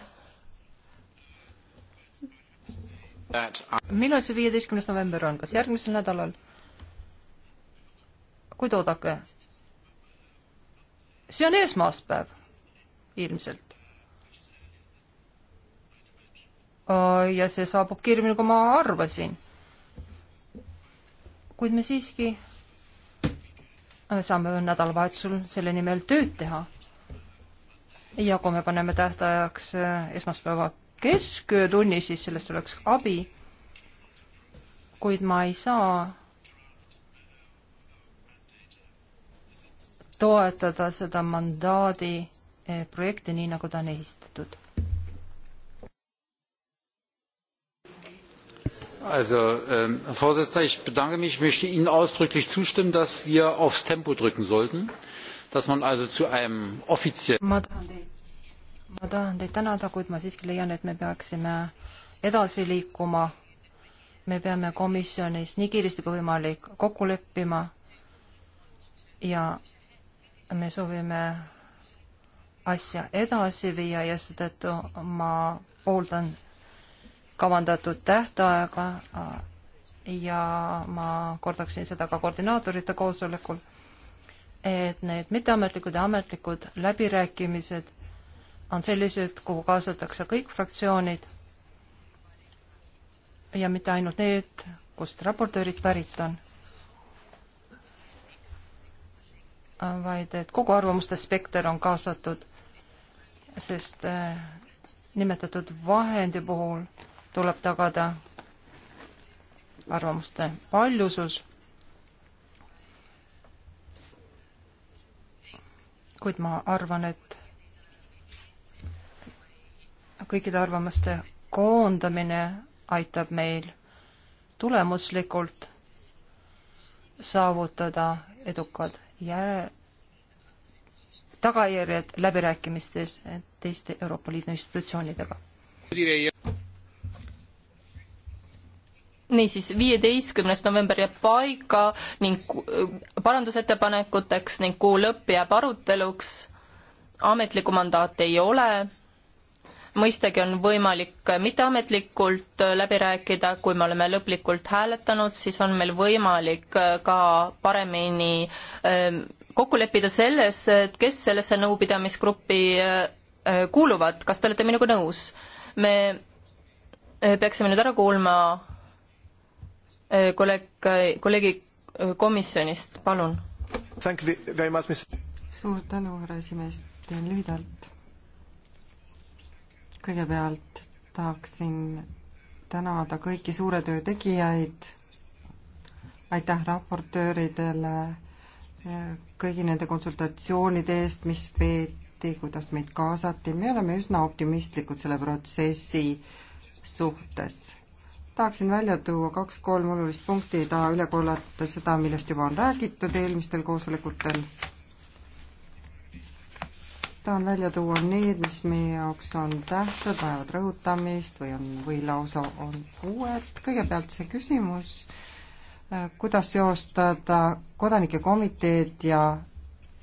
millal see viieteistkümnes november on, kas järgmisel nädalal? kuid oodake. see on esmaspäev ilmselt. ja see saabub kiiremini, kui ma arvasin. kuid me siiski me saame nädalavahetusel selle nimel tööd teha. ja kui me paneme tähtajaks eh, esmaspäeva kesköötunni, siis sellest oleks abi. kuid ma ei saa toetada seda mandaadi eh, projekti nii, nagu ta on esitatud. Also, ähm, Herr Vorsitzender, ich bedanke mich, möchte Ihnen ausdrücklich zustimmen, dass wir aufs Tempo drücken sollten, dass man also zu einem offiziellen. Ma tahan teid ma tahan teid tänada, kuid ma siiski leian, et me peaksime edasi liikuma. me peame komisjonis nii kiiresti kui võimalik kokku leppima ja me soovime asja edasi viia ja seetõttu ma pooldan kavandatud tähtaega ja ma kordaksin seda ka koordinaatorite koosolekul, et need mitteametlikud ja ametlikud läbirääkimised on sellised, kuhu kaasatakse kõik fraktsioonid ja mitte ainult need, kust raportöörid pärit on, vaid et kogu arvamuste spekter on kaasatud, sest eh, nimetatud vahendi puhul tuleb tagada arvamuste paljusus, kuid ma arvan, et kõikide arvamuste koondamine aitab meil tulemuslikult saavutada edukad jää-, tagajärjed läbirääkimistes teiste Euroopa Liidu institutsioonidega. niisiis, viieteistkümnes november jääb paika ning parandusettepanekuteks ning kuu lõpp jääb aruteluks, ametlikku mandaati ei ole mõistagi on võimalik mitteametlikult äh, läbi rääkida, kui me oleme lõplikult hääletanud, siis on meil võimalik äh, ka paremini ähm, kokku leppida selles, et kes sellesse nõupidamisgruppi äh, kuuluvad, kas te olete minuga nõus? me peaksime nüüd ära kuulma kolleeg, kolleegi komisjonist, palun. suur tänu, härra esimees, teen lühidalt kõigepealt tahaksin tänada kõiki suure töö tegijaid, aitäh raportööridele eh, kõigi nende konsultatsioonide eest, mis peeti, kuidas meid kaasati, me oleme üsna optimistlikud selle protsessi suhtes. tahaksin välja tuua kaks-kolm olulist punkti, ei taha üle korrata seda, millest juba on räägitud eelmistel koosolekutel tahan välja tuua need, mis meie jaoks on tähtsad, vajavad rõhutamist või on, või lausa on uued. kõigepealt see küsimus, äh, kuidas seostada kodanike komiteed ja,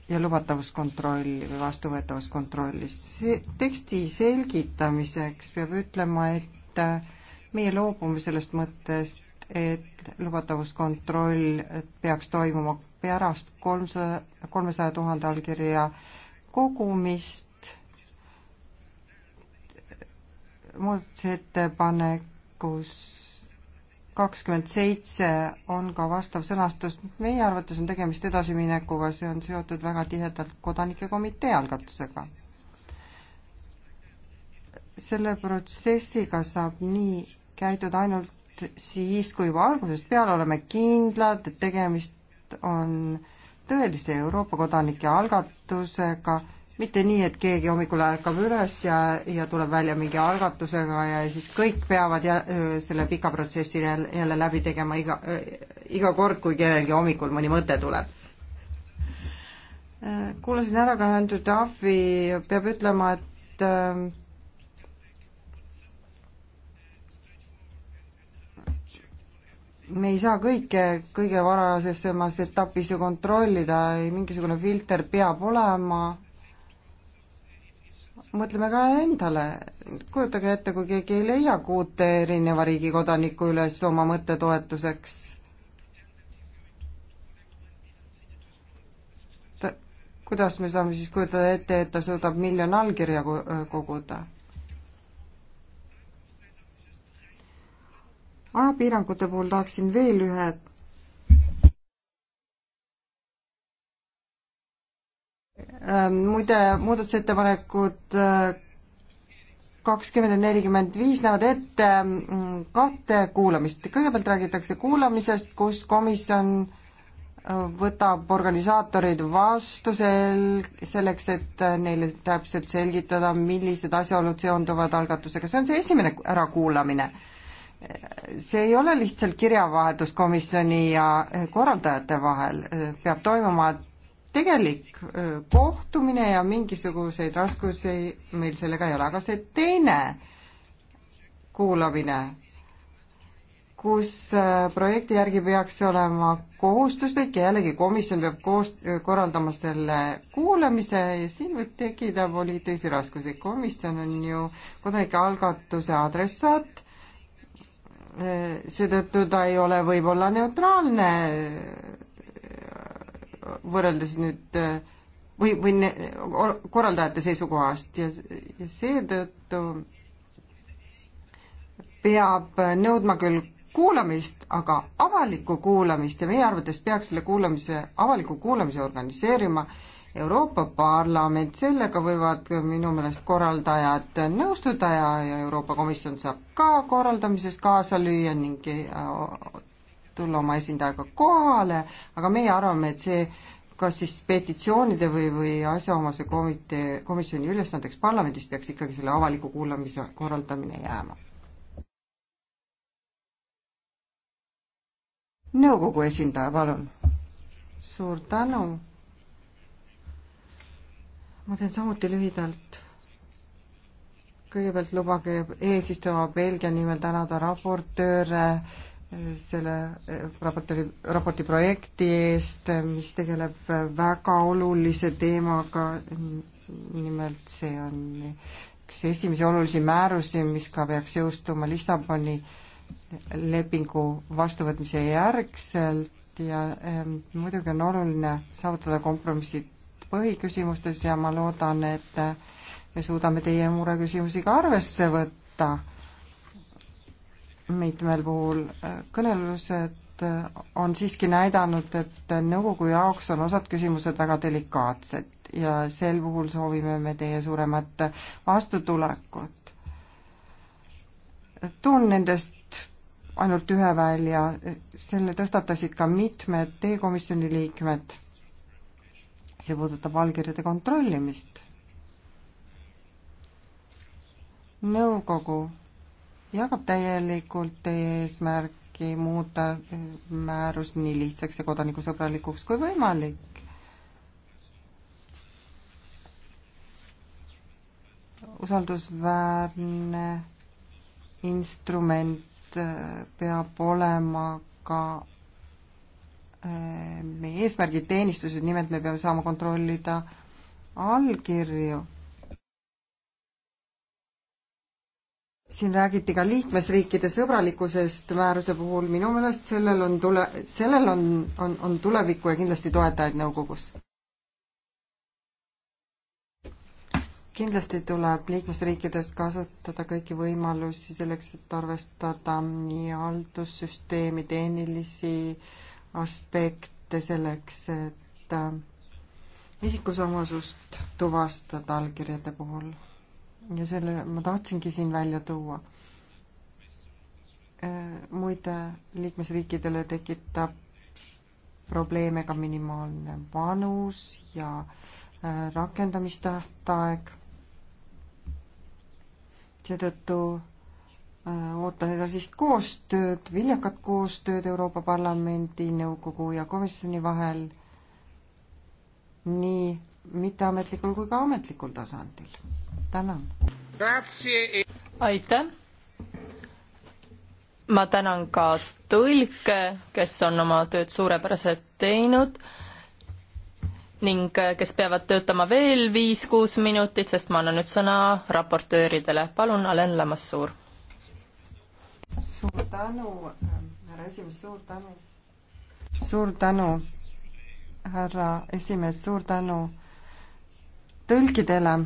ja lubatavuskontrolli või vastuvõetavuskontrolli. see teksti selgitamiseks peab ütlema, et äh, meie loobume sellest mõttest, et lubatavuskontroll peaks toimuma pärast kolmsada, kolmesaja tuhande allkirja kogumist muudatusettepanekus kakskümmend seitse on ka vastav sõnastus, meie arvates on tegemist edasiminekuga, see on seotud väga tihedalt Kodanike Komitee algatusega. selle protsessiga saab nii käiduda ainult siis, kui juba algusest peale oleme kindlad, et tegemist on äh, tõelise Euroopa kodanike algatusega, mitte nii, et keegi hommikul ärkab üles ja, ja tuleb välja mingi algatusega ja siis kõik peavad jä, selle pika protsessi jälle, jälle läbi tegema iga, iga kord, kui kellelgi hommikul mõni mõte tuleb. kuulasin ära ka Andrew Duffy, peab ütlema, et me ei saa kõike kõige varajasemas etapis ju kontrollida, mingisugune filter peab olema, mõtleme ka endale, kujutage ette, kui keegi ei leia kuute erineva riigi kodanikku üles oma mõttetoetuseks. kuidas me saame siis kujutada ette, et ta suudab miljon allkirja koguda? ajapiirangute puhul tahaksin veel ühe ähm, muide, muudatusettepanekud äh, kakskümmend ja nelikümmend viis näevad ette mm, kahte kuulamist. kõigepealt räägitakse kuulamisest, kus komisjon äh, võtab organisaatorid vastu sel-, selleks, et äh, neile täpselt selgitada, millised asjaolud seonduvad algatusega. see on see esimene ärakuulamine see ei ole lihtsalt kirjavahetus komisjoni ja korraldajate vahel, peab toimuma tegelik kohtumine ja mingisuguseid raskusi meil sellega ei ole, aga see teine kuulamine, kus projekti järgi peaks olema kohustuslik ja jällegi komisjon peab koos, korraldama selle kuulamise ja siin võib tekkida poliitilisi raskusi. komisjon on ju kodanike algatuse adressaat seetõttu ta ei ole võib-olla neutraalne võrreldes nüüd või, või ne, korraldajate seisukohast ja, ja seetõttu peab nõudma küll kuulamist, aga avalikku kuulamist ja meie arvates peaks selle kuulamise, avaliku kuulamise organiseerima äh, Euroopa Parlament, sellega võivad minu meelest korraldajad nõustuda ja, ja Euroopa Komisjon saab ka korraldamises kaasa lüüa ning äh, tulla oma esindajaga kohale, aga meie arvame, et see kas siis petitsioonide või, või asjaomase komitee, komisjoni ülesandeks parlamendis peaks ikkagi selle avaliku kuulamise korraldamine jääma. nõukogu esindaja, palun. suur tänu ma teen samuti lühidalt. kõigepealt lubage eesistuja Belgia nimel tänada raportööre eh, selle eh, raporti, raporti projekti eest, eh, mis tegeleb väga olulise teemaga. nimelt see on üks esimesi olulisi määrusi, mis ka peaks jõustuma Lissaboni lepingu vastuvõtmise järgselt ja ähm, muidugi on oluline saavutada kompromissid põhiküsimustes ja ma loodan, et me suudame teie mureküsimusi ka arvesse võtta. mitmel puhul äh, kõnelused äh, on siiski näidanud, et nõukogu jaoks on osad küsimused väga delikaatsed ja sel puhul soovime me teie suuremat äh, vastutulekut. toon nendest ainult ühe välja, selle tõstatasid ka mitmed teie komisjoni liikmed see puudutab allkirjade kontrollimist. nõukogu jagab täielikult teie eesmärki muuta määrus nii lihtsaks ja kodanikusõbralikuks kui võimalik. usaldusväärne instrument äh, peab olema ka meie eesmärgid teenistused, nimelt me peame saama kontrollida allkirju. siin räägiti ka liikmesriikide sõbralikkusest määruse puhul, minu meelest sellel on tule, sellel on, on, on tulevikku ja kindlasti toetajaid nõukogus. kindlasti tuleb liikmesriikides kasutada kõiki võimalusi selleks, et arvestada nii haldussüsteemi tehnilisi äh, aspekte selleks, et äh, isikusamasust tuvastada allkirjade puhul. ja selle ma tahtsingi siin välja tuua. Äh, muide, liikmesriikidele tekitab probleeme ka minimaalne vanus ja äh, rakendamistähtaeg. seetõttu Äh, ootan edasist koostööd, viljakat koostööd Euroopa Parlamendi, nõukogu ja komisjoni vahel nii mitteametlikul kui ka ametlikul tasandil. tänan. E- aitäh. ma tänan ka tõlke, kes on oma tööd suurepäraselt teinud ning äh, kes peavad töötama veel viis-kuus minutit, sest ma annan nüüd sõna raportööridele. palun, Alen Lamassuur suur tänu, härra esimees, suur tänu. suur tänu, härra esimees, suur tänu tõlkidele.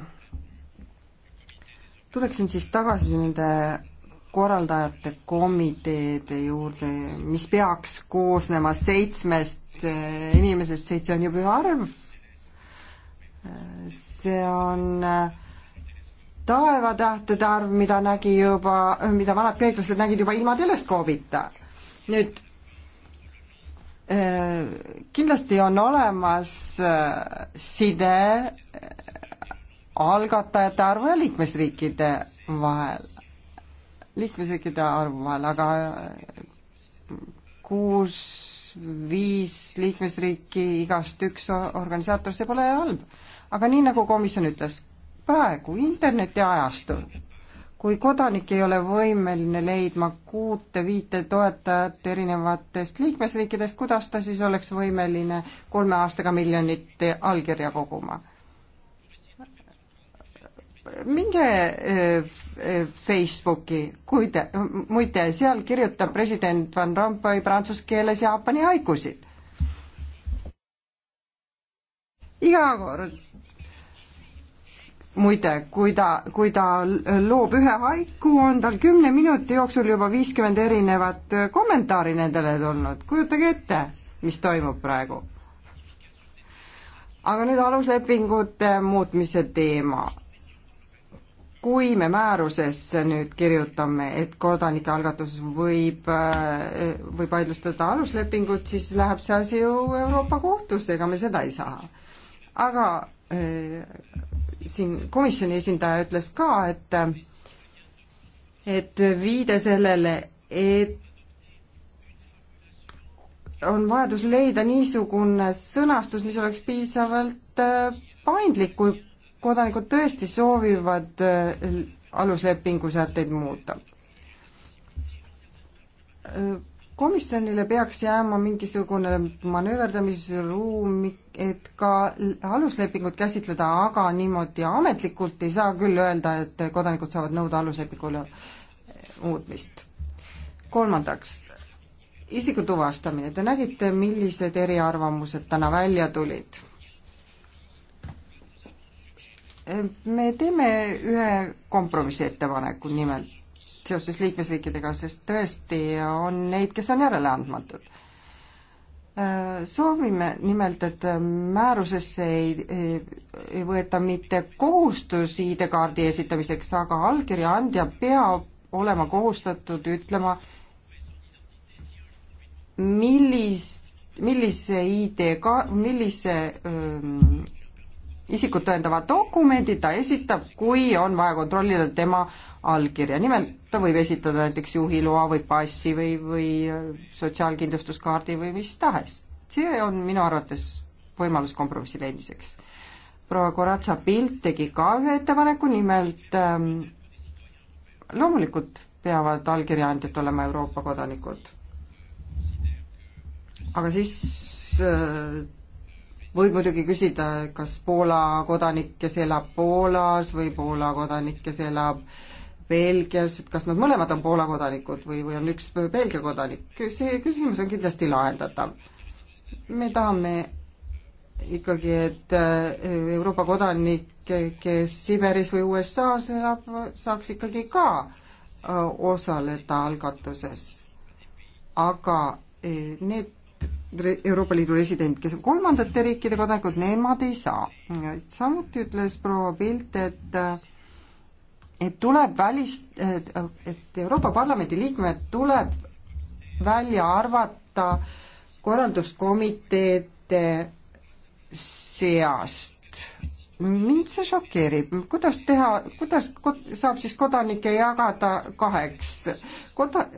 tuleksin siis tagasi nende korraldajate komiteede juurde, mis peaks koosnema seitsmest eh, inimesest, seitse on juba arv. Eh, see on äh, taevatähtede arv, mida nägi juba, mida vanad kreeklased nägid juba ilma teleskoobita. nüüd äh, kindlasti on olemas äh, side äh, algatajate arvu ja liikmesriikide vahel, liikmesriikide arvu vahel, aga kuus, viis liikmesriiki igast üks organisaator, see pole halb. aga nii, nagu komisjon ütles, praegu, internetiajastul, kui kodanik ei ole võimeline leidma kuute-viite toetajat erinevatest liikmesriikidest, kuidas ta siis oleks võimeline kolme aastaga miljonit allkirja koguma? minge eh, eh, Facebooki, kui te, muide, seal kirjutab president Van Rompuy prantsuse keeles Jaapani haigusid. iga kord muide, kui ta, kui ta loob ühe haiku, on tal kümne minuti jooksul juba viiskümmend erinevat kommentaari nendele tulnud, kujutage ette, mis toimub praegu. aga nüüd aluslepingute muutmise teema. kui me määrusesse nüüd kirjutame, et kodanikealgatus võib, võib vaidlustada aluslepingut, siis läheb see asi ju Euroopa kohtusse, ega me seda ei saa. aga siin komisjoni esindaja ütles ka, et et viide sellele, et on vajadus leida niisugune sõnastus, mis oleks piisavalt äh, paindlik, kui kodanikud tõesti soovivad äh, aluslepingu sätteid muuta äh, komisjonile peaks jääma mingisugune manööverdamisruum, et ka aluslepingut käsitleda, aga niimoodi ametlikult ei saa küll öelda, et kodanikud saavad nõuda aluslepingule muutmist. kolmandaks, isiku tuvastamine, te nägite, millised eriarvamused täna välja tulid? me teeme ühe kompromissettepaneku nimelt seoses liikmesriikidega, sest tõesti on neid, kes on järele andmatud. Soovime nimelt, et määrusesse ei, ei võeta mitte kohustus ID-kaardi esitamiseks, aga allkirja andja peab olema kohustatud ütlema, millist, millise ID-ga, millise öö, ähm, isikut tõendava dokumendi ta esitab, kui on vaja kontrollida tema allkirja. nimelt ta võib esitada näiteks juhiloa või passi või, või äh, sotsiaalkindlustuskaardi või mis tahes. see on minu arvates võimalus kompromissi leidmiseks. proua Koratsa Pilt tegi ka ühe ettepaneku, nimelt ähm, loomulikult peavad allkirjaandjad olema Euroopa kodanikud. aga siis äh, võib muidugi küsida, kas Poola kodanik, kes elab Poolas või Poola kodanik, kes elab Belgias, et kas nad mõlemad on Poola kodanikud või, või on üks Belgia kodanik, see küsimus on kindlasti lahendatav. me tahame ikkagi, et äh, Euroopa kodanik, kes Siberis või USA-s elab, saaks ikkagi ka äh, osaleda algatuses. aga äh, need Euroopa Liidu resident, kes on kolmandate riikide kodanikud, nemad ei saa. samuti ütles proua Pilt, et et tuleb välist, et Euroopa Parlamendi liikmed tuleb välja arvata korralduskomiteede seast. mind see šokeerib, kuidas teha, kuidas saab siis kodanikke jagada kaheks, koda-,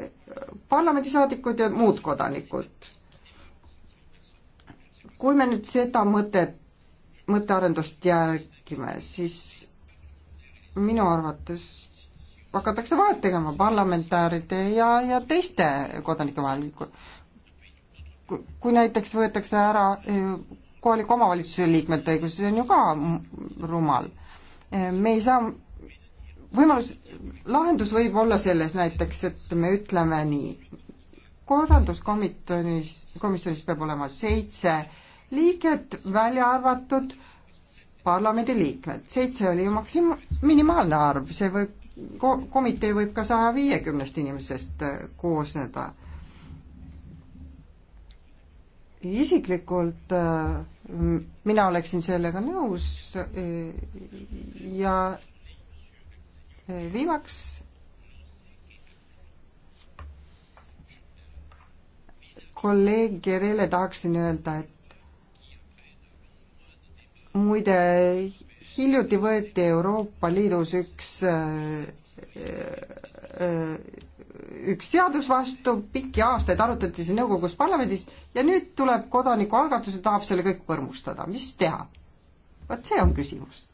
parlamendisaadikud ja muud kodanikud kui me nüüd seda mõtet, mõttearendust järgime, siis minu arvates hakatakse vahet tegema parlamentääride ja, ja teiste kodanike vahel. kui näiteks võetakse ära eh, kohaliku omavalitsuse liikmete õigus, see on ju ka rumal. Eh, me ei saa, võimalus, lahendus võib olla selles näiteks, et me ütleme nii, korralduskomisjonis, komisjonis peab olema seitse äh, liiget, välja arvatud parlamendiliikmed. seitse oli ju maksim-, minimaalne arv, see võib, komitee võib ka saja viiekümnest inimesest äh, koosneda. isiklikult äh, mina oleksin sellega nõus äh, ja viimaks kolleeg Gerele tahaksin öelda, et muide, hiljuti võeti Euroopa Liidus üks äh, üks seadus vastu, pikki aastaid arutati see nõukogus parlamendis ja nüüd tuleb kodanikualgatuse, tahab selle kõik põrmustada, mis teha? vot see on küsimus.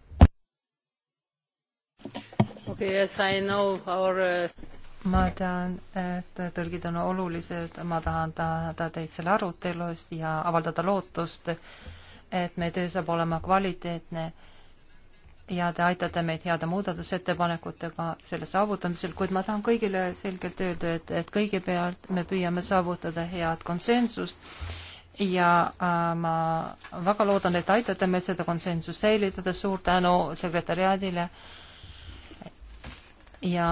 Okay, yes, I know our äh, ma tean, et tõlgid on olulised, ma tahan tänada teid selle arutelu eest ja avaldada lootust, et meie töö saab olema kvaliteetne ja te aitate meid heade muudatusettepanekutega selle saavutamisel, kuid ma tahan kõigile selgelt öelda, et, et kõigepealt me püüame saavutada head konsensust ja äh, ma väga loodan, et aitate meil seda konsensust säilitada, suur tänu sekretäriaadile ja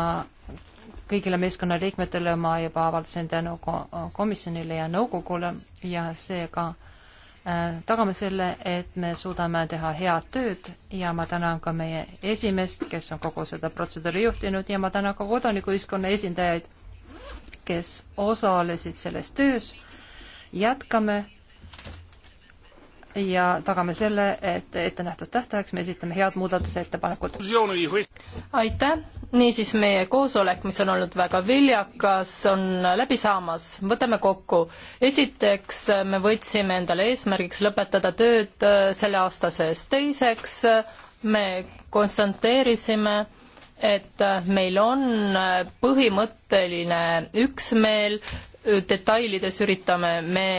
kõigile meeskonnaliikmetele ma juba avaldasin tänu komisjonile ja nõukogule ja seega äh, Äh, tagame selle, et me suudame teha head tööd ja ma tänan ka meie esimeest, kes on kogu seda protseduuri juhtinud ja ma tänan ka kodanikuühiskonna esindajaid, kes osalesid selles töös. jätkame ja tagame selle, et ettenähtud tähtajaks me esitame head muudatusettepanekud. aitäh, niisiis meie koosolek, mis on olnud väga viljakas, on läbi saamas, võtame kokku. esiteks me võtsime endale eesmärgiks lõpetada tööd äh, selle aasta sees, teiseks me konstanteerisime, et äh, meil on äh, põhimõtteline üksmeel, detailides üritame me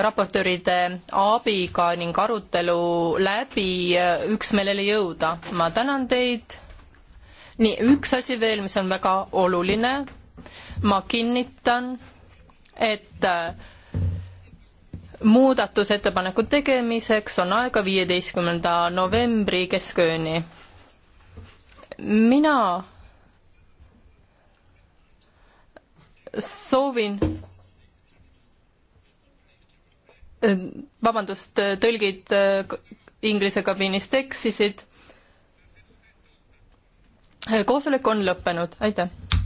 raportööride abiga ning arutelu läbi üksmeelele jõuda. ma tänan teid. nii, üks asi veel, mis on väga oluline. ma kinnitan, et muudatusettepaneku tegemiseks on aega viieteistkümnenda novembri keskööni. mina soovin Äh, vabandust, äh, tõlgid äh, Inglise kabiinist eksisid. koosolek on lõppenud, aitäh.